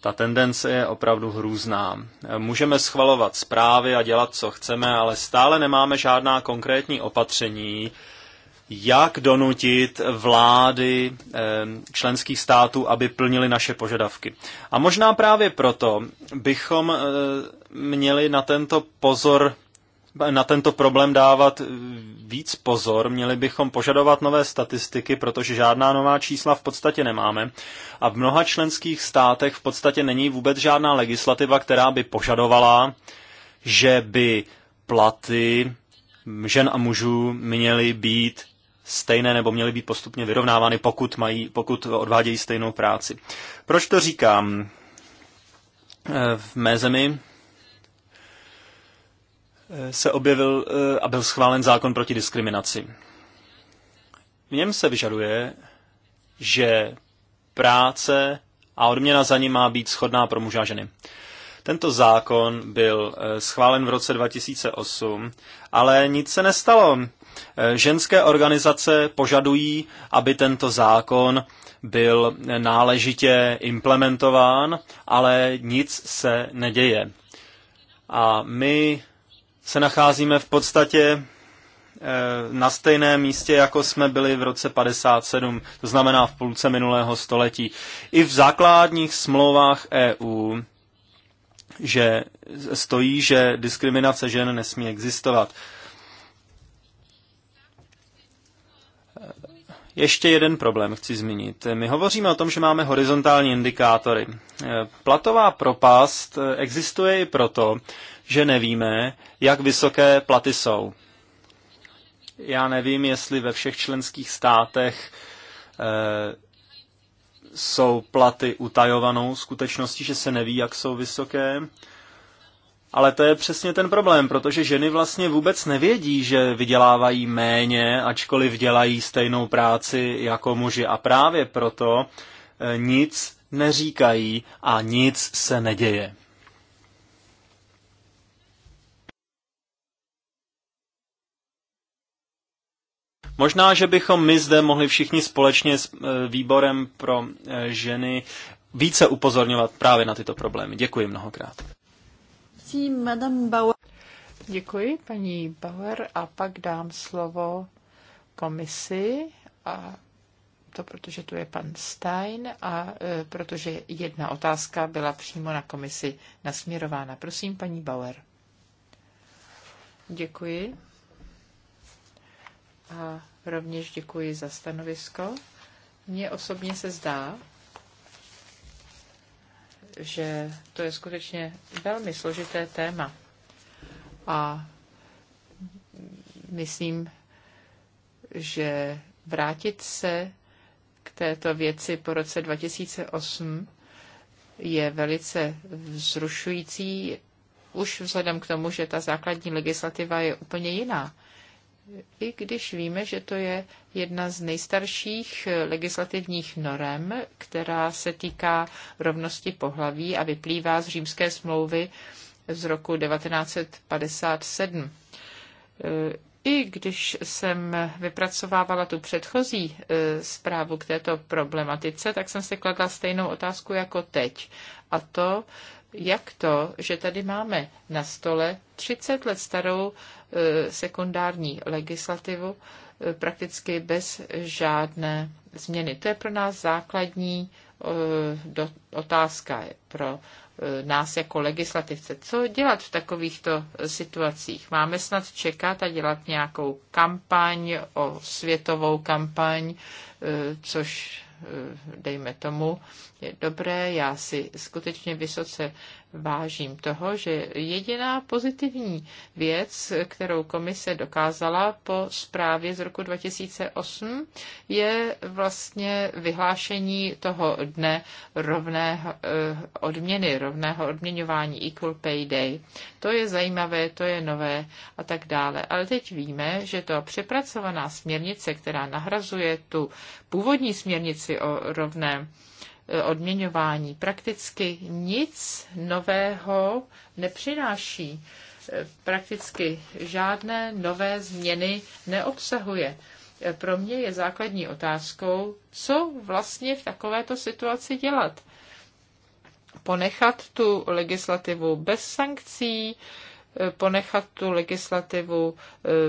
Ta tendence je opravdu hrůzná. Můžeme schvalovat zprávy a dělat, co chceme, ale stále nemáme žádná konkrétní opatření, jak donutit vlády eh, členských států, aby plnili naše požadavky. A možná právě proto bychom eh, měli na tento pozor na tento problém dávat víc pozor, měli bychom požadovat nové statistiky, protože žádná nová čísla v podstatě nemáme a v mnoha členských státech v podstatě není vůbec žádná legislativa, která by požadovala, že by platy žen a mužů měly být stejné nebo měly být postupně vyrovnávány, pokud, mají, pokud odvádějí stejnou práci. Proč to říkám? Eh, v mé zemi se objevil eh, a byl schválen zákon proti diskriminaci. V něm se vyžaduje, že práce a odměna za ní má být schodná pro muže a ženy. Tento zákon byl eh, schválen v roce 2008, ale nic se nestalo. Eh, ženské organizace požadují, aby tento zákon byl náležitě implementován, ale nic se neděje. A my se nacházíme v podstatě eh, na stejném místě, jako jsme byli v roce 57, to znamená v půlce minulého století. I v základních smlouvách EU že stojí, že diskriminace žen nesmí existovat. Ještě jeden problém chci zmínit. My hovoříme o tom, že máme horizontální indikátory. Eh, platová propast eh, existuje i proto, že nevíme, jak vysoké platy jsou. Já nevím, jestli ve všech členských státech e, jsou platy utajovanou skutečností, že se neví, jak jsou vysoké. Ale to je přesně ten problém, protože ženy vlastně vůbec nevědí, že vydělávají méně, ačkoliv dělají stejnou práci jako muži. A právě proto eh, nic neříkají a nic se neděje. Možná, že bychom my zde mohli všichni společně s e, výborem pro e, ženy více upozorňovat právě na tyto problémy. Děkuji mnohokrát. Děkuji, paní Bauer, a pak dám slovo komisi a to protože tu je pan Stein a e, protože jedna otázka byla přímo na komisi nasměrována. Prosím, paní Bauer. Děkuji a rovněž děkuji za stanovisko. Mně osobně se zdá, že to je skutečně velmi složité téma. A myslím, že vrátit se k této věci po roce 2008 je velice vzrušující, už vzhledem k tomu, že ta základní legislativa je úplně jiná i když víme, že to je jedna z nejstarších legislativních norem, která se týká rovnosti pohlaví a vyplývá z římské smlouvy z roku 1957. I když jsem vypracovávala tu předchozí e, zprávu k této problematice, tak jsem si kladla stejnou otázku jako teď. A to, jak to, že tady máme na stole 30 let starou e, sekundární legislativu e, prakticky bez žádné změny. To je pro nás základní e, otázka pro nás jako legislativce. Co dělat v takovýchto situacích? Máme snad čekat a dělat nějakou kampaň, o světovou kampaň, což Eh, dejme tomu, je dobré. Já si skutečně vysoce vážím toho, že jediná pozitivní věc, kterou komise dokázala po zprávě z roku 2008, je vlastně vyhlášení toho dne rovné eh, odměny, rovného odměňování Equal Pay Day. To je zajímavé, to je nové a tak dále. Ale teď víme, že to přepracovaná směrnice, která nahrazuje tu původní směrnici o rovném Eh, odměňování. Prakticky nic nového nepřináší. Eh, prakticky žádné nové změny neobsahuje. Eh, pro mě je základní otázkou, co vlastně v takovéto situaci dělat. Ponechat tu legislativu bez sankcí, ponechat tu legislativu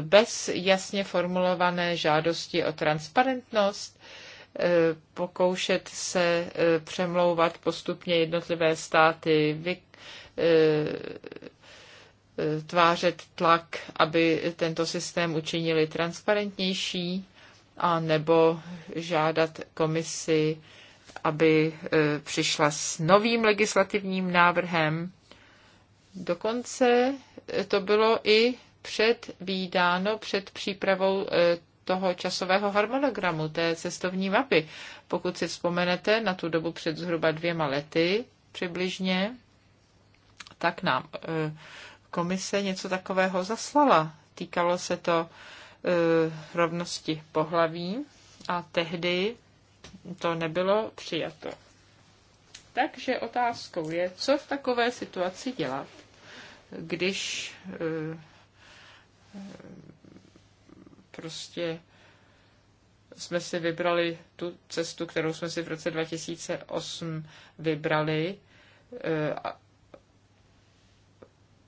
bez jasně formulované žádosti o transparentnost, Eh, pokoušet se eh, přemlouvat postupně jednotlivé státy, vy, eh, tvářet tlak, aby tento systém učinili transparentnější, a nebo žádat komisi, aby přišla s novým legislativním návrhem. Dokonce to bylo i předvídáno před přípravou toho časového harmonogramu, té cestovní mapy. Pokud si vzpomenete na tu dobu před zhruba dvěma lety přibližně, tak nám e, komise něco takového zaslala. Týkalo se to e, rovnosti pohlaví a tehdy to nebylo přijato. Takže otázkou je, co v takové situaci dělat, když e, Prostě jsme si vybrali tu cestu, kterou jsme si v roce 2008 vybrali eh,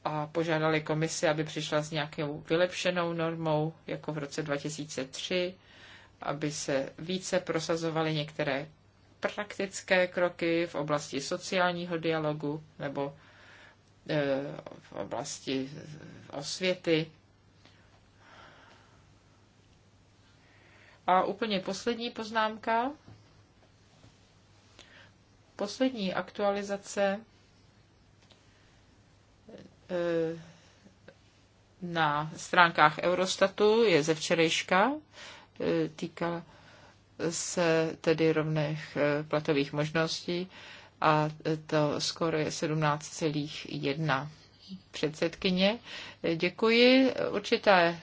a, požádali komisi, aby přišla s nějakou vylepšenou normou, jako v roce 2003, aby se více prosazovaly některé praktické kroky v oblasti sociálního dialogu nebo eh, v oblasti osvěty A úplně poslední poznámka. Poslední aktualizace eh, na stránkách Eurostatu je ze včerejška. Eh, Týká se tedy rovných eh, platových možností a to skoro je 17,1 předsedkyně. Děkuji. Určité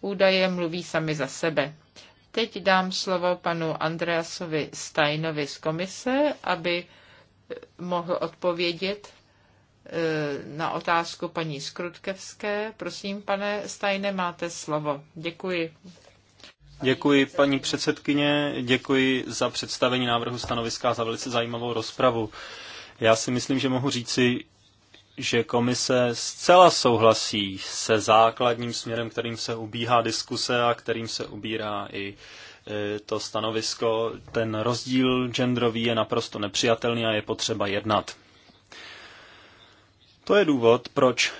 údaje mluví sami za sebe teď dám slovo panu Andreasovi Steinovi z komise, aby eh, mohl odpovědět eh, na otázku paní Skrutkevské. Prosím, pane Stajne, máte slovo. Děkuji. Děkuji, paní předsedkyně, děkuji za představení návrhu stanoviska a za velice zajímavou rozpravu. Já si myslím, že mohu říci, že komise zcela souhlasí se základním směrem, kterým se ubíhá diskuse a kterým se ubírá i e, to stanovisko. Ten rozdíl genderový je naprosto nepřijatelný a je potřeba jednat. To je důvod, proč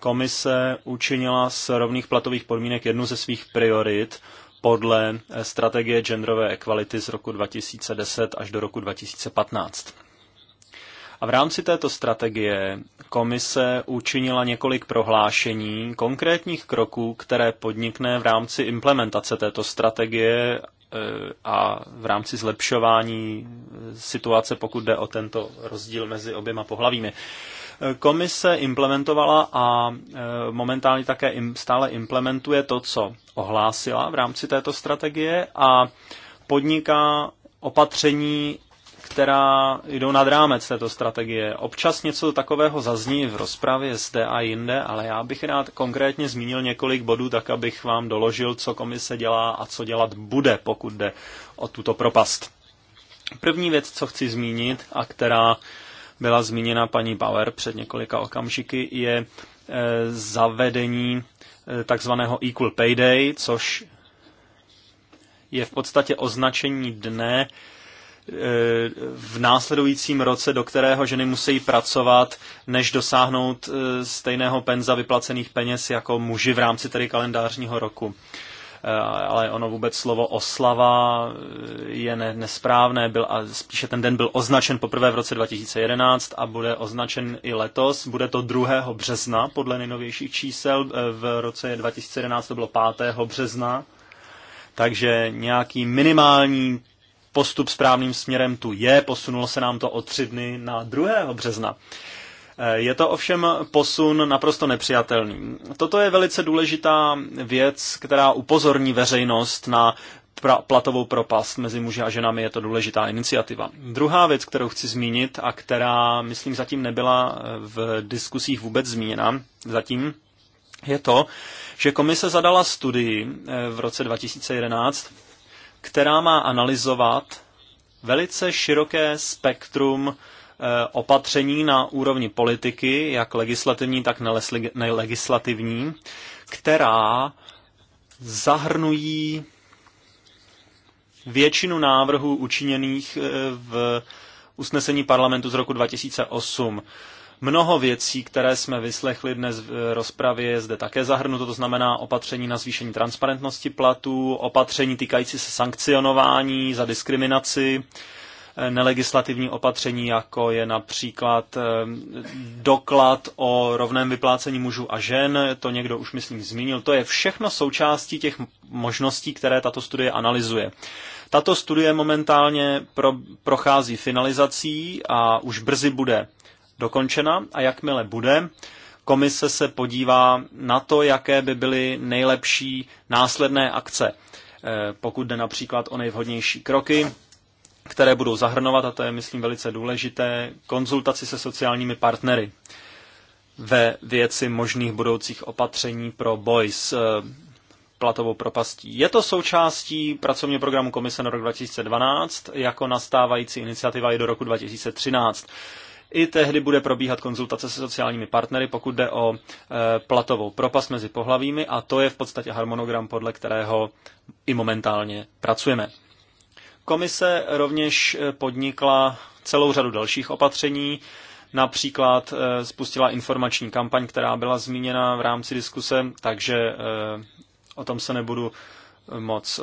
komise učinila z rovných platových podmínek jednu ze svých priorit podle e, strategie genderové ekvality z roku 2010 až do roku 2015. A v rámci této strategie komise učinila několik prohlášení konkrétních kroků, které podnikne v rámci implementace této strategie eh, a v rámci zlepšování eh, situace, pokud jde o tento rozdíl mezi oběma pohlavími. Eh, komise implementovala a momentálně také stále implementuje to, co ohlásila v rámci této strategie a podniká opatření která jdou nad rámec této strategie. Občas něco takového zazní v rozpravě zde a jinde, ale já bych rád konkrétně zmínil několik bodů, tak abych vám doložil, co komise dělá a co dělat bude, pokud jde o tuto propast. První věc, co chci zmínit a která byla zmíněna paní Bauer před několika okamžiky, je e, zavedení e, takzvaného Equal Pay Day, což je v podstatě označení dne, v následujícím roce, do kterého ženy musí pracovat, než dosáhnout eh, stejného penza vyplacených peněz jako muži v rámci tedy kalendářního roku. Eh, ale ono vůbec slovo oslava eh, je ne, nesprávné, byl, a spíše ten den byl označen poprvé v roce 2011 a bude označen i letos. Bude to 2. března, podle nejnovějších čísel. V roce 2011 to bylo 5. března takže nějaký minimální postup správným směrem tu je, posunulo se nám to o tři dny na 2. března. Eh, je to ovšem posun naprosto nepřijatelný. Toto je velice důležitá věc, která upozorní veřejnost na pra- platovou propast mezi muži a ženami. Je to důležitá iniciativa. Druhá věc, kterou chci zmínit a která, myslím, zatím nebyla eh, v diskusích vůbec zmíněna, zatím je to, že komise zadala studii eh, v roce 2011 která má analyzovat velice široké spektrum eh, opatření na úrovni politiky, jak legislativní, tak nelegislativní, která zahrnují většinu návrhů učiněných eh, v usnesení parlamentu z roku 2008. Mnoho věcí, které jsme vyslechli dnes v eh, rozpravě, je zde také zahrnuto, to znamená opatření na zvýšení transparentnosti platů, opatření týkající se sankcionování za diskriminaci, eh, nelegislativní opatření, jako je například eh, doklad o rovném vyplácení mužů a žen, to někdo už myslím zmínil, to je všechno součástí těch možností, které tato studie analyzuje. Tato studie momentálně pro, prochází finalizací a už brzy bude dokončena a jakmile bude, komise se podívá na to, jaké by byly nejlepší následné akce, eh, pokud jde například o nejvhodnější kroky, které budou zahrnovat, a to je, myslím, velice důležité, konzultaci se sociálními partnery ve věci možných budoucích opatření pro boj s eh, platovou propastí. Je to součástí pracovního programu Komise na rok 2012 jako nastávající iniciativa i do roku 2013. I tehdy bude probíhat konzultace se sociálními partnery, pokud jde o eh, platovou propast mezi pohlavími a to je v podstatě harmonogram, podle kterého i momentálně pracujeme. Komise rovněž eh, podnikla celou řadu dalších opatření, například eh, spustila informační kampaň, která byla zmíněna v rámci diskuse, takže o tom se nebudu moc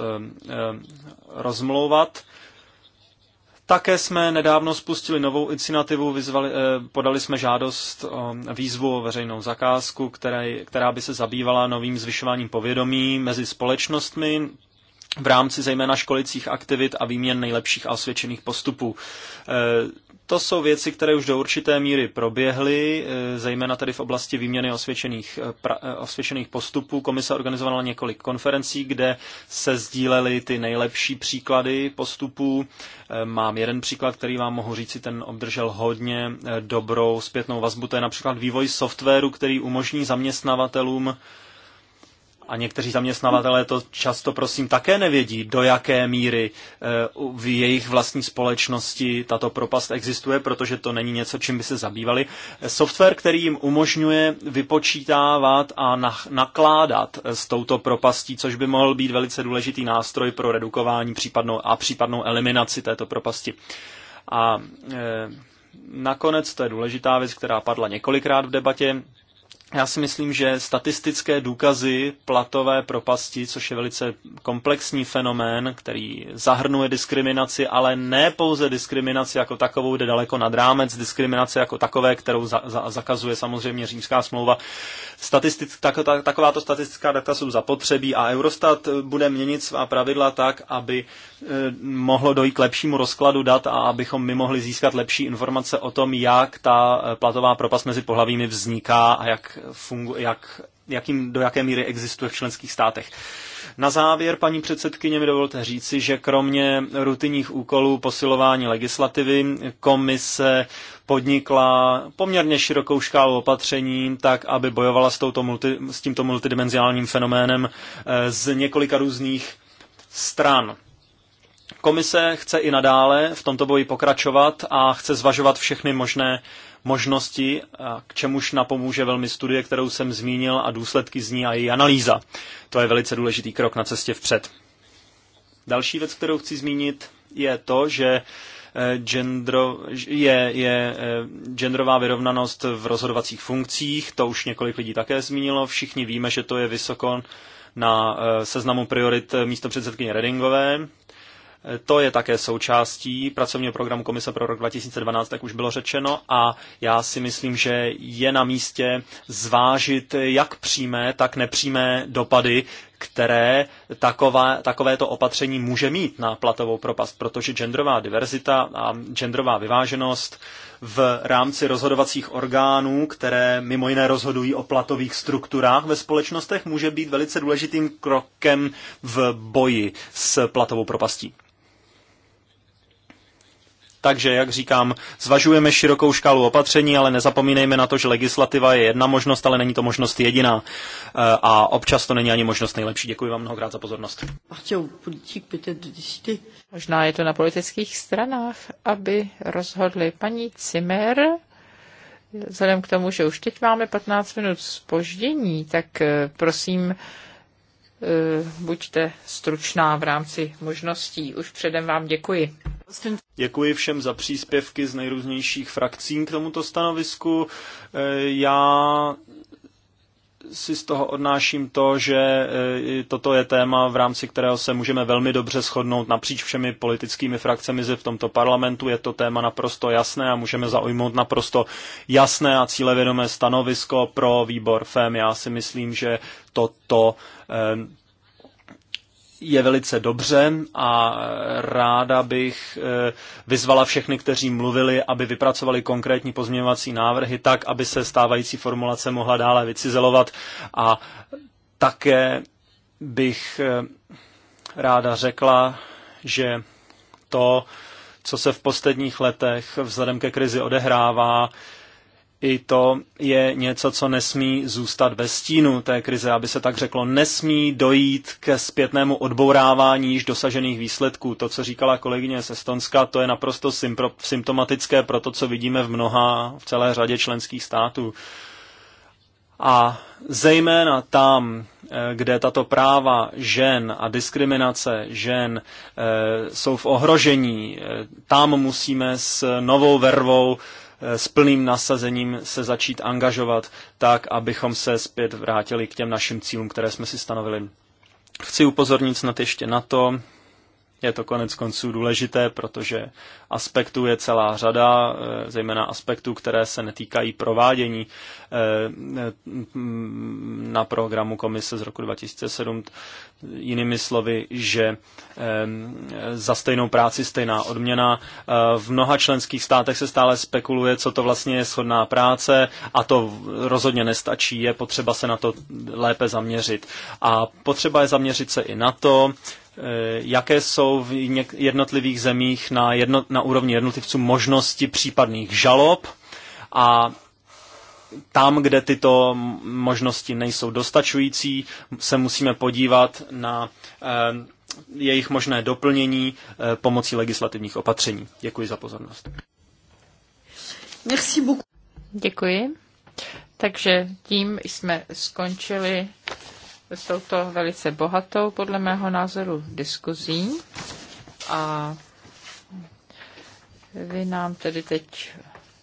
rozmlouvat. Také jsme nedávno spustili novou iniciativu, vyzvali, eh, podali jsme žádost o výzvu o veřejnou zakázku, které, která by se zabývala novým zvyšováním povědomí mezi společnostmi v rámci zejména školicích aktivit a výměn nejlepších a osvědčených postupů. E, to jsou věci, které už do určité míry proběhly, e, zejména tady v oblasti výměny osvědčených, e, osvědčených postupů. Komise organizovala několik konferencí, kde se sdílely ty nejlepší příklady postupů. Mám jeden příklad, který vám mohu říci, ten obdržel hodně dobrou zpětnou vazbu. To je například vývoj softwaru, který umožní zaměstnavatelům a někteří zaměstnavatelé to často, prosím, také nevědí, do jaké míry eh, v jejich vlastní společnosti tato propast existuje, protože to není něco, čím by se zabývali. Software, který jim umožňuje vypočítávat a nakládat eh, s touto propastí, což by mohl být velice důležitý nástroj pro redukování případnou a případnou eliminaci této propasti. A eh, nakonec, to je důležitá věc, která padla několikrát v debatě, já si myslím, že statistické důkazy platové propasti, což je velice komplexní fenomén, který zahrnuje diskriminaci, ale ne pouze diskriminaci jako takovou, jde daleko nad rámec diskriminace jako takové, kterou za, za, zakazuje samozřejmě římská smlouva. Statistic, tak, tak, takováto statistická data jsou zapotřebí a Eurostat eh, bude měnit svá pravidla tak, aby e, mohlo dojít k lepšímu rozkladu dat a abychom my mohli získat lepší informace o tom, jak ta eh, platová propast mezi pohlavími vzniká a jak fungu, jak, jakým, do jaké míry existuje v členských státech. Na závěr, paní předsedkyně, mi dovolte říci, že kromě rutinních úkolů posilování legislativy komise podnikla poměrně širokou škálu opatření, tak aby bojovala s, touto multi, s tímto multidimenziálním fenoménem eh, z několika různých stran. Komise chce i nadále v tomto boji pokračovat a chce zvažovat všechny možné možnosti, k čemuž napomůže velmi studie, kterou jsem zmínil a důsledky z ní a její analýza. To je velice důležitý krok na cestě vpřed. Další věc, kterou chci zmínit, je to, že e, Gendro, je, je e, genderová vyrovnanost v rozhodovacích funkcích, to už několik lidí také zmínilo, všichni víme, že to je vysoko na e, seznamu priorit místo předsedkyně Redingové, to je také součástí pracovního programu Komise pro rok 2012, tak už bylo řečeno, a já si myslím, že je na místě zvážit jak přímé, tak nepřímé dopady které taková, takovéto opatření může mít na platovou propast, protože genderová diverzita a genderová vyváženost v rámci rozhodovacích orgánů, které mimo jiné rozhodují o platových strukturách ve společnostech, může být velice důležitým krokem v boji s platovou propastí. Takže, jak říkám, zvažujeme širokou škálu opatření, ale nezapomínejme na to, že legislativa je jedna možnost, ale není to možnost jediná. Eh, a občas to není ani možnost nejlepší. Děkuji vám mnohokrát za pozornost. Možná je to na politických stranách, aby rozhodli paní Cimer. Vzhledem k tomu, že už teď máme 15 minut spoždění, tak eh, prosím, Eh, buďte stručná v rámci možností. Už předem vám děkuji. Děkuji všem za příspěvky z nejrůznějších frakcí k tomuto stanovisku. Eh, já si z toho odnáším to, že e, toto je téma, v rámci kterého se můžeme velmi dobře shodnout napříč všemi politickými frakcemi ze v tomto parlamentu. Je to téma naprosto jasné a můžeme zaujmout naprosto jasné a cílevědomé stanovisko pro výbor FEM. Já si myslím, že toto e, je velice dobře a ráda bych eh, vyzvala všechny, kteří mluvili, aby vypracovali konkrétní pozměňovací návrhy tak, aby se stávající formulace mohla dále vycizelovat a také bych eh, ráda řekla, že to, co se v posledních letech vzhledem ke krizi odehrává, i to je něco, co nesmí zůstat ve stínu té krize, aby se tak řeklo, nesmí dojít ke zpětnému odbourávání již dosažených výsledků. To, co říkala kolegyně z Estonska, to je naprosto symptomatické pro to, co vidíme v mnoha, v celé řadě členských států. A zejména tam, eh, kde tato práva žen a diskriminace žen eh, jsou v ohrožení, eh, tam musíme s novou vervou Eh, s plným nasazením se začít angažovat tak, abychom se zpět vrátili k těm našim cílům, které jsme si stanovili. Chci upozornit snad ještě na to, je to konec konců důležité, protože aspektů je celá řada, eh, zejména aspektů, které se netýkají provádění eh, na programu komise z roku 2007. Jinými slovy, že eh, za stejnou práci stejná odměna. V mnoha členských státech se stále spekuluje, co to vlastně je shodná práce a to rozhodně nestačí. Je potřeba se na to lépe zaměřit. A potřeba je zaměřit se i na to, Eh, jaké jsou v jednotlivých zemích na, jedno, na úrovni jednotlivců možnosti případných žalob a tam, kde tyto možnosti nejsou dostačující, se musíme podívat na eh, jejich možné doplnění eh, pomocí legislativních opatření. Děkuji za pozornost. Merci beaucoup. Děkuji. Takže tím jsme skončili s touto velice bohatou, podle mého názoru, diskuzí. A vy nám tedy teď,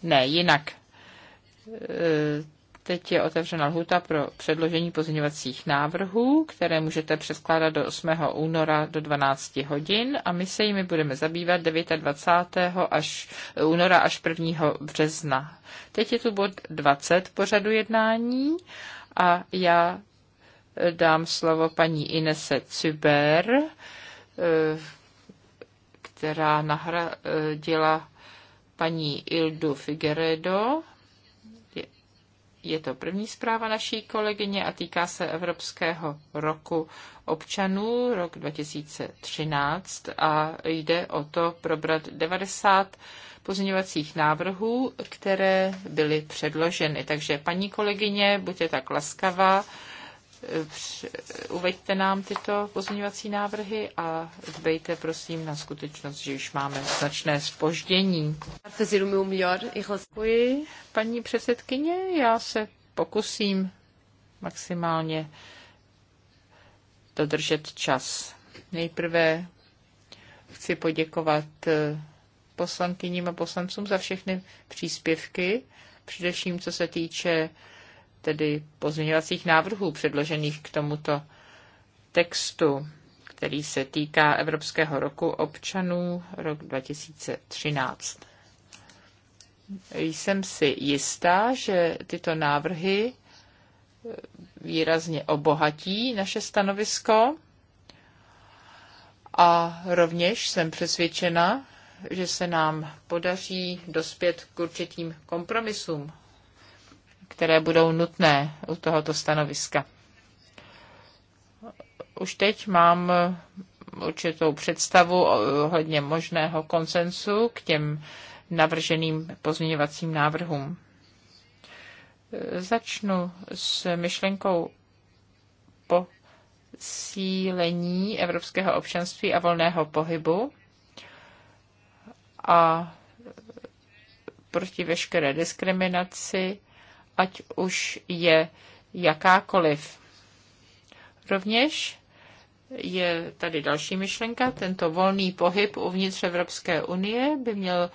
ne, jinak, e, teď je otevřena lhuta pro předložení pozměňovacích návrhů, které můžete předkládat do 8. února do 12 hodin a my se jimi budeme zabývat 29. Až, února až 1. března. Teď je tu bod 20 pořadu jednání a já dám slovo paní Inese Cyber, eh, která nahradila paní Ildu Figueredo. Je to první zpráva naší kolegyně a týká se Evropského roku občanů, rok 2013 a jde o to probrat 90 pozměňovacích návrhů, které byly předloženy. Takže paní kolegyně, buďte tak laskavá, uveďte nám tyto pozměňovací návrhy a dbejte prosím na skutečnost, že už máme značné spoždění. Děkuji, paní předsedkyně, já se pokusím maximálně dodržet čas. Nejprve chci poděkovat eh, poslankyním a poslancům za všechny příspěvky, především co se týče tedy pozměňovacích návrhů předložených k tomuto textu, který se týká Evropského roku občanů rok 2013. Jsem si jistá, že tyto návrhy eh, výrazně obohatí naše stanovisko a rovněž jsem přesvědčena, že se nám podaří dospět k určitým kompromisům které budou nutné u tohoto stanoviska. Už teď mám určitou představu ohledně možného konsensu k těm navrženým pozměňovacím návrhům. Začnu s myšlenkou po sílení evropského občanství a volného pohybu a proti veškeré diskriminaci ať už je jakákoliv. Rovněž je tady další myšlenka. Tento volný pohyb uvnitř Evropské unie by měl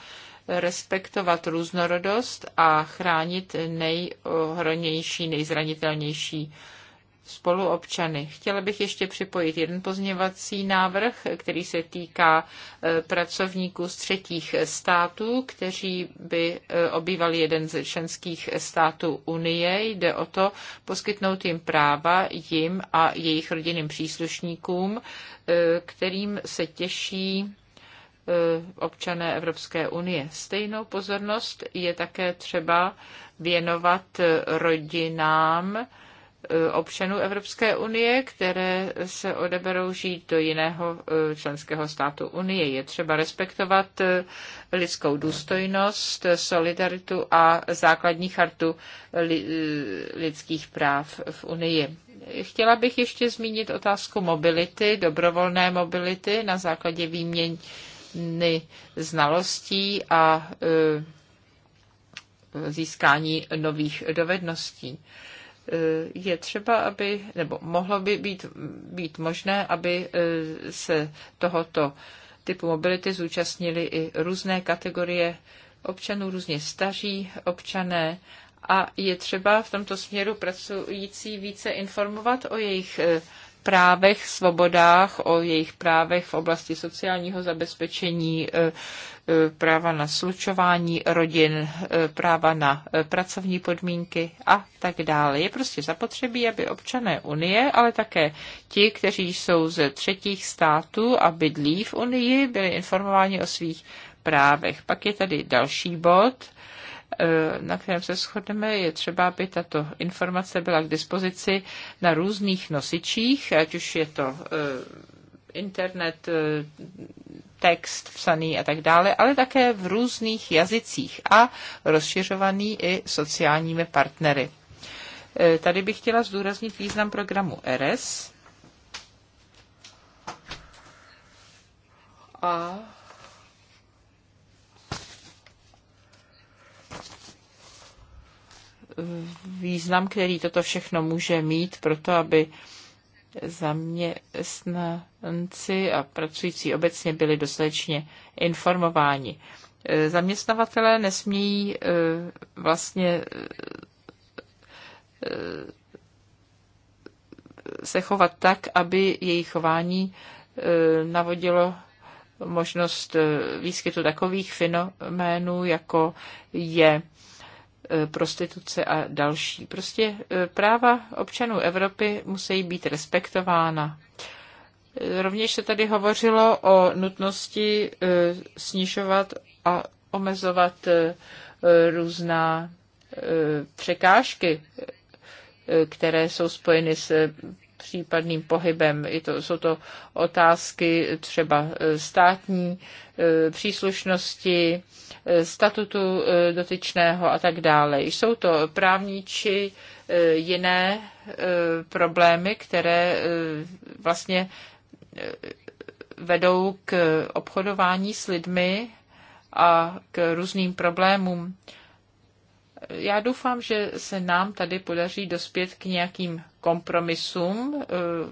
respektovat různorodost a chránit nejhronější, nejzranitelnější spoluobčany. Chtěla bych ještě připojit jeden pozněvací návrh, který se týká e, pracovníků z třetích států, kteří by e, obývali jeden ze členských států Unie. Jde o to poskytnout jim práva, jim a jejich rodinným příslušníkům, e, kterým se těší občané Evropské unie. Stejnou pozornost je také třeba věnovat rodinám, Eh, občanů Evropské unie, které se odeberou žít do jiného eh, členského státu Unie. Je třeba respektovat eh, lidskou důstojnost, solidaritu a základní chartu lidských práv v Unii. Chtěla bych ještě zmínit otázku mobility, dobrovolné mobility na základě výměny znalostí a získání nových dovedností. Eh, je třeba, aby, nebo mohlo by být, být možné, aby eh, se tohoto typu mobility zúčastnili i různé kategorie občanů, různě staří občané a je třeba v tomto směru pracující více informovat o jejich eh, právech, svobodách, o jejich právech v oblasti sociálního zabezpečení, e, e, práva na slučování rodin, e, práva na pracovní podmínky a tak dále. Je prostě zapotřebí, aby občané Unie, ale také ti, kteří jsou ze třetích států a bydlí v Unii, byli informováni o svých právech. Pak je tady další bod, Eh, na kterém se shodneme, je třeba, aby tato informace byla k dispozici na různých nosičích, ať už je to eh, internet, eh, text psaný a tak dále, ale také v různých jazycích a rozšiřovaný i sociálními partnery. Tady bych chtěla zdůraznit význam programu RS. A význam, který toto všechno může mít proto, aby zaměstnanci a pracující obecně byli dostatečně informováni. Zaměstnavatelé nesmějí eh, vlastně eh, se chovat tak, aby jejich chování eh, navodilo možnost výskytu takových fenoménů, jako je E, prostituce a další. Prostě e, práva občanů Evropy musí být respektována. E, rovněž se tady hovořilo o nutnosti snižovat a omezovat různá překážky, které jsou spojeny s případným pohybem. I to, jsou to otázky třeba e, státní e, příslušnosti, e, statutu dotyčného a tak dále. Jsou to právní či jiné problémy, které vlastně vedou k obchodování s lidmi a k různým problémům. Já doufám, že se nám tady podaří dospět k nějakým kompromisům eh,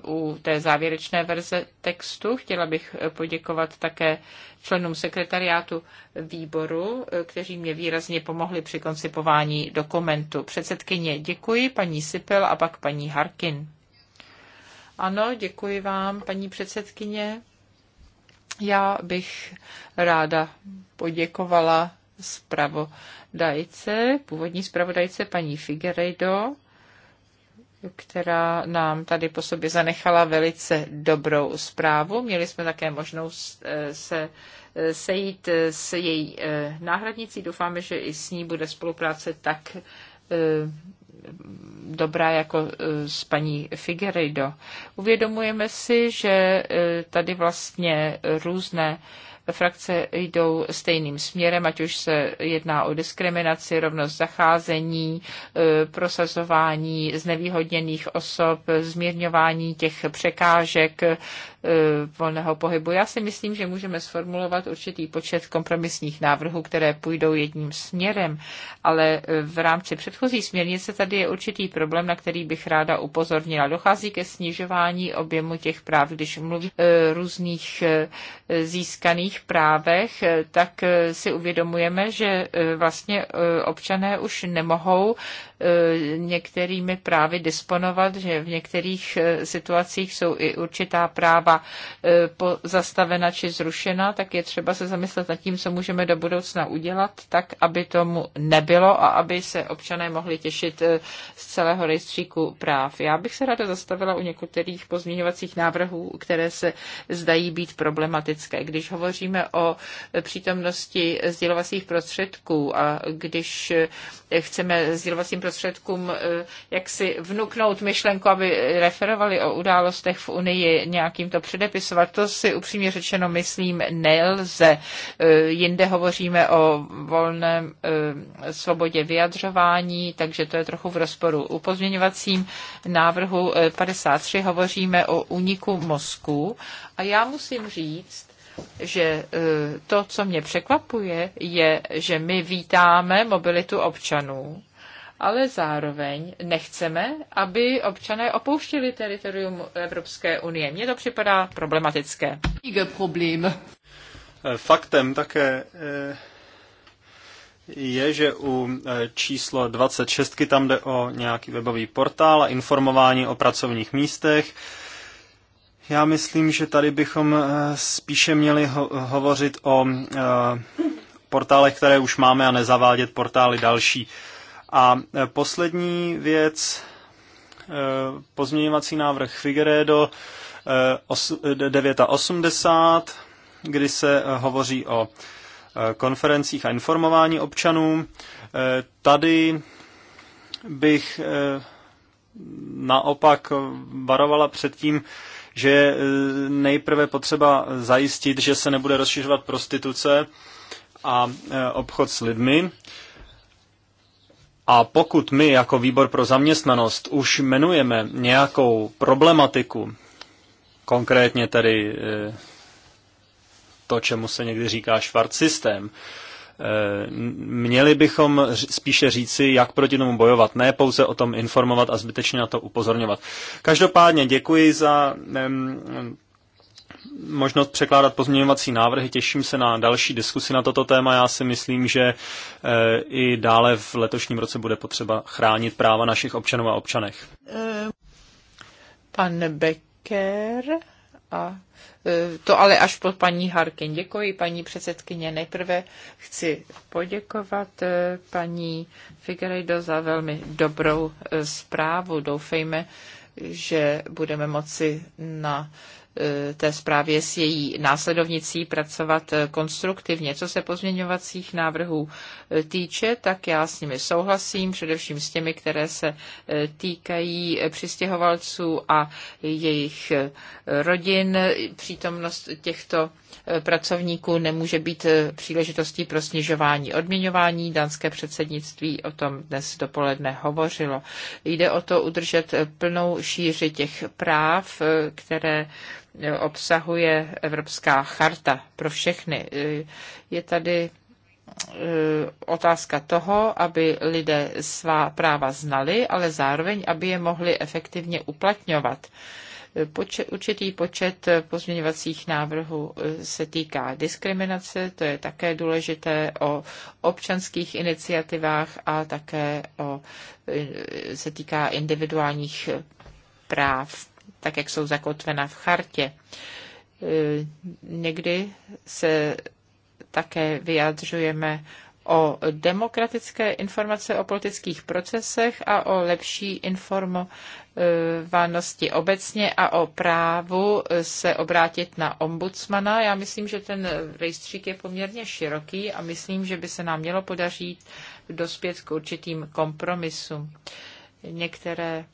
u té závěrečné verze textu. Chtěla bych poděkovat také členům sekretariátu výboru, eh, kteří mě výrazně pomohli při koncipování dokumentu. Předsedkyně děkuji, paní Sipel a pak paní Harkin. Ano, děkuji vám, paní předsedkyně. Já bych ráda poděkovala zpravodajce, původní zpravodajce paní Figueiredo, která nám tady po sobě zanechala velice dobrou zprávu. Měli jsme také možnost eh, se eh, sejít eh, s její náhradnicí. Doufáme, že i s ní bude spolupráce tak dobrá jako s paní Figueiredo. Uvědomujeme si, že tady vlastně různé frakce jdou stejným směrem, ať už se jedná o diskriminaci, rovnost zacházení, eh, prosazování znevýhodněných osob, zmírňování těch překážek E, volného pohybu. Já si myslím, že můžeme sformulovat určitý počet kompromisních návrhů, které půjdou jedním směrem, ale e, v rámci předchozí směrnice tady je určitý problém, na který bych ráda upozornila. Dochází ke snižování objemu těch práv, když mluví o e, různých získaných právech, tak si uvědomujeme, že vlastně občané už nemohou Eh, některými právy disponovat, že v některých eh, situacích jsou i určitá práva eh, zastavena či zrušena, tak je třeba se zamyslet nad tím, co můžeme do budoucna udělat, tak aby tomu nebylo a aby se občané mohli těšit z celého rejstříku práv. Já bych se ráda zastavila u některých pozměňovacích návrhů, které se zdají být problematické. Když hovoříme o přítomnosti sdělovacích prostředků a když chceme sdělovacím prostředkům prostředkům eh, jak si vnuknout myšlenku, aby referovali o událostech v Unii, nějakým to předepisovat. To si upřímně řečeno myslím nelze. Eh, jinde hovoříme o volném eh, svobodě vyjadřování, takže to je trochu v rozporu. U pozměňovacím návrhu 53 hovoříme o úniku mozku a já musím říct, že to, co mě překvapuje, je, že my vítáme mobilitu občanů, ale zároveň nechceme, aby občané opouštěli teritorium Evropské unie. Mně to připadá problematické. Problém. Eh, faktem také eh, je, že u eh, číslo 26 tam jde o nějaký webový portál a informování o pracovních místech. Já myslím, že tady bychom spíše měli ho- hovořit o portálech, které už máme a nezavádět portály další. A e, poslední věc, e, pozměňovací návrh Figueredo 980, e, kdy se hovoří o konferencích a informování občanů. Tady bych naopak varovala před tím, že nejprve potřeba zajistit, že se nebude rozšiřovat prostituce a obchod s lidmi. A pokud my jako výbor pro zaměstnanost už jmenujeme nějakou problematiku, konkrétně tedy e, to, čemu se někdy říká švart systém, e, měli bychom spíše říci, jak proti tomu bojovat, ne pouze o tom informovat a zbytečně na to upozorňovat. Každopádně děkuji za možnost překládat pozměňovací návrhy. Těším se na další diskusi na toto téma. Já si myslím, že e, i dále v letošním roce bude potřeba chránit práva našich občanů a občanech. Pan Becker a e, to ale až pod paní Harkin. Děkuji, paní předsedkyně. Nejprve chci poděkovat e, paní Figueiredo za velmi dobrou zprávu. Doufejme, že budeme moci na Eh, té zprávě s její následovnicí pracovat eh, konstruktivně. Co se pozměňovacích návrhů eh, týče, tak já s nimi souhlasím, především s těmi, které se týkají přistěhovalců a jejich rodin. Přítomnost těchto pracovníků nemůže být příležitostí pro snižování odměňování. Dánské předsednictví o tom dnes dopoledne hovořilo. Jde o to udržet plnou šíři těch práv, které E, obsahuje Evropská charta pro všechny. E, je tady e, otázka toho, aby lidé svá práva znali, ale zároveň, aby je mohli efektivně uplatňovat. Počet, určitý počet pozměňovacích návrhů se týká diskriminace, to je také důležité, o občanských iniciativách a také o, se týká individuálních práv tak jak jsou zakotvena v chartě. E, někdy se také vyjadřujeme o demokratické informace o politických procesech a o lepší informovanosti obecně a o právu se obrátit na ombudsmana. Já myslím, že ten rejstřík je poměrně široký a myslím, že by se nám mělo podařit dospět k určitým kompromisům. Některé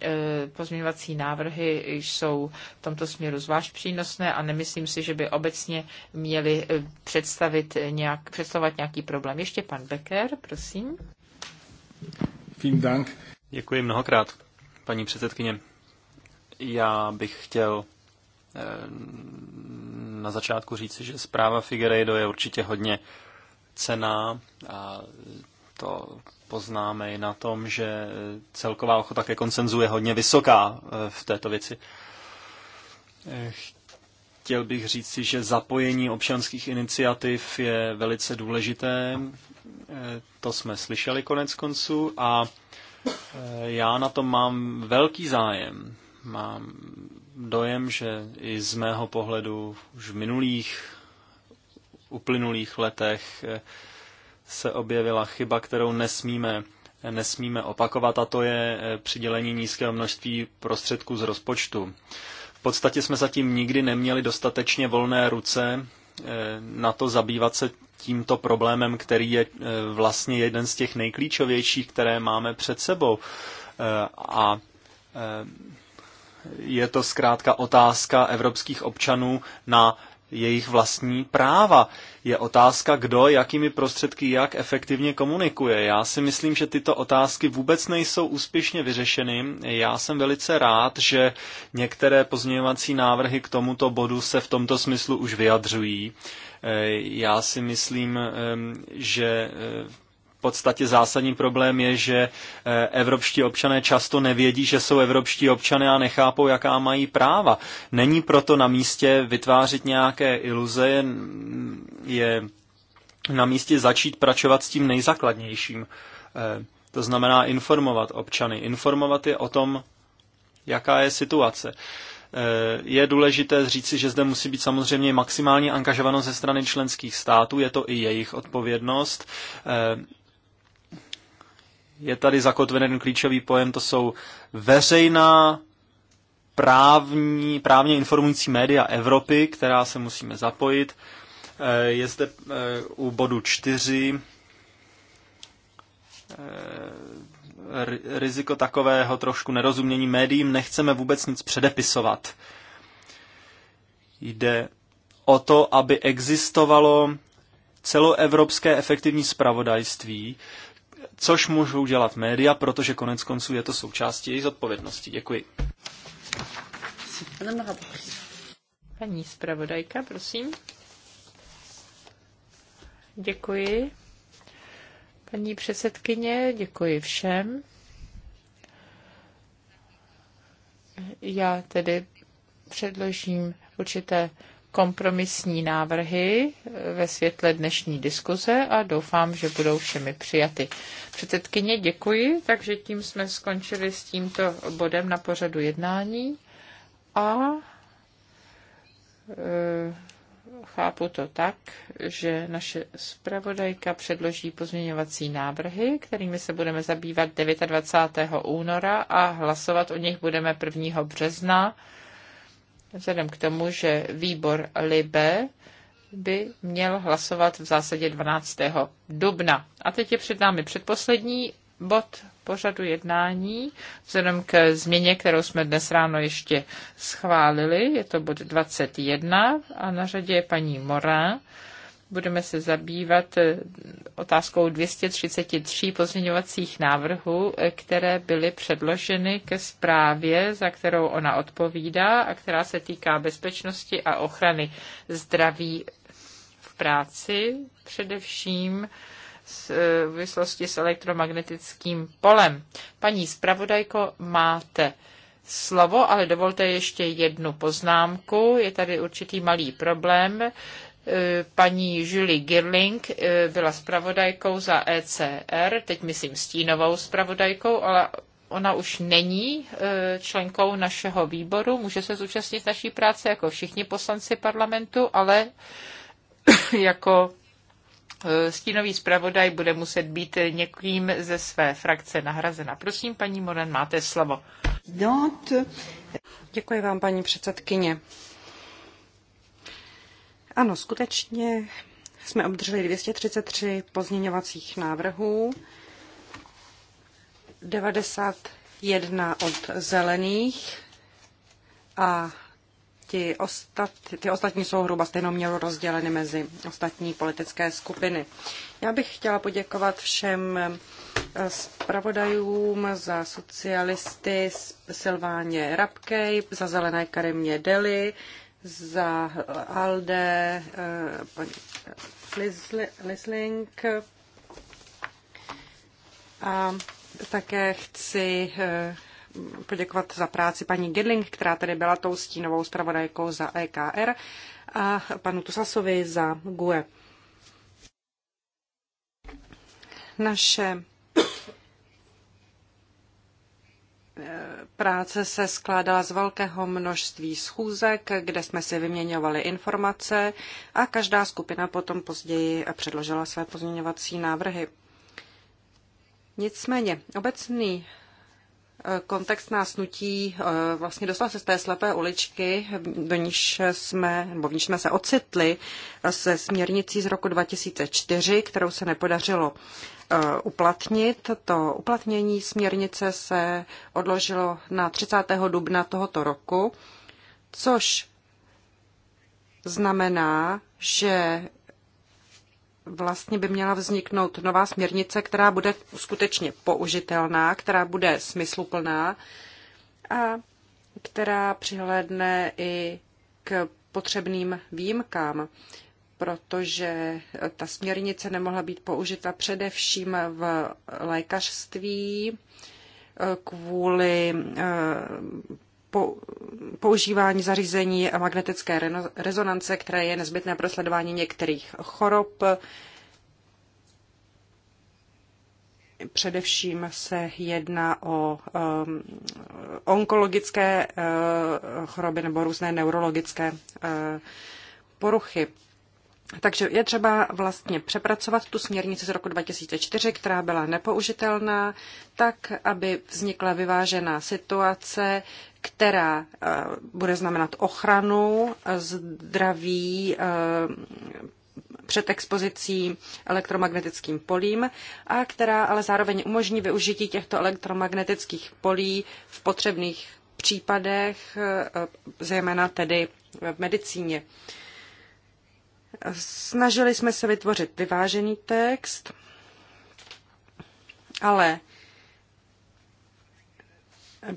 E, pozměňovací návrhy jsou v tomto směru zvlášť přínosné a nemyslím si, že by obecně měly e, představit nějak, představovat nějaký problém. Ještě pan Becker, prosím. Dank. Děkuji mnohokrát, paní předsedkyně. Já bych chtěl e, na začátku říci, že zpráva Figueiredo je určitě hodně cená a to poznáme i na tom, že celková ochota ke koncenzu je hodně vysoká eh, v této věci. Eh, chtěl bych říct si, že zapojení občanských iniciativ je velice důležité. Eh, to jsme slyšeli konec konců a já na tom mám velký zájem. Mám dojem, že i z mého pohledu už v minulých uplynulých letech se objevila chyba, kterou nesmíme, nesmíme opakovat, a to je eh, přidělení nízkého množství prostředků z rozpočtu. V podstatě jsme zatím nikdy neměli dostatečně volné ruce eh, na to zabývat se tímto problémem, který je eh, vlastně jeden z těch nejklíčovějších, které máme před sebou. A je to zkrátka otázka evropských občanů na jejich vlastní práva. Je otázka, kdo, jakými prostředky, jak efektivně komunikuje. Já si myslím, že tyto otázky vůbec nejsou úspěšně vyřešeny. Já jsem velice rád, že některé pozměňovací návrhy k tomuto bodu se v tomto smyslu už vyjadřují. E, já si myslím, že e, podstatě zásadní problém je, že eh, evropští občané často nevědí, že jsou evropští občané a nechápou, jaká mají práva. Není proto na místě vytvářet nějaké iluze, je na místě začít pracovat s tím nejzákladnějším. Eh, to znamená informovat občany, informovat je o tom, jaká je situace. Eh, je důležité říci, že zde musí být samozřejmě maximální angažovanost ze strany členských států, je to i jejich odpovědnost je tady zakotven jeden klíčový pojem, to jsou veřejná právní, právně informující média Evropy, která se musíme zapojit. Eh, je zde eh, u bodu čtyři eh, riziko takového trošku nerozumění médiím. Nechceme vůbec nic předepisovat. Jde o to, aby existovalo celoevropské efektivní spravodajství, což můžou dělat média, protože konec konců je to součástí jejich zodpovědnosti. Děkuji. Paní zpravodajka, prosím. Děkuji. Paní předsedkyně, děkuji všem. Já tedy předložím určité kompromisní návrhy ve světle dnešní diskuze a doufám, že budou všemi přijaty. Předsedkyně, děkuji, takže tím jsme skončili s tímto bodem na pořadu jednání a e, chápu to tak, že naše zpravodajka předloží pozměňovací návrhy, kterými se budeme zabývat 29. února a hlasovat o nich budeme 1. března vzhledem k tomu, že výbor Libe by měl hlasovat v zásadě 12. dubna. A teď je před námi předposlední bod pořadu jednání, vzhledem k změně, kterou jsme dnes ráno ještě schválili. Je to bod 21 a na řadě je paní Mora budeme se zabývat eh, otázkou 233 pozměňovacích návrhů, eh, které byly předloženy ke zprávě, za kterou ona odpovídá a která se týká bezpečnosti a ochrany zdraví v práci, především s eh, vyslosti s elektromagnetickým polem. Paní zpravodajko, máte slovo, ale dovolte ještě jednu poznámku. Je tady určitý malý problém paní Julie Girling eh, byla zpravodajkou za ECR, teď myslím stínovou zpravodajkou, ale ona už není eh, členkou našeho výboru, může se zúčastnit naší práce jako všichni poslanci parlamentu, ale jako eh, stínový zpravodaj bude muset být někým ze své frakce nahrazena. Prosím, paní Moren, máte slovo. Děkuji vám, paní předsedkyně. Ano, skutečně jsme obdrželi 233 pozměňovacích návrhů, 91 od zelených a ty ostat, ty ostatní jsou hruba stejnoměru rozděleny mezi ostatní politické skupiny. Já bych chtěla poděkovat všem eh, zpravodajům za socialisty Silváně Rabkej, za zelené Karimě Deli, za ALDE eh, paní Lisling a také chci eh, poděkovat za práci paní Gedling, která tady byla tou stínovou zpravodajkou za EKR a panu Tusasovi za GUE. Naše práce se skládala z velkého množství schůzek, kde jsme si vyměňovali informace a každá skupina potom později předložila své pozměňovací návrhy. Nicméně obecný Kontext nás nutí eh, vlastně dostat se z té slepé uličky, do níž jsme, nebo v níž jsme se ocitli eh, se směrnicí z roku 2004, kterou se nepodařilo eh, uplatnit. To uplatnění směrnice se odložilo na 30. dubna tohoto roku, což znamená, že vlastně by měla vzniknout nová směrnice, která bude skutečně použitelná, která bude smysluplná a která přihlédne i k potřebným výjimkám, protože ta směrnice nemohla být použita především v lékařství eh, kvůli eh, používání zařízení magnetické rezonance, které je nezbytné pro sledování některých chorob. Především se jedná o um, onkologické uh, choroby nebo různé neurologické uh, poruchy. Takže je třeba vlastně přepracovat tu směrnici z roku 2004, která byla nepoužitelná, tak, aby vznikla vyvážená situace, která eh, bude znamenat ochranu eh, zdraví eh, před expozicí elektromagnetickým polím a která ale zároveň umožní využití těchto elektromagnetických polí v potřebných případech, zejména tedy v medicíně. Snažili jsme se vytvořit vyvážený text, ale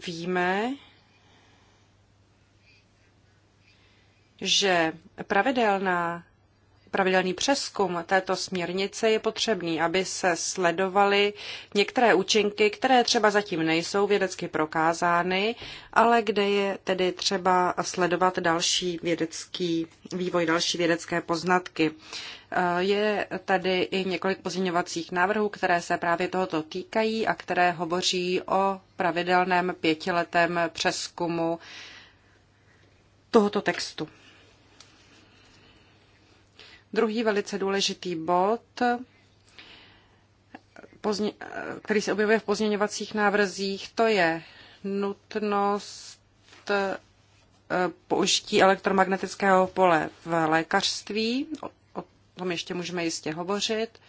víme, že pravidelná pravidelný přeskum této směrnice je potřebný, aby se sledovaly některé účinky, které třeba zatím nejsou vědecky prokázány, ale kde je tedy třeba sledovat další vědecký vývoj, další vědecké poznatky. Eh, je tady i několik pozměňovacích návrhů, které se právě tohoto týkají a které hovoří o pravidelném pětiletém přeskumu tohoto textu. Druhý velice důležitý bod, který se objevuje v pozměňovacích návrzích, to je nutnost eh, použití elektromagnetického pole v lékařství. O tom ještě můžeme jistě hovořit.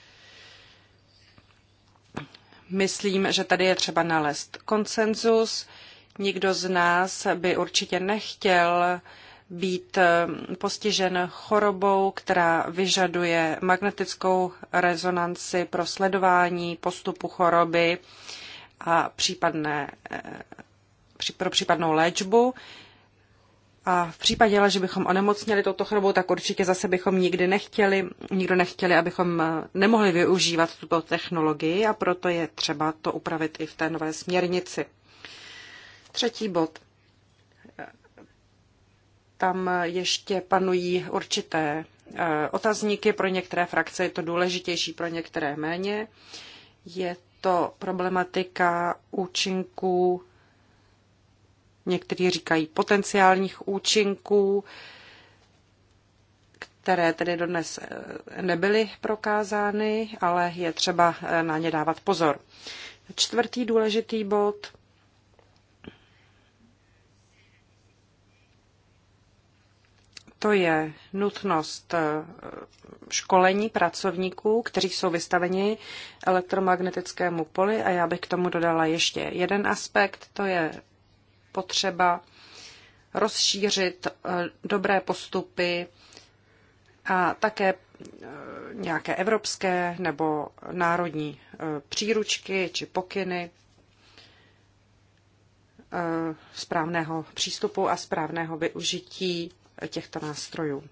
Myslím, že tady je třeba nalézt konsenzus. Nikdo z nás by určitě nechtěl být eh, postižen chorobou, která vyžaduje magnetickou rezonanci pro sledování postupu choroby a případné, eh, pro případnou léčbu. A v případě, že bychom onemocněli touto chorobou, tak určitě zase bychom nikdy nechtěli, nikdo nechtěli, abychom eh, nemohli využívat tuto technologii a proto je třeba to upravit i v té nové směrnici. Třetí bod tam ještě panují určité eh, otazníky. Pro některé frakce je to důležitější, pro některé méně. Je to problematika účinků, někteří říkají potenciálních účinků, které tedy dodnes eh, nebyly prokázány, ale je třeba eh, na ně dávat pozor. Čtvrtý důležitý bod to je nutnost eh, školení pracovníků, kteří jsou vystaveni elektromagnetickému poli a já bych k tomu dodala ještě jeden aspekt, to je potřeba rozšířit eh, dobré postupy a také eh, nějaké evropské nebo národní příručky či pokyny správného přístupu a správného využití těchto nástrojů.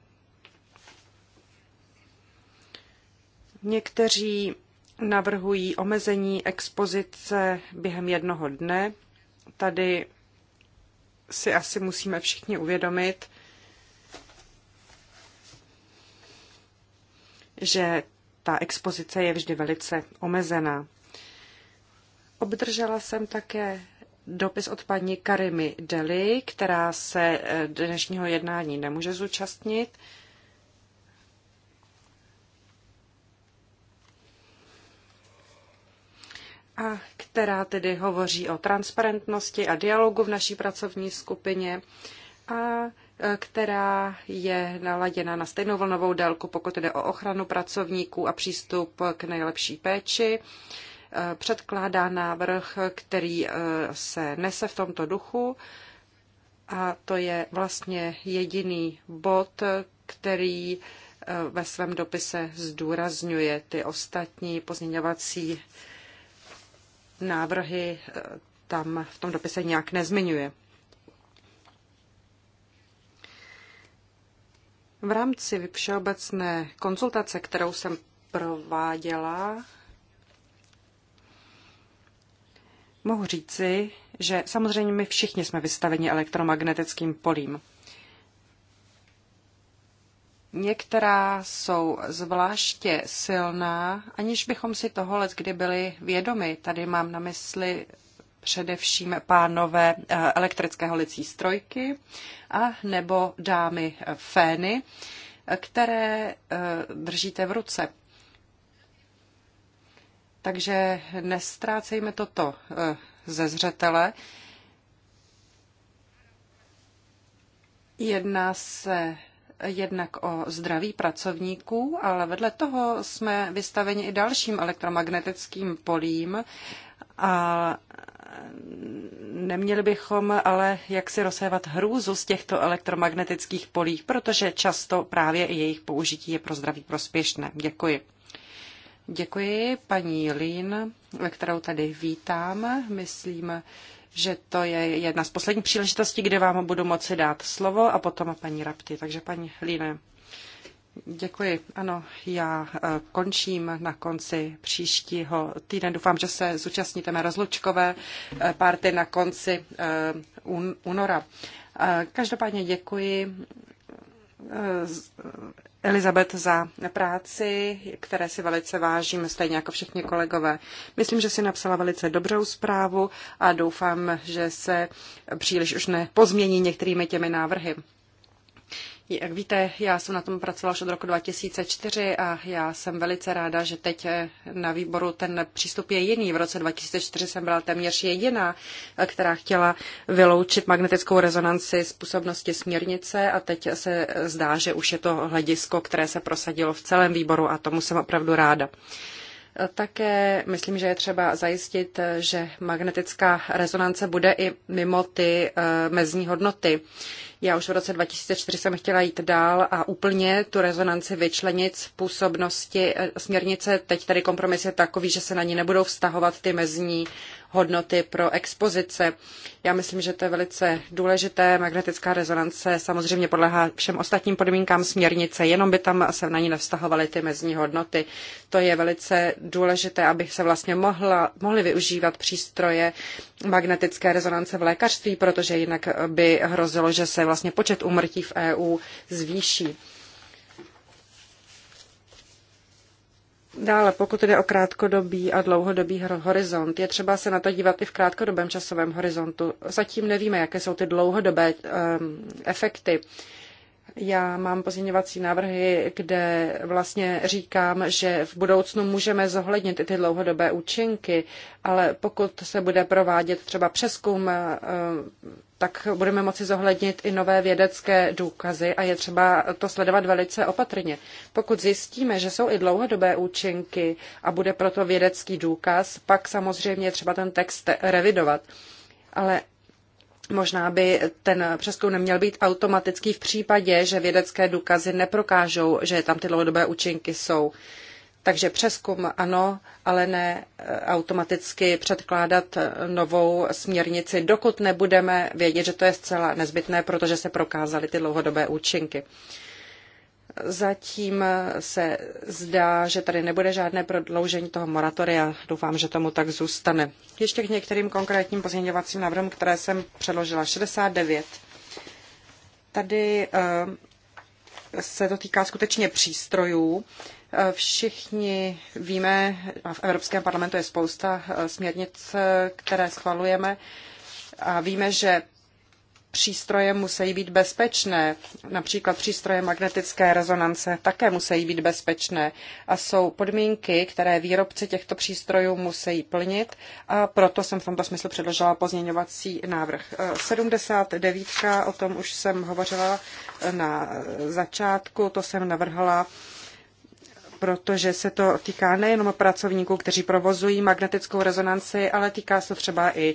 Někteří navrhují omezení expozice během jednoho dne. Tady si asi musíme všichni uvědomit, že ta expozice je vždy velice omezená. Obdržela jsem také dopis od paní Karimy Deli, která se eh, dnešního jednání nemůže zúčastnit. A která tedy hovoří o transparentnosti a dialogu v naší pracovní skupině a eh, která je naladěna na stejnou vlnovou délku, pokud jde o ochranu pracovníků a přístup k nejlepší péči předkládá návrh, který eh, se nese v tomto duchu a to je vlastně jediný bod, který eh, ve svém dopise zdůrazňuje ty ostatní pozměňovací návrhy eh, tam v tom dopise nějak nezmiňuje. V rámci všeobecné konzultace, kterou jsem prováděla mohu říci, že samozřejmě my všichni jsme vystaveni elektromagnetickým polím. Některá jsou zvláště silná, aniž bychom si toho let kdy byli vědomi. Tady mám na mysli především pánové eh, elektrické holicí strojky a nebo dámy eh, fény, eh, které držíte v ruce. Takže nestrácejme toto e, ze zřetele. Jedná se jednak o zdraví pracovníků, ale vedle toho jsme vystaveni i dalším elektromagnetickým polím a neměli bychom ale jak si rozsévat hrůzu z těchto elektromagnetických polí, protože často právě i jejich použití je pro zdraví prospěšné. Děkuji. Děkuji paní Lín, kterou tady vítám. Myslím, že to je jedna z posledních příležitostí, kde vám budu moci dát slovo a potom paní Rapti. Takže paní Líne. Děkuji. Ano, já eh, končím na konci příštího týdne. Doufám, že se zúčastníte mé rozlučkové eh, párty na konci eh, února. Každopádně děkuji Eh, Elizabet za práci, které si velice vážím, stejně jako všichni kolegové. Myslím, že si napsala velice dobrou zprávu a doufám, že se příliš už nepozmění některými těmi návrhy. Jak víte, já jsem na tom pracovala už od roku 2004 a já jsem velice ráda, že teď eh, na výboru ten přístup je jiný. V roce 2004 jsem byla téměř jediná, eh, která chtěla vyloučit magnetickou rezonanci z působnosti směrnice a teď se eh, zdá, že už je to hledisko, které se prosadilo v celém výboru a tomu jsem opravdu ráda. Také myslím, že je třeba zajistit, že magnetická rezonance bude i mimo ty mezní hodnoty já už v roce 2004 jsem chtěla jít dál a úplně tu rezonanci vyčlenit z působnosti eh, směrnice. Teď tady kompromis je takový, že se na ní nebudou vztahovat ty mezní hodnoty pro expozice. Já myslím, že to je velice důležité. Magnetická rezonance samozřejmě podlehá všem ostatním podmínkám směrnice, jenom by tam se na ní nevztahovaly ty mezní hodnoty. To je velice důležité, aby se vlastně mohla, mohly využívat přístroje magnetické rezonance v lékařství, protože jinak by hrozilo, že se vlastně počet umrtí v EU zvýší. Dále, pokud jde o krátkodobý a dlouhodobý horizont, je třeba se na to dívat i v krátkodobém časovém horizontu. Zatím nevíme, jaké jsou ty dlouhodobé um, efekty. Uh, já mám pozměňovací návrhy, kde vlastně říkám, že v budoucnu můžeme zohlednit i ty dlouhodobé účinky, ale pokud se bude provádět třeba přeskum, eh, tak budeme moci zohlednit i nové vědecké důkazy a je třeba to sledovat velice opatrně. Pokud zjistíme, že jsou i dlouhodobé účinky a bude proto vědecký důkaz, pak samozřejmě třeba ten text revidovat. Ale Možná by ten přeskum neměl být automatický v případě, že vědecké důkazy neprokážou, že tam ty dlouhodobé účinky jsou. Takže přeskum ano, ale ne eh, automaticky předkládat eh, novou směrnici, dokud nebudeme vědět, že to je zcela nezbytné, protože se prokázaly ty dlouhodobé účinky. Zatím se zdá, že tady nebude žádné prodloužení toho moratoria. Doufám, že tomu tak zůstane. Ještě k některým konkrétním pozměňovacím návrhům, které jsem předložila. 69. Tady eh, se to týká skutečně přístrojů. Eh, všichni víme, a v Evropském parlamentu je spousta eh, směrnic, které schvalujeme, a víme, že přístroje musí být bezpečné. Například přístroje magnetické rezonance také musí být bezpečné a jsou podmínky, které výrobci těchto přístrojů musí plnit a proto jsem v tomto smyslu předložila pozměňovací návrh. 79. Eh, o tom už jsem hovořila eh, na začátku, to jsem navrhla protože se to týká nejenom pracovníků, kteří provozují magnetickou rezonanci, ale týká se třeba i e,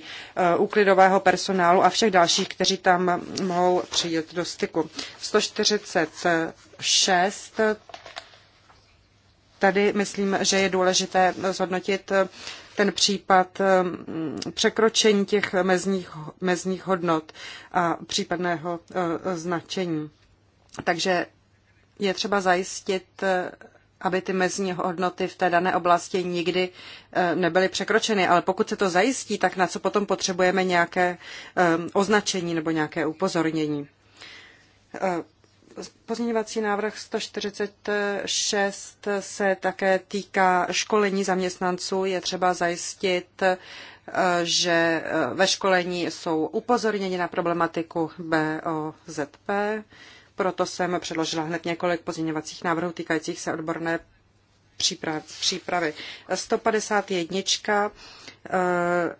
úklidového personálu a všech dalších, kteří tam mohou přijít do styku. 146. Tady myslím, že je důležité zhodnotit e, ten případ e, překročení těch mezních, mezních hodnot a případného značení. Takže je třeba zajistit aby ty mezní hodnoty v té dané oblasti nikdy eh, nebyly překročeny. Ale pokud se to zajistí, tak na co potom potřebujeme nějaké eh, označení nebo nějaké upozornění. Eh, pozměňovací návrh 146 se také týká školení zaměstnanců. Je třeba zajistit, že ve školení jsou upozorněni na problematiku BOZP proto jsem předložila hned několik pozměňovacích návrhů týkajících se odborné přípravy. 151. Eh,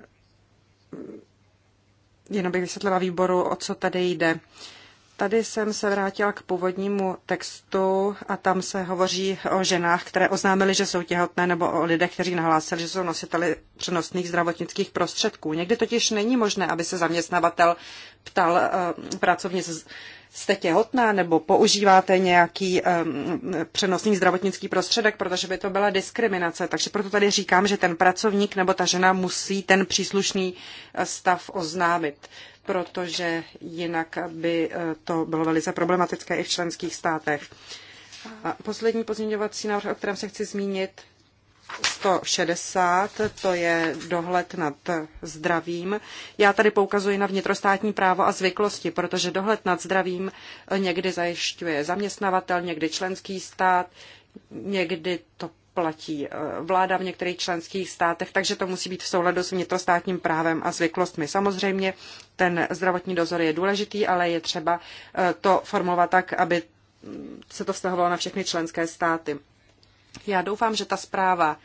jenom bych vysvětlila výboru, o co tady jde. Tady jsem se vrátila k původnímu textu a tam se hovoří o ženách, které oznámily, že jsou těhotné, nebo o lidech, kteří nahlásili, že jsou nositeli přenosných zdravotnických prostředků. Někdy totiž není možné, aby se zaměstnavatel ptal eh, pracovnic, jste těhotná nebo používáte nějaký um, přenosný zdravotnický prostředek, protože by to byla diskriminace. Takže proto tady říkám, že ten pracovník nebo ta žena musí ten příslušný eh, stav oznámit, protože jinak by eh, to bylo velice problematické i v členských státech. A poslední pozměňovací návrh, o kterém se chci zmínit, 160, to je dohled nad zdravím. Já tady poukazuji na vnitrostátní právo a zvyklosti, protože dohled nad zdravím někdy zajišťuje zaměstnavatel, někdy členský stát, někdy to platí eh, vláda v některých členských státech, takže to musí být v souladu s vnitrostátním právem a zvyklostmi. Samozřejmě ten zdravotní dozor je důležitý, ale je třeba eh, to formulovat tak, aby se to vztahovalo na všechny členské státy. Já doufám, že ta zpráva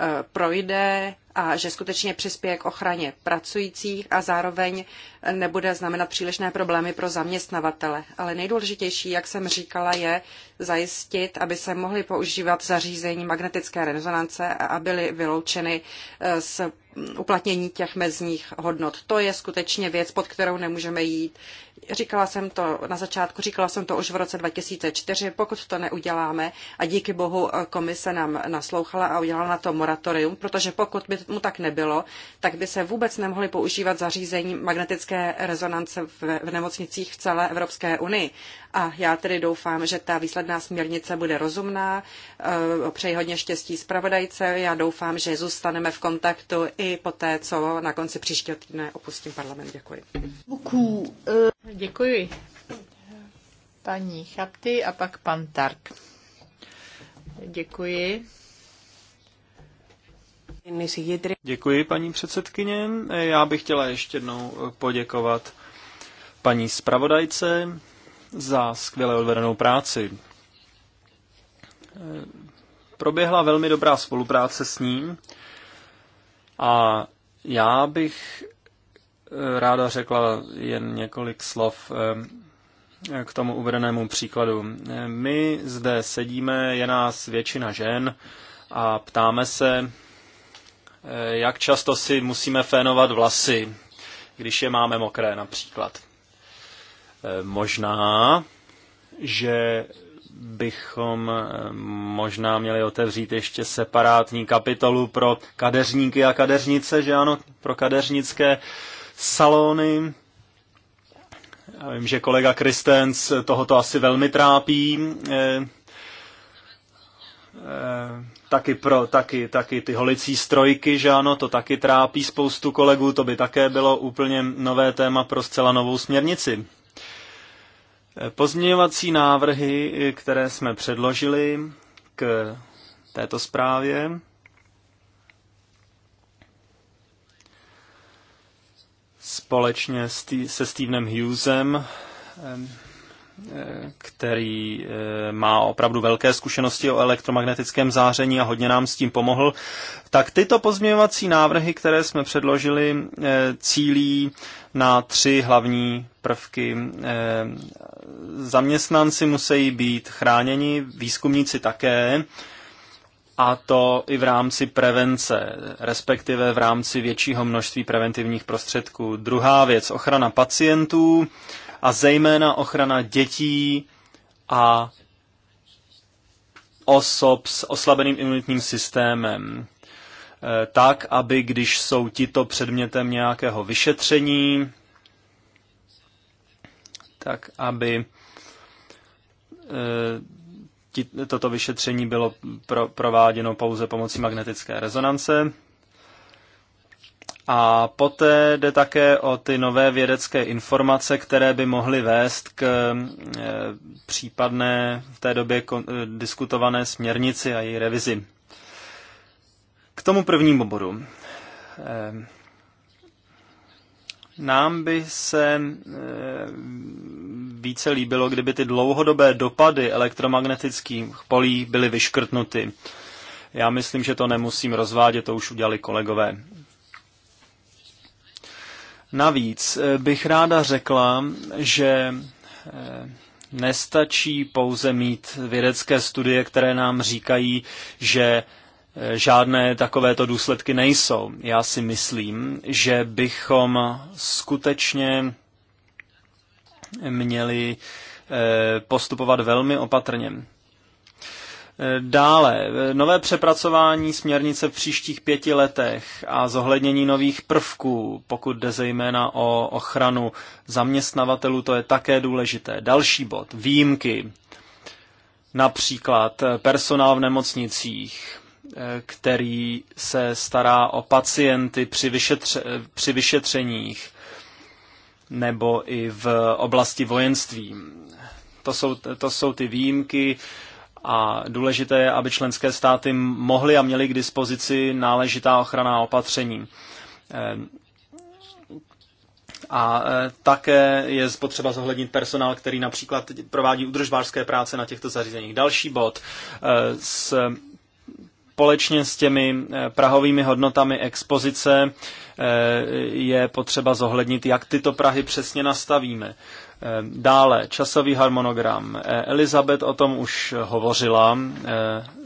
e, projde a že skutečně přispěje k ochraně pracujících a zároveň nebude znamenat přílišné problémy pro zaměstnavatele. Ale nejdůležitější, jak jsem říkala, je zajistit, aby se mohly používat zařízení magnetické rezonance a aby byly vyloučeny e, z uplatnění těch mezních hodnot. To je skutečně věc, pod kterou nemůžeme jít. Říkala jsem to na začátku, říkala jsem to už v roce 2004, pokud to neuděláme a díky bohu e, komise nám naslouchala a udělala na to moratorium, protože pokud by mu tak nebylo, tak by se vůbec nemohly používat zařízení magnetické rezonance v, v nemocnicích v celé Evropské unii. A já tedy doufám, že ta výsledná směrnice bude rozumná. Eh, přeji hodně štěstí zpravodajce. Já doufám, že zůstaneme v kontaktu i po té, co na konci příštího týdne opustím parlament. Děkuji. Děkuji. Paní Chapty a pak pan Tark. Děkuji. Děkuji, paní předsedkyně. Já bych chtěla ještě jednou poděkovat paní zpravodajce za skvěle odvedenou práci. Proběhla velmi dobrá spolupráce s ním a já bych eh, ráda řekla jen několik slov eh, k tomu uvedenému příkladu. Eh, my zde sedíme, je nás většina žen a ptáme se, jak často si musíme fénovat vlasy, když je máme mokré například. Eh, možná, že bychom eh, možná měli otevřít ještě separátní kapitolu pro kadeřníky a kadeřnice, že ano, pro kadeřnické salony. Já vím, že kolega Kristens tohoto asi velmi trápí. E, e, taky, pro, taky, taky ty holicí strojky, že ano, to taky trápí spoustu kolegů, to by také bylo úplně nové téma pro zcela novou směrnici. Pozměňovací návrhy, které jsme předložili k této zprávě, společně se Stevenem Hughesem který eh, má opravdu velké zkušenosti o elektromagnetickém záření a hodně nám s tím pomohl, tak tyto pozměňovací návrhy, které jsme předložili, eh, cílí na tři hlavní prvky. Eh, zaměstnanci musí být chráněni, výzkumníci také, a to i v rámci prevence, respektive v rámci většího množství preventivních prostředků. Druhá věc, ochrana pacientů a zejména ochrana dětí a osob s oslabeným imunitním systémem. E, tak, aby když jsou tito předmětem nějakého vyšetření, tak aby e, toto vyšetření bylo prováděno pouze pomocí magnetické rezonance. A poté jde také o ty nové vědecké informace, které by mohly vést k eh, případné v té době eh, diskutované směrnici a její revizi. K tomu prvnímu bodu. Eh, nám by se více líbilo, kdyby ty dlouhodobé dopady elektromagnetických polí byly vyškrtnuty. Já myslím, že to nemusím rozvádět, to už udělali kolegové. Navíc eh, bych ráda řekla, že eh, nestačí pouze mít vědecké studie, které nám říkají, že eh, žádné takovéto důsledky nejsou. Já si myslím, že bychom skutečně měli postupovat velmi opatrně. Dále, nové přepracování směrnice v příštích pěti letech a zohlednění nových prvků, pokud jde zejména o ochranu zaměstnavatelů, to je také důležité. Další bod, výjimky, například personál v nemocnicích, který se stará o pacienty při, vyšetře, při vyšetřeních nebo i v oblasti vojenství. To jsou, to jsou ty výjimky, a důležité je, aby členské státy mohly a měly k dispozici náležitá ochranná opatření. Eh, a eh, také je potřeba zohlednit personál, který například provádí udržbářské práce na těchto zařízeních. Další bod. Eh, s Společně s těmi prahovými hodnotami expozice je potřeba zohlednit, jak tyto Prahy přesně nastavíme. Eh, dále časový harmonogram. Eh, Elizabeth o tom už hovořila. Eh,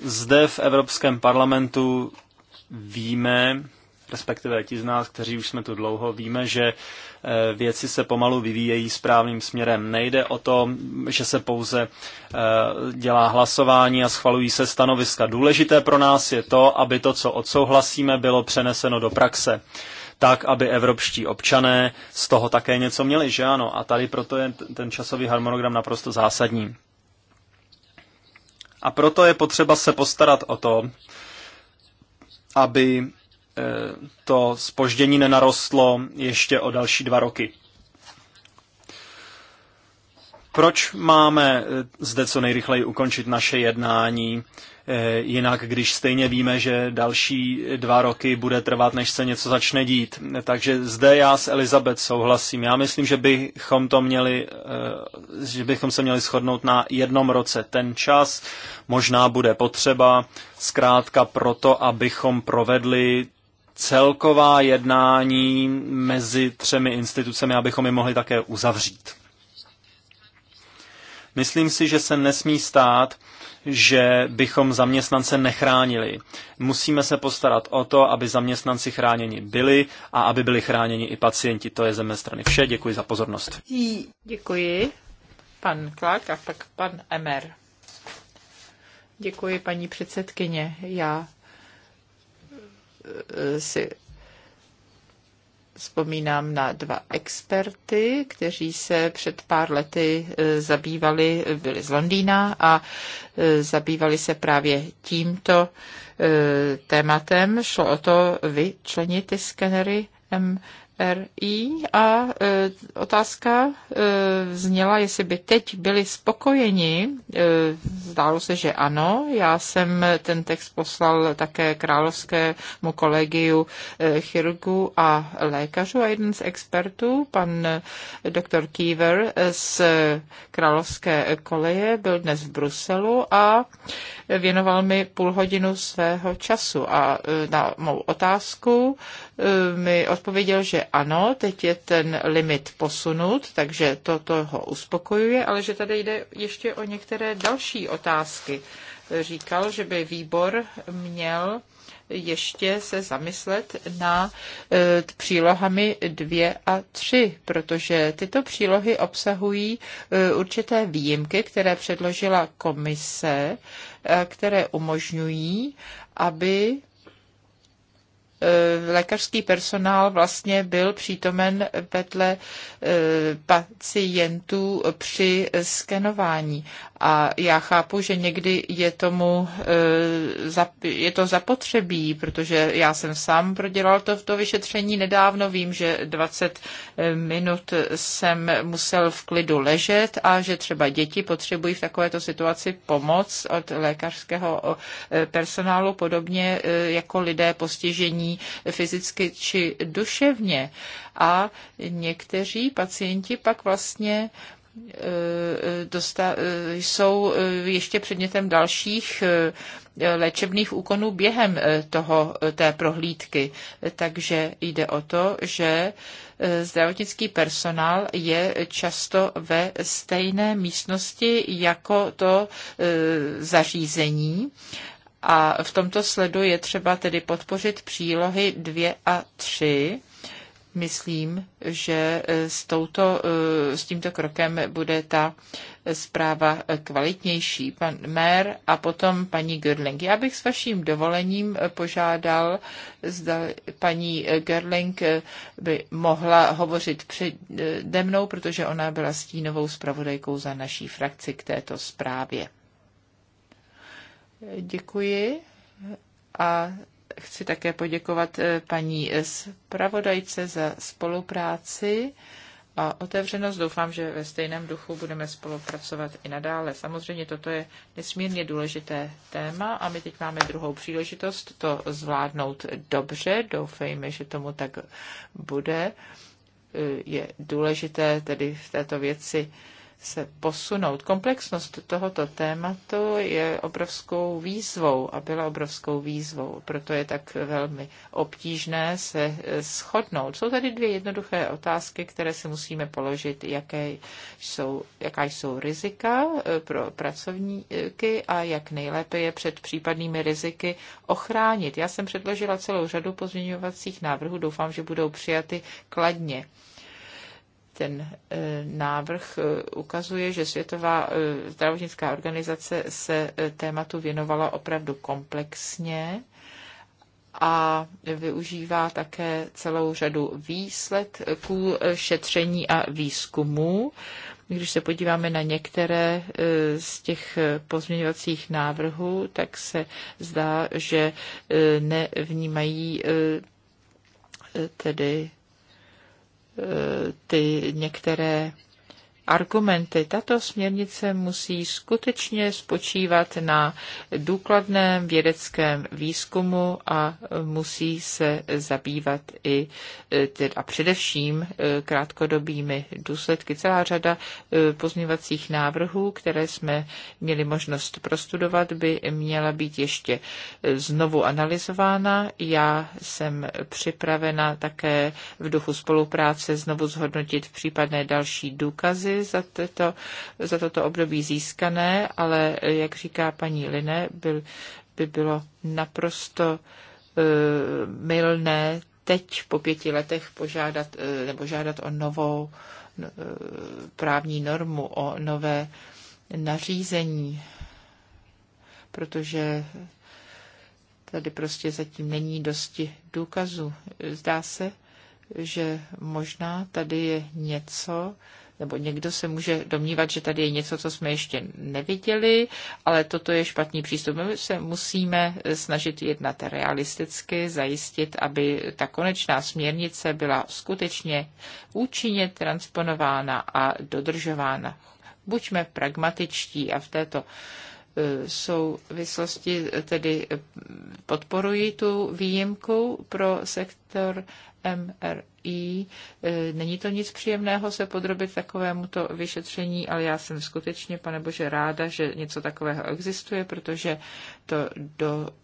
zde v Evropském parlamentu víme, respektive ti z nás, kteří už jsme tu dlouho, víme, že věci se pomalu vyvíjejí správným směrem. Nejde o to, že se pouze dělá hlasování a schvalují se stanoviska. Důležité pro nás je to, aby to, co odsouhlasíme, bylo přeneseno do praxe tak, aby evropští občané z toho také něco měli, že ano? A tady proto je ten časový harmonogram naprosto zásadní. A proto je potřeba se postarat o to, aby eh, to spoždění nenarostlo ještě o další dva roky. Proč máme eh, zde co nejrychleji ukončit naše jednání? Eh, jinak, když stejně víme, že další dva roky bude trvat, než se něco začne dít. Eh, takže zde já s Elizabeth souhlasím. Já myslím, že bychom, to měli, že bychom se měli shodnout na jednom roce. Ten čas možná bude potřeba, zkrátka proto, abychom provedli celková jednání mezi třemi institucemi, abychom je mohli také uzavřít. Myslím si, že se nesmí stát, že bychom zaměstnance nechránili. Musíme se postarat o to, aby zaměstnanci chráněni byli a aby byli chráněni i pacienti. To je ze mé strany vše. Děkuji za pozornost. Děkuji. Pan Clark a pak pan Emer. Děkuji, paní předsedkyně. Já eh, si Vzpomínám na dva experty, kteří se před pár lety e, zabývali, byli z Londýna a e, zabývali se právě tímto e, tématem. Šlo o to vyčlenit ty skenery RI a e, otázka e, zněla, jestli by teď byli spokojeni. E, zdálo se, že ano. Já jsem ten text poslal také královskému kolegiu e, chirurgu a lékařů a jeden z expertů, pan e, doktor Kiever z královské koleje, byl dnes v Bruselu a věnoval mi půl hodinu svého času a e, na mou otázku e, mi odpověděl, že ano, teď je ten limit posunut, takže toto ho uspokojuje, ale že tady jde ještě o některé další otázky. Říkal, že by výbor měl ještě se zamyslet na e, přílohami 2 a 3, protože tyto přílohy obsahují e, určité výjimky, které předložila komise, e, které umožňují, aby Eh, lékařský personál vlastně byl přítomen vedle eh, pacientů při skenování. A já chápu, že někdy je tomu, eh, je to zapotřebí, protože já jsem sám prodělal to, to vyšetření nedávno, vím, že 20 eh, minut jsem musel v klidu ležet a že třeba děti potřebují v takovéto situaci pomoc od lékařského eh, personálu, podobně jako lidé postižení fyzicky či duševně. A někteří pacienti pak vlastně Eh, dosta- eh, jsou eh, ještě předmětem dalších léčebných úkonů během toho, té prohlídky. Takže jde o to, že zdravotnický personál je často ve stejné místnosti jako to zařízení. A v tomto sledu je třeba tedy podpořit přílohy 2 a 3 myslím, že e, s, touto, e, s tímto krokem bude ta zpráva kvalitnější. Pan Mér a potom paní Gerling. Já bych s vaším dovolením požádal, zda paní Gerling by mohla hovořit přede mnou, protože ona byla stínovou zpravodajkou za naší frakci k této zprávě. Děkuji. A chci také poděkovat eh, paní eh, zpravodajce za spolupráci a otevřenost. Doufám, že ve stejném duchu budeme spolupracovat i nadále. Samozřejmě toto je nesmírně důležité téma a my teď máme druhou příležitost to zvládnout dobře. Doufejme, že tomu tak bude. Eh, je důležité tedy v této věci se posunout. Komplexnost tohoto tématu je obrovskou výzvou a byla obrovskou výzvou, proto je tak velmi obtížné se eh, shodnout. Jsou tady dvě jednoduché otázky, které si musíme položit, jaké jsou, jaká jsou rizika eh, pro pracovníky a jak nejlépe je před případnými riziky ochránit. Já jsem předložila celou řadu pozměňovacích návrhů, doufám, že budou přijaty kladně. Ten e, návrh e, ukazuje, že Světová e, zdravotnická organizace se tématu věnovala opravdu komplexně a využívá také celou řadu výsledků šetření a výzkumů. Když se podíváme na některé z těch pozměňovacích návrhů, tak se zdá, že nevnímají tedy ty některé argumenty. Tato směrnice musí skutečně spočívat na důkladném vědeckém výzkumu a musí se zabývat i e, a především e, krátkodobými důsledky. Celá řada e, pozměvacích návrhů, které jsme měli možnost prostudovat, by měla být ještě znovu analyzována. Já jsem připravena také v duchu spolupráce znovu zhodnotit případné další důkazy za, tato, za toto období získané, ale jak říká paní Line, byl, by bylo naprosto uh, e, milné teď po pěti letech požádat, uh, nebo žádat o novou uh, právní normu, o nové nařízení, protože tady prostě zatím není dosti důkazů. Zdá se, že možná tady je něco, nebo někdo se může domnívat, že tady je něco, co jsme ještě neviděli, ale toto je špatný přístup. My se musíme snažit jednat realisticky, zajistit, aby ta konečná směrnice byla skutečně účinně transponována a dodržována. Buďme pragmatičtí a v této e, souvislosti tedy podporuji tu výjimku pro sektor indikátor MRI. E, není to nic příjemného se podrobit takovémuto vyšetření, ale já jsem skutečně, Bože, ráda, že něco takového existuje, protože to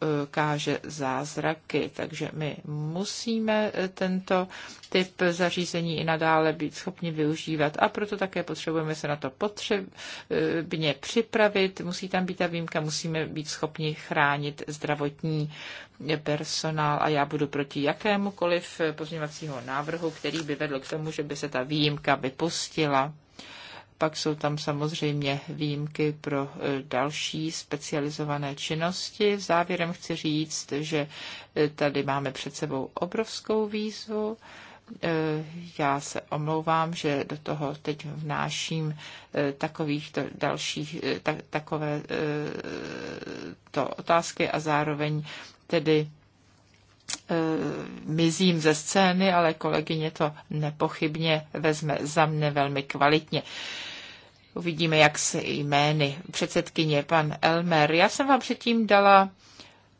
dokáže zázraky. Takže my musíme tento typ zařízení i nadále být schopni využívat a proto také potřebujeme se na to potřebně připravit. Musí tam být ta výjimka, musíme být schopni chránit zdravotní personál a já budu proti jakémukoliv pozměňovacího návrhu, který by vedl k tomu, že by se ta výjimka vypustila. Pak jsou tam samozřejmě výjimky pro e, další specializované činnosti. Závěrem chci říct, že e, tady máme před sebou obrovskou výzvu. E, já se omlouvám, že do toho teď vnáším takových to dalších, tak, takové to otázky a zároveň tedy e, mizím ze scény, ale kolegyně to nepochybně vezme za mne velmi kvalitně. Uvidíme, jak se jmény. Předsedkyně, pan Elmer, já jsem vám předtím dala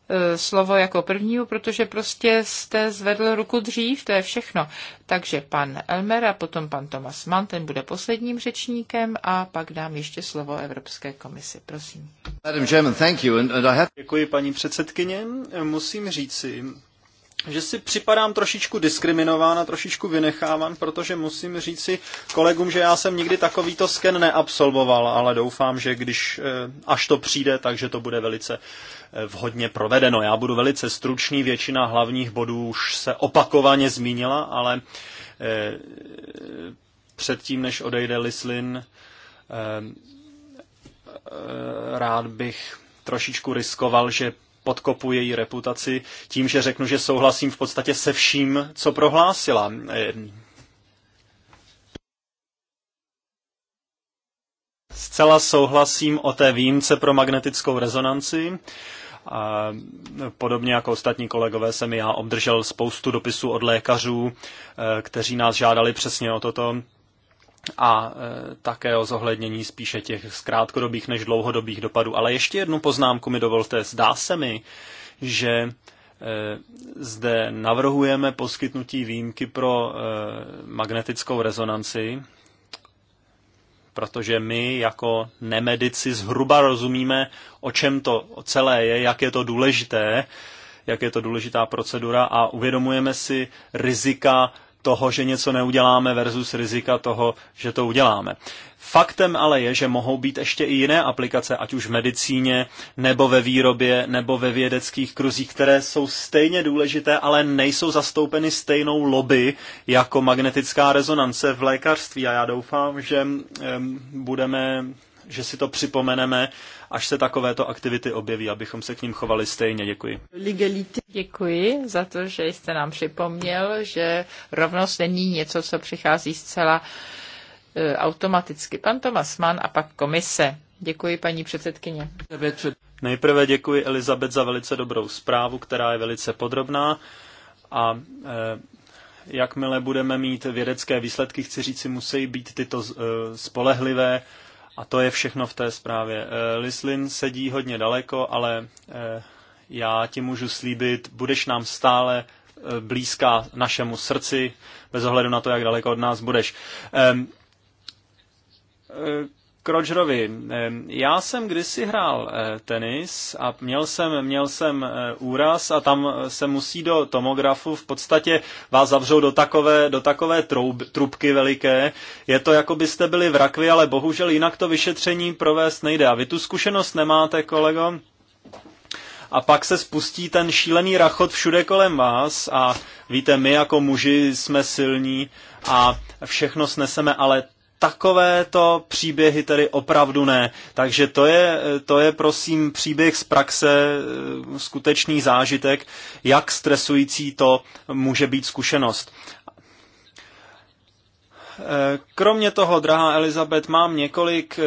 E, slovo jako prvního, protože prostě jste zvedl ruku dřív, to je všechno. Takže pan Elmer a potom pan Thomas Mann, ten bude posledním řečníkem a pak dám ještě slovo Evropské komisi. Prosím. Děkuji, paní předsedkyně. Musím říci, že si připadám trošičku diskriminován a trošičku vynechávan, protože musím říci kolegům, že já jsem nikdy takovýto sken neabsolvoval, ale doufám, že když eh, až to přijde, takže to bude velice eh, vhodně provedeno. Já budu velice stručný, většina hlavních bodů už se opakovaně zmínila, ale eh, předtím, než odejde Lislin, rád bych trošičku riskoval, že podkopu její reputaci tím, že řeknu, že souhlasím v podstatě se vším, co prohlásila. Zcela souhlasím o té výjimce pro magnetickou rezonanci. A podobně jako ostatní kolegové jsem i já obdržel spoustu dopisů od lékařů, eh, kteří nás žádali přesně o toto, a e, také o zohlednění spíše těch z krátkodobých než dlouhodobých dopadů. Ale ještě jednu poznámku mi dovolte. Zdá se mi, že e, zde navrhujeme poskytnutí výjimky pro e, magnetickou rezonanci, protože my jako nemedici zhruba rozumíme, o čem to celé je, jak je to důležité, jak je to důležitá procedura a uvědomujeme si rizika toho, že něco neuděláme versus rizika toho, že to uděláme. Faktem ale je, že mohou být ještě i jiné aplikace, ať už v medicíně, nebo ve výrobě, nebo ve vědeckých kruzích, které jsou stejně důležité, ale nejsou zastoupeny stejnou lobby jako magnetická rezonance v lékařství. A já doufám, že budeme že si to připomeneme, až se takovéto aktivity objeví, abychom se k ním chovali stejně. Děkuji. Legality. Děkuji za to, že jste nám připomněl, že rovnost není něco, co přichází zcela e, automaticky. Pan Tomas Mann a pak komise. Děkuji, paní předsedkyně. Nejprve děkuji Elizabet za velice dobrou zprávu, která je velice podrobná. A e, jakmile budeme mít vědecké výsledky, chci říci, musí být tyto eh, spolehlivé a to je všechno v té zprávě. Eh, Lislin sedí hodně daleko, ale eh, já ti můžu slíbit, budeš nám stále eh, blízká našemu srdci, bez ohledu na to, jak daleko od nás budeš. Ehm, Kročrovi, já jsem kdysi hrál eh, tenis a měl jsem, měl jsem eh, úraz a tam eh, se musí do tomografu v podstatě vás zavřou do takové, do takové troub, trubky veliké. Je to jako byste byli v rakvi, ale bohužel jinak to vyšetření provést nejde. A vy tu zkušenost nemáte, kolego? a pak se spustí ten šílený rachot všude kolem vás a víte, my jako muži jsme silní a všechno sneseme, ale takovéto příběhy tedy opravdu ne. Takže to je, to je prosím příběh z praxe, eh, skutečný zážitek, jak stresující to může být zkušenost. Kromě toho, drahá Elizabet, mám několik,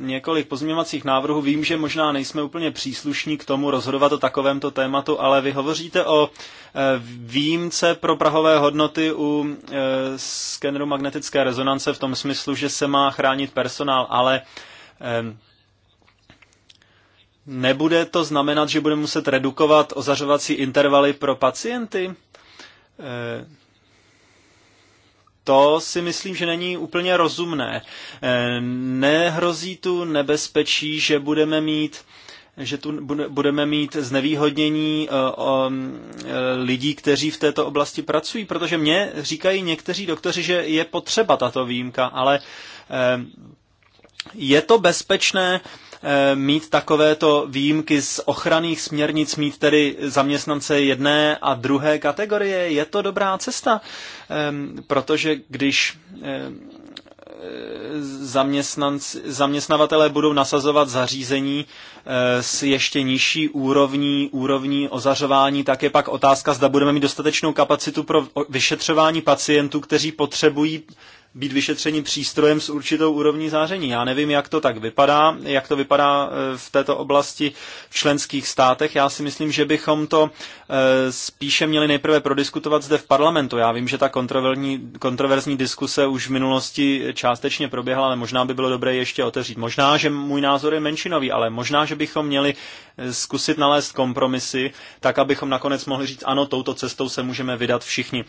několik pozměňovacích návrhů. Vím, že možná nejsme úplně příslušní k tomu rozhodovat o takovémto tématu, ale vy hovoříte o e, výjimce pro prahové hodnoty u e, skeneru magnetické rezonance v tom smyslu, že se má chránit personál, ale nebude to znamenat, že budeme muset redukovat ozařovací intervaly pro pacienty? E, to si myslím, že není úplně rozumné. Eh, nehrozí tu nebezpečí, že budeme mít že tu budeme mít znevýhodnění eh, mm, eh, lidí, kteří v této oblasti pracují, protože mě říkají někteří doktoři, že je potřeba tato výjimka, ale je to bezpečné Eh, mít takovéto výjimky z ochranných směrnic, mít tedy zaměstnance jedné a druhé kategorie, je to dobrá cesta, protože když eh, zaměstnavatelé budou nasazovat zařízení eh, s ještě nižší úrovní, úrovní ozařování, tak je pak otázka, zda budeme mít dostatečnou kapacitu pro vyšetřování pacientů, kteří potřebují být vyšetřeni přístrojem s určitou úrovní záření. Já nevím, jak to tak vypadá, jak to vypadá e, v této oblasti v členských státech. Já si myslím, že bychom to e, spíše měli nejprve prodiskutovat zde v parlamentu. Já vím, že ta kontroverzní, kontroverzní diskuse už v minulosti částečně proběhla, ale možná by bylo dobré ještě otevřít. Možná, že můj názor je menšinový, ale možná, že bychom měli e, zkusit nalézt kompromisy, tak abychom nakonec mohli říct, ano, touto cestou se můžeme vydat všichni.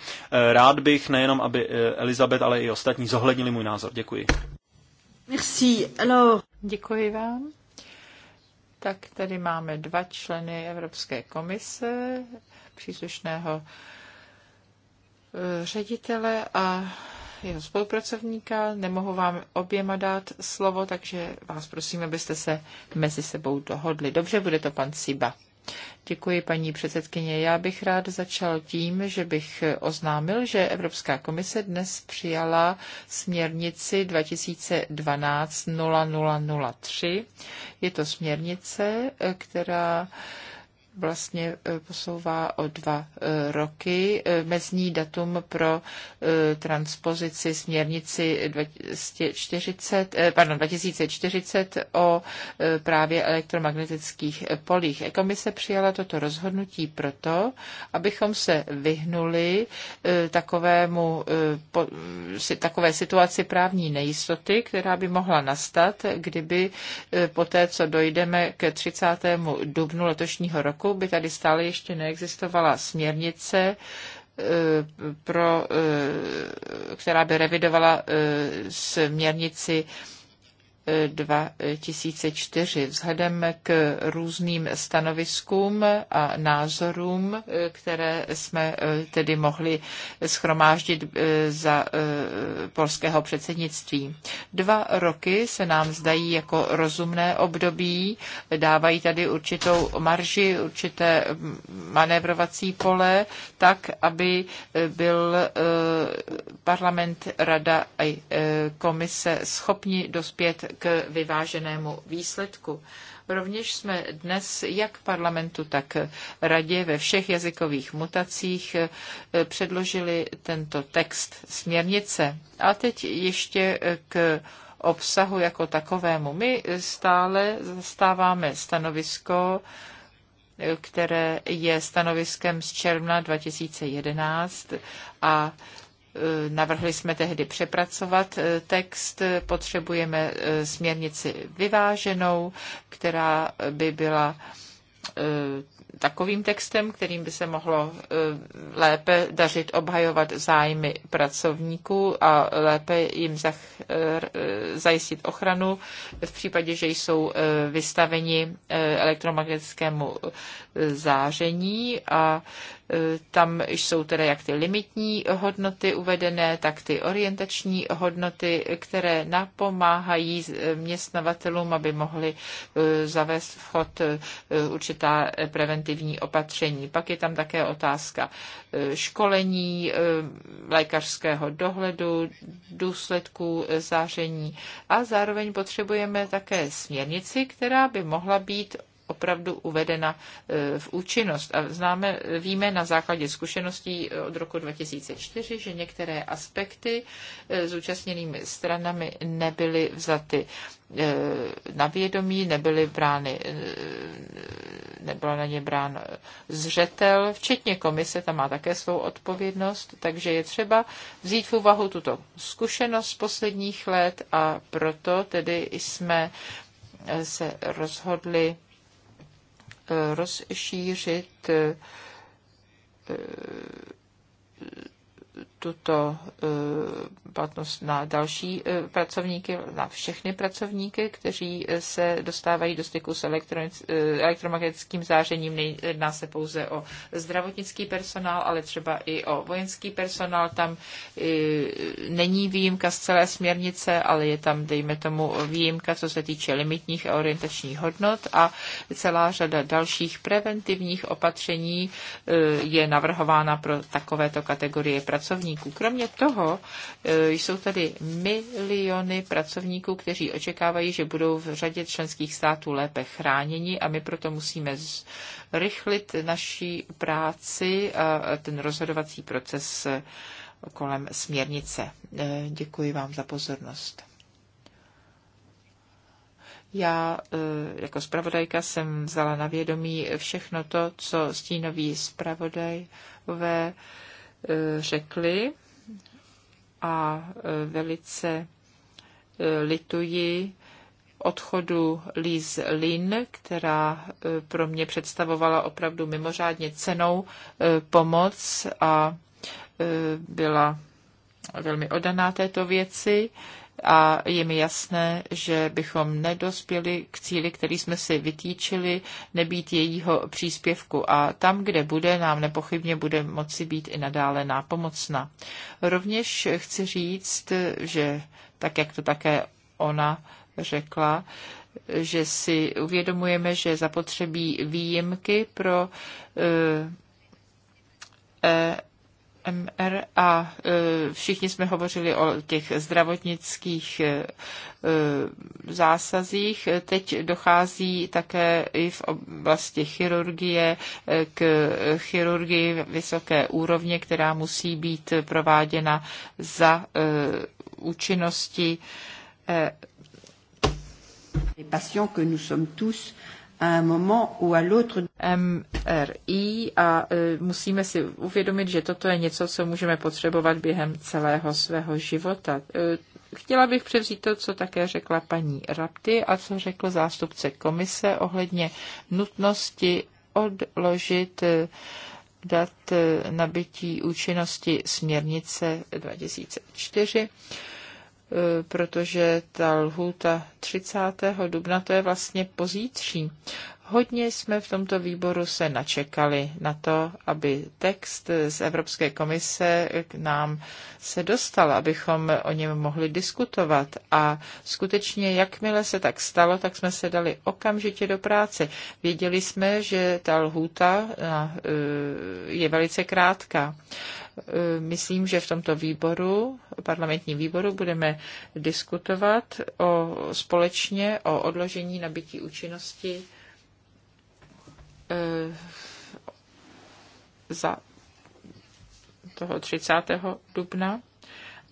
Rád bych nejenom, aby Elizabeth, ale i ostatní ostatní zohlednili můj názor. Děkuji. Merci. Alors... Děkuji vám. Tak tady máme dva členy Evropské komise, příslušného eh, ředitele a jeho spolupracovníka. Nemohu vám oběma dát slovo, takže vás prosím, abyste se mezi sebou dohodli. Dobře, bude to pan Siba. Děkuji, paní předsedkyně. Já bych rád začal tím, že bych oznámil, že Evropská komise dnes přijala směrnici 2012-0003. Je to směrnice, která vlastně eh, posouvá o dva eh, roky eh, mezní datum pro transpozici směrnici 2040, pardon, 2040 o právě elektromagnetických polích. Ekomise přijala toto rozhodnutí proto, abychom se vyhnuli takovému, takové situaci právní nejistoty, která by mohla nastat, kdyby poté, co dojdeme k 30. dubnu letošního roku, roku by tady stále ještě neexistovala směrnice, e, pro, e, která by revidovala e, směrnici 2004. Vzhledem k různým stanoviskům a názorům, eh, které jsme eh, tedy mohli schromáždit eh, za polského předsednictví. Dva roky se nám zdají jako rozumné období, dávají tady určitou marži, určité mm, manévrovací pole, tak, aby byl parlament, rada a komise schopni dospět k vyváženému výsledku. Rovněž jsme dnes jak parlamentu, tak radě ve všech jazykových mutacích eh, předložili tento text směrnice. A teď ještě eh, k obsahu jako takovému. My stále zastáváme stanovisko, eh, které je stanoviskem z června 2011 a Eh, navrhli jsme tehdy přepracovat eh, text, potřebujeme eh, směrnici vyváženou, která by byla takovým textem, kterým by se mohlo lépe dařit obhajovat zájmy pracovníků a lépe jim zajistit ochranu v případě, že jsou vystaveni elektromagnetickému záření a tam jsou teda jak ty limitní hodnoty uvedené, tak ty orientační hodnoty, které napomáhají městnavatelům, aby mohli e, zavést vchod e, určitá preventivní opatření. Pak je tam také otázka e, školení, lékařského dohledu, důsledků záření a zároveň potřebujeme také směrnici, která by mohla být opravdu uvedena e, v účinnost. A známe, víme na základě zkušeností od roku 2004, že některé aspekty zúčastněnými e, stranami nebyly vzaty e, na vědomí, nebyly brány, nebyla na ně brán zřetel, včetně komise, tam má také svou odpovědnost, takže je třeba vzít v úvahu tuto zkušenost z posledních let a proto tedy jsme se rozhodli rozšířit eh, tuto eh, platnost na další eh, pracovníky, na všechny pracovníky, kteří eh, se dostávají do styku s elektromagnetickým zářením. Nejedná se pouze o zdravotnický personál, ale třeba i o vojenský personál. Tam není výjimka z celé směrnice, ale je tam, dejme tomu, výjimka, co se týče limitních a orientačních hodnot a celá řada dalších preventivních opatření je navrhována pro takovéto kategorie pracovníků pracovníků. Kromě toho e, jsou tady miliony pracovníků, kteří očekávají, že budou v řadě členských států lépe chráněni a my proto musíme zrychlit naší práci a ten rozhodovací proces kolem směrnice. E, děkuji vám za pozornost. Já e, jako zpravodajka jsem vzala na vědomí všechno to, co stínoví zpravodajové Eh, řekli a eh, velice eh, lituji odchodu Liz Lin, která pro mě představovala opravdu mimořádně cenou pomoc a byla velmi odaná této věci a je mi jasné, že bychom nedospěli k cíli, který jsme si vytýčili, nebýt jejího příspěvku a tam, kde bude, nám nepochybně bude moci být i nadále nápomocna. Rovněž chci říct, že tak, jak to také ona řekla, že si uvědomujeme, že zapotřebí výjimky pro eh, MR a e, všichni jsme hovořili o těch zdravotnických e, e, zásazích. Teď dochází také i v oblasti chirurgie k chirurgii vysoké úrovně, která musí být prováděna za účinnosti. Les patients que nous sommes tous euh, un moment ou à l'autre. MRI a e, musíme si uvědomit, že toto je něco, co můžeme potřebovat během celého svého života. E, chtěla bych převzít to, co také řekla paní Rapty a co řekl zástupce komise ohledně nutnosti odložit e, dat nabití účinnosti směrnice 2004 E, protože ta lhůta 30. dubna, to je vlastně pozítří. Hodně jsme v tomto výboru se načekali na to, aby text z Evropské komise k nám se dostal, abychom o něm mohli diskutovat. A skutečně, jakmile se tak stalo, tak jsme se dali okamžitě do práce. Věděli jsme, že ta lhůta e, je velice krátká. Eh, myslím, že v tomto výboru, parlamentním výboru, budeme diskutovat o, společně o odložení nabití účinnosti eh, za toho 30. dubna,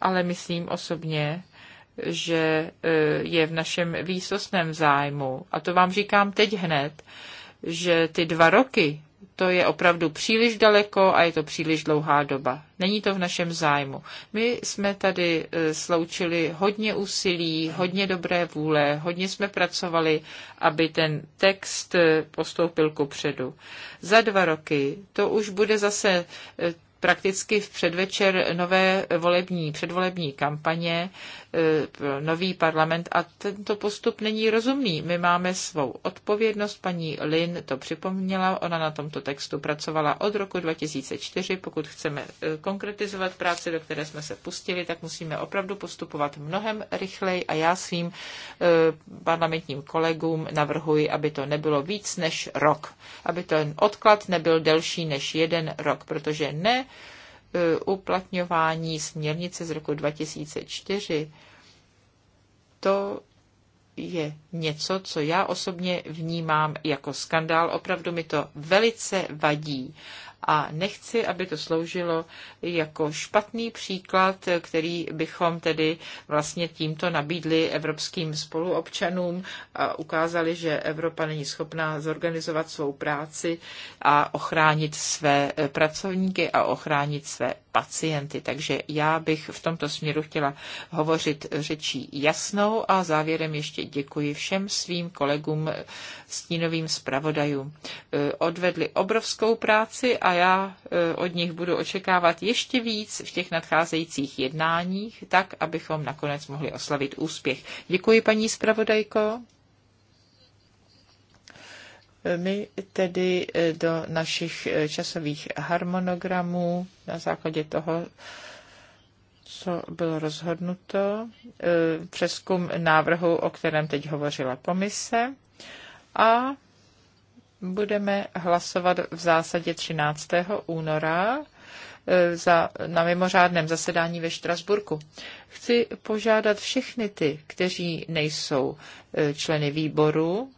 ale myslím osobně, že eh, je v našem výsostném zájmu, a to vám říkám teď hned, že ty dva roky to je opravdu příliš daleko a je to příliš dlouhá doba. Není to v našem zájmu. My jsme tady e, sloučili hodně úsilí, hodně dobré vůle, hodně jsme pracovali, aby ten text e, postoupil ku předu. Za dva roky to už bude zase e, prakticky v předvečer nové volební, předvolební kampaně. E, nový parlament a tento postup není rozumný. My máme svou odpovědnost, paní Lin to připomněla, ona na tomto textu pracovala od roku 2004. Pokud chceme e, konkretizovat práci, do které jsme se pustili, tak musíme opravdu postupovat mnohem rychleji a já svým e, parlamentním kolegům navrhuji, aby to nebylo víc než rok, aby ten odklad nebyl delší než jeden rok, protože ne Eh, uplatňování směrnice z roku 2004, to je něco, co já osobně vnímám jako skandál. Opravdu mi to velice vadí a nechci, aby to sloužilo jako špatný příklad, který bychom tedy vlastně tímto nabídli evropským spoluobčanům a ukázali, že Evropa není schopná zorganizovat svou práci a ochránit své pracovníky a ochránit své pacienty. Takže já bych v tomto směru chtěla hovořit řečí jasnou a závěrem ještě děkuji všem svým kolegům stínovým zpravodajům. Odvedli obrovskou práci a a já e, od nich budu očekávat ještě víc v těch nadcházejících jednáních, tak, abychom nakonec mohli oslavit úspěch. Děkuji, paní zpravodajko. My tedy e, do našich e, časových harmonogramů na základě toho, co bylo rozhodnuto, přeskum návrhu, o kterém teď hovořila komise a budeme hlasovat v zásadě 13. února eh, za, na mimořádném zasedání ve Štrasburku. Chci požádat všechny ty, kteří nejsou eh, členy výboru,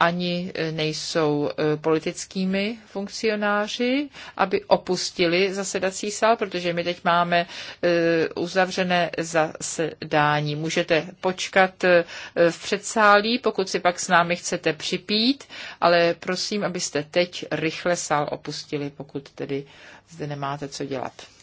ani nejsou eh, politickými funkcionáři, aby opustili zasedací sál, protože my teď máme eh, uzavřené zasedání. Můžete počkat eh, v předsálí, pokud si pak s námi chcete připít, ale prosím, abyste teď rychle sál opustili, pokud tedy zde nemáte co dělat.